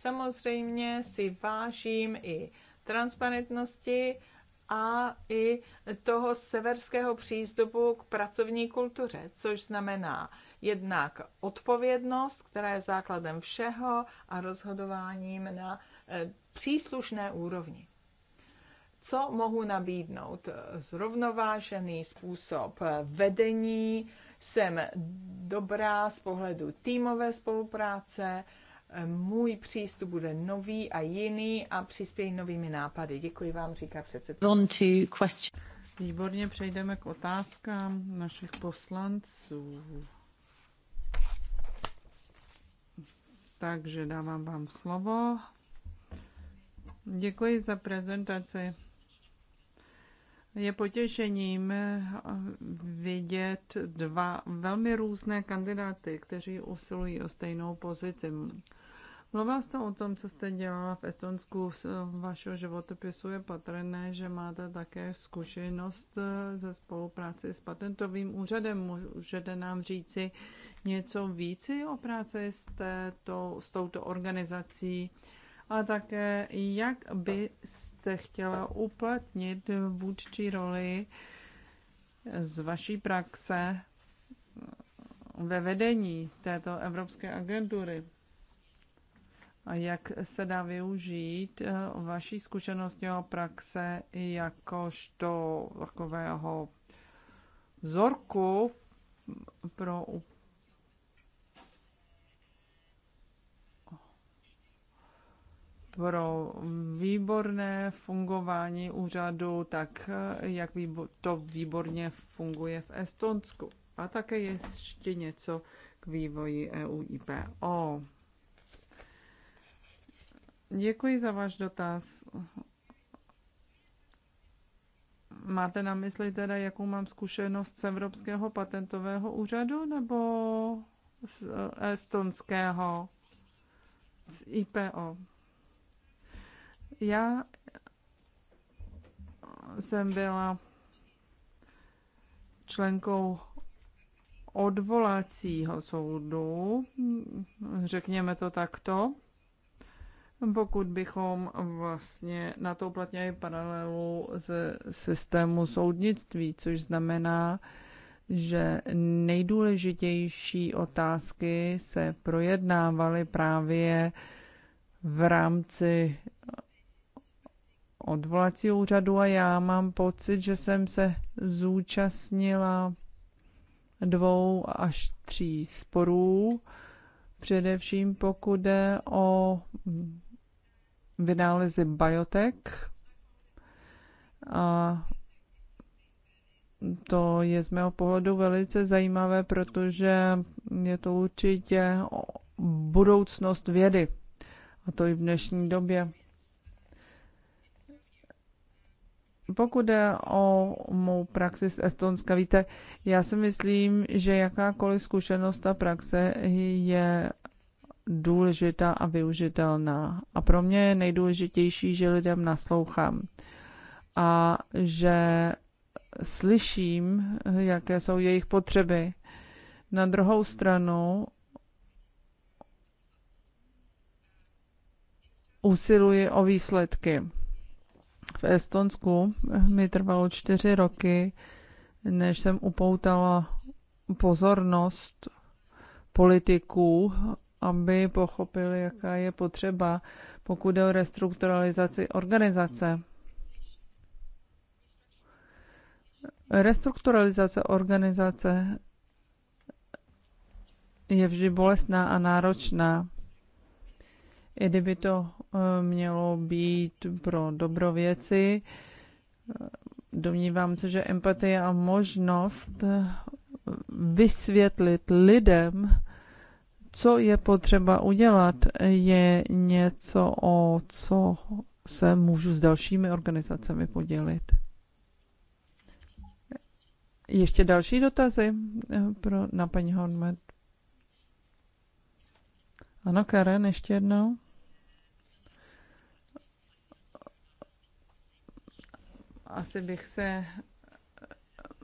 Samozřejmě si vážím i transparentnosti a i toho severského přístupu k pracovní kultuře, což znamená jednak odpovědnost, která je základem všeho a rozhodováním na eh, příslušné úrovni. Co mohu nabídnout? Zrovnovážený způsob vedení, jsem dobrá z pohledu týmové spolupráce, můj přístup bude nový a jiný a přispějí novými nápady. Děkuji vám, říká předsedkyně. Výborně, přejdeme k otázkám našich poslanců. Takže dávám vám slovo. Děkuji za prezentaci. Je potěšením eh, vidět dva velmi různé kandidáty, kteří usilují o stejnou pozici. Mluvil jste o tom, co jste dělala v Estonsku z vašeho životopisu. Je patrné, že máte také zkušenost eh, ze spolupráci s patentovým úřadem. Můžete nám říci něco více o práci s, této, s touto organizací a také jak byste chtěla uplatnit vůdčí roli z vaší praxe eh, ve vedení této evropské agentury jak se dá využít eh, vaší zkušenosti a praxe jakožto takového vzorku pro pro výborné fungování úřadu, tak eh, jak to výborně funguje v Estonsku. A také ještě něco k vývoji EU IPO. Děkuji za váš dotaz. Máte na mysli teda, jakou mám zkušenost z Evropského patentového úřadu nebo z eh, estonského, z IPO? Já jsem byla členkou odvolacího soudu, řekněme to takto, pokud bychom vlastně na to uplatňovali paralelu ze systému soudnictví, což znamená, že nejdůležitější otázky se projednávaly právě v rámci odvolacího úřadu a já mám pocit, že jsem se zúčastnila dvou až tří sporů, především pokud jde o vynálezy biotech. A to je z mého pohledu velice zajímavé, protože je to určitě budoucnost vědy. A to i v dnešní době. Pokud jde o mou praxi z Estonska, víte, já si myslím, že jakákoliv zkušenost a praxe je důležitá a využitelná. A pro mě je nejdůležitější, že lidem naslouchám a že slyším, jaké jsou jejich potřeby. Na druhou stranu usiluji o výsledky. V Estonsku mi trvalo čtyři roky, než jsem upoutala pozornost politiků aby pochopili, jaká je potřeba, pokud jde o restrukturalizaci organizace. Restrukturalizace organizace je vždy bolestná a náročná. I kdyby to eh, mělo být pro dobro věci, eh, domnívám se, že empatie a možnost eh, vysvětlit lidem, co je potřeba udělat, je něco, o co se můžu s dalšími organizacemi podělit. Ještě další dotazy eh, pro, na paní Hornmet. Ano, Karen, ještě jednou. Asi bych se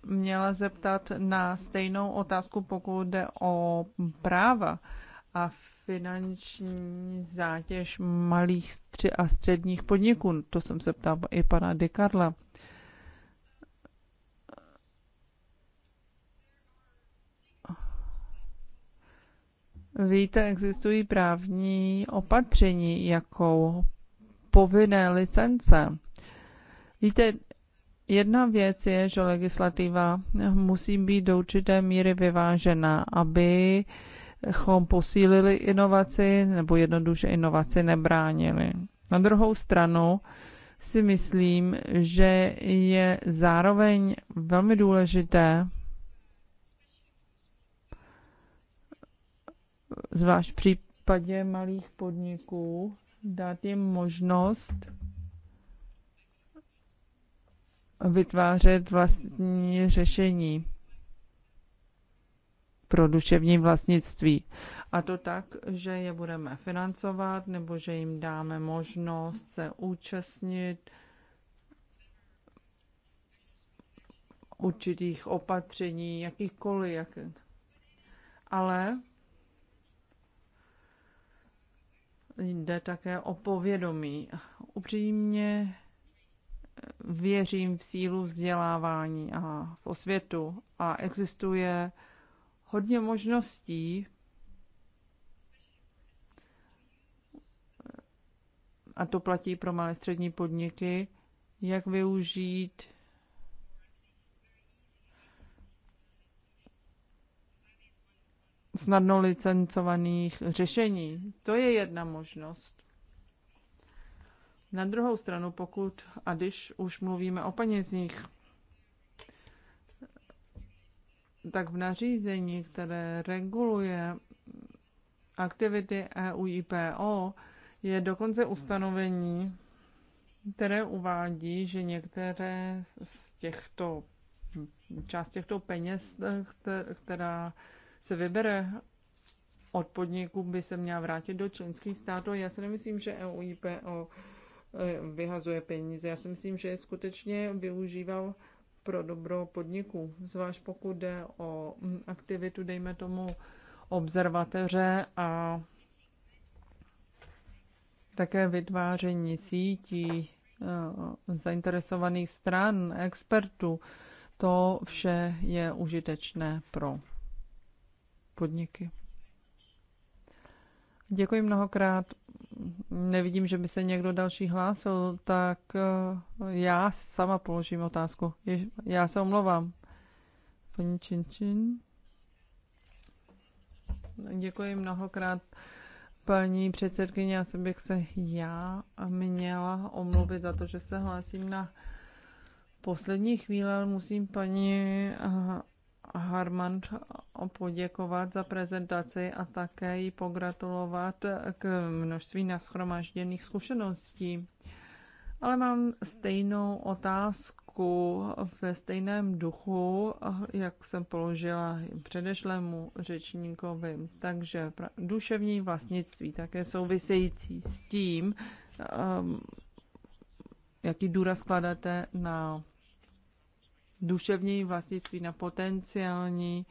měla zeptat na stejnou otázku, pokud jde o práva a finanční zátěž malých a středních podniků. To jsem se ptal i pana Karla. Víte, existují právní opatření jako povinné licence. Víte, Jedna věc je, že legislativa musí být do určité míry vyvážená, abychom posílili inovaci nebo jednoduše inovaci nebránili. Na druhou stranu si myslím, že je zároveň velmi důležité, zvlášť v případě malých podniků, dát jim možnost vytvářet vlastní řešení pro duševní vlastnictví. A to tak, že je budeme financovat nebo že jim dáme možnost se účastnit určitých opatření, jakýchkoliv. Jak... Ale jde také o povědomí. Upřímně věřím v sílu vzdělávání a v osvětu a existuje hodně možností a to platí pro malé střední podniky, jak využít snadno licencovaných řešení. To je jedna možnost. Na druhou stranu, pokud a když už mluvíme o penězích, tak v nařízení, které reguluje aktivity EUIPO, je dokonce ustanovení, které uvádí, že některé z těchto část těchto peněz, která se vybere od podniků, by se měla vrátit do členských států. Já si nemyslím, že EUIPO vyhazuje peníze. Já si myslím, že je skutečně využíval pro dobro podniku. zvlášť pokud jde o mm, aktivitu, dejme tomu, observatoře a také vytváření sítí eh, zainteresovaných stran, expertů. To vše je užitečné pro podniky. Děkuji mnohokrát nevidím, že by se někdo další hlásil, tak eh, já sama položím otázku. já se omlouvám. Paní Činčin. Děkuji mnohokrát. Paní předsedkyně, já jsem bych se já měla omluvit za to, že se hlásím na poslední chvíli, ale musím paní eh, Harman poděkovat za prezentaci a také jí pogratulovat k množství nashromažděných zkušeností. Ale mám stejnou otázku ve stejném duchu, jak jsem položila předešlému řečníkovi. Takže duševní vlastnictví také související s tím, um, jaký důraz kladáte na duševní vlastnictví na potenciální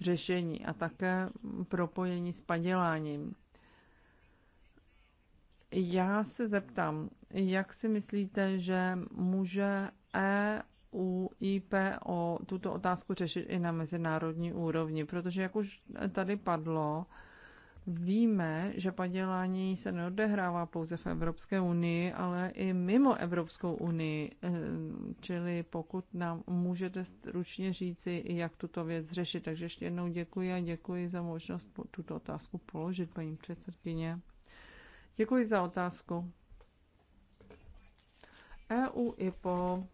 řešení a také propojení s paděláním. Já se zeptám, jak si myslíte, že může EUIPO tuto otázku řešit i na mezinárodní úrovni? Protože, jak už tady padlo, Víme, že padělání se neodehrává pouze v Evropské unii, ale i mimo Evropskou unii. Eh, čili pokud nám můžete ručně říci, jak tuto věc řešit. Takže ještě jednou děkuji a děkuji za možnost tuto otázku položit, paní předsedkyně. Děkuji za otázku. EU po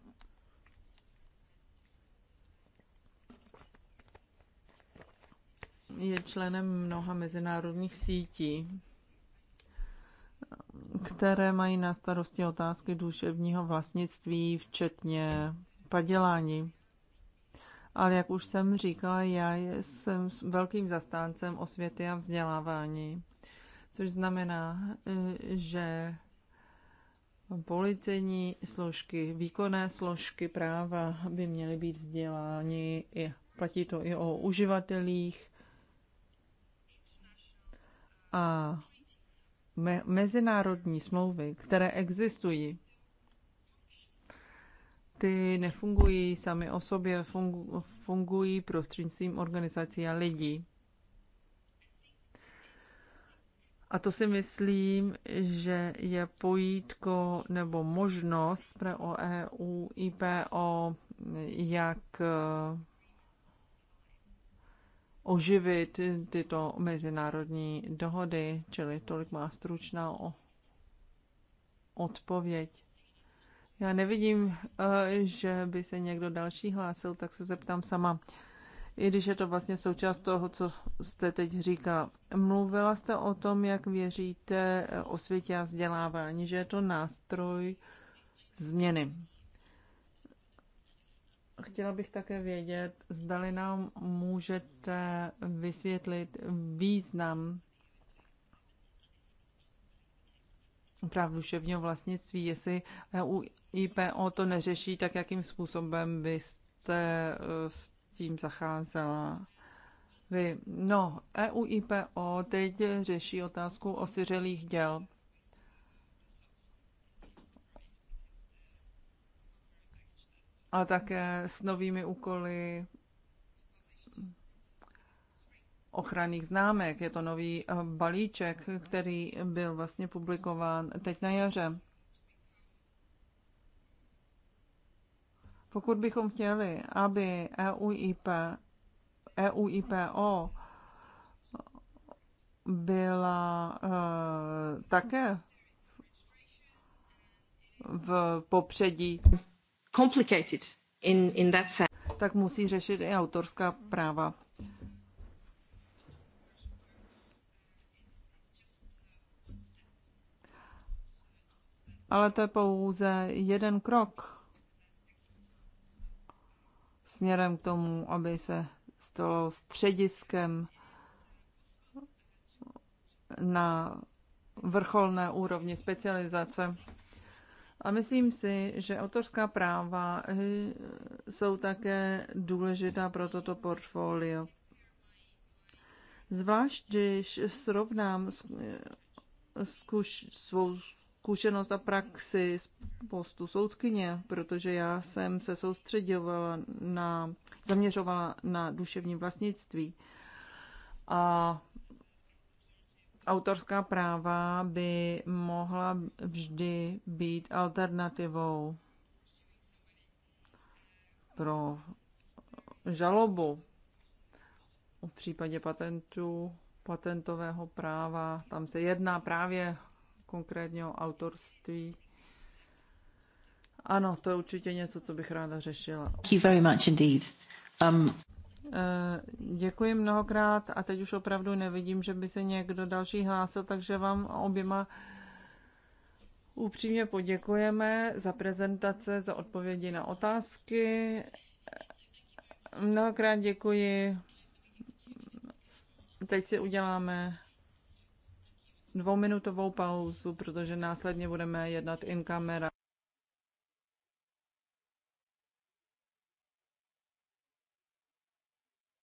je členem mnoha mezinárodních sítí, které mají na starosti otázky duševního vlastnictví, včetně padělání. Ale jak už jsem říkala, já jsem velkým zastáncem osvěty a vzdělávání, což znamená, e, že policejní složky, výkonné složky práva by měly být vzděláni. Platí to i o uživatelích a me- mezinárodní smlouvy, které existují, ty nefungují sami o sobě, fungu- fungují prostřednictvím organizací a lidí. A to si myslím, že je pojítko nebo možnost pro EU, IPO, jak oživit tyto mezinárodní dohody, čili tolik má stručná odpověď. Já nevidím, eh, že by se někdo další hlásil, tak se zeptám sama. I když je to vlastně součást toho, co jste teď říkala. Mluvila jste o tom, jak věříte eh, o světě a vzdělávání, že je to nástroj změny. Chtěla bych také vědět, zdali nám můžete vysvětlit význam práv duševního vlastnictví, jestli u IPO to neřeší, tak jakým způsobem byste eh, s tím zacházela vy. No, EU IPO teď řeší otázku osiřelých děl. ale také s novými úkoly ochranných známek. Je to nový eh, balíček, který byl vlastně publikován teď na jaře. Pokud bychom chtěli, aby EUIP, EUIPO byla uh, také v popředí complicated in, in that sense. Tak musí řešit i autorská práva. Ale to je pouze jeden krok směrem k tomu, aby se stalo střediskem na vrcholné úrovni specializace. A myslím si, že autorská práva eh, jsou také důležitá pro toto portfolio. Zvlášť, když srovnám eh, zkuš, svou zkušenost a praxi z postu soudkyně, protože já jsem se soustředovala na, zaměřovala na duševní vlastnictví. A autorská práva by mohla vždy být alternativou pro žalobu. V případě patentu, patentového práva, tam se jedná právě konkrétně o autorství. Ano, to je určitě něco, co bych ráda řešila. Thank you very much indeed. Um... Eh, děkuji mnohokrát a teď už opravdu nevidím, že by se někdo další hlásil, takže vám oběma upřímně poděkujeme za prezentace, za odpovědi na otázky. Mnohokrát děkuji. Teď si uděláme dvouminutovou pauzu, protože následně budeme jednat in camera.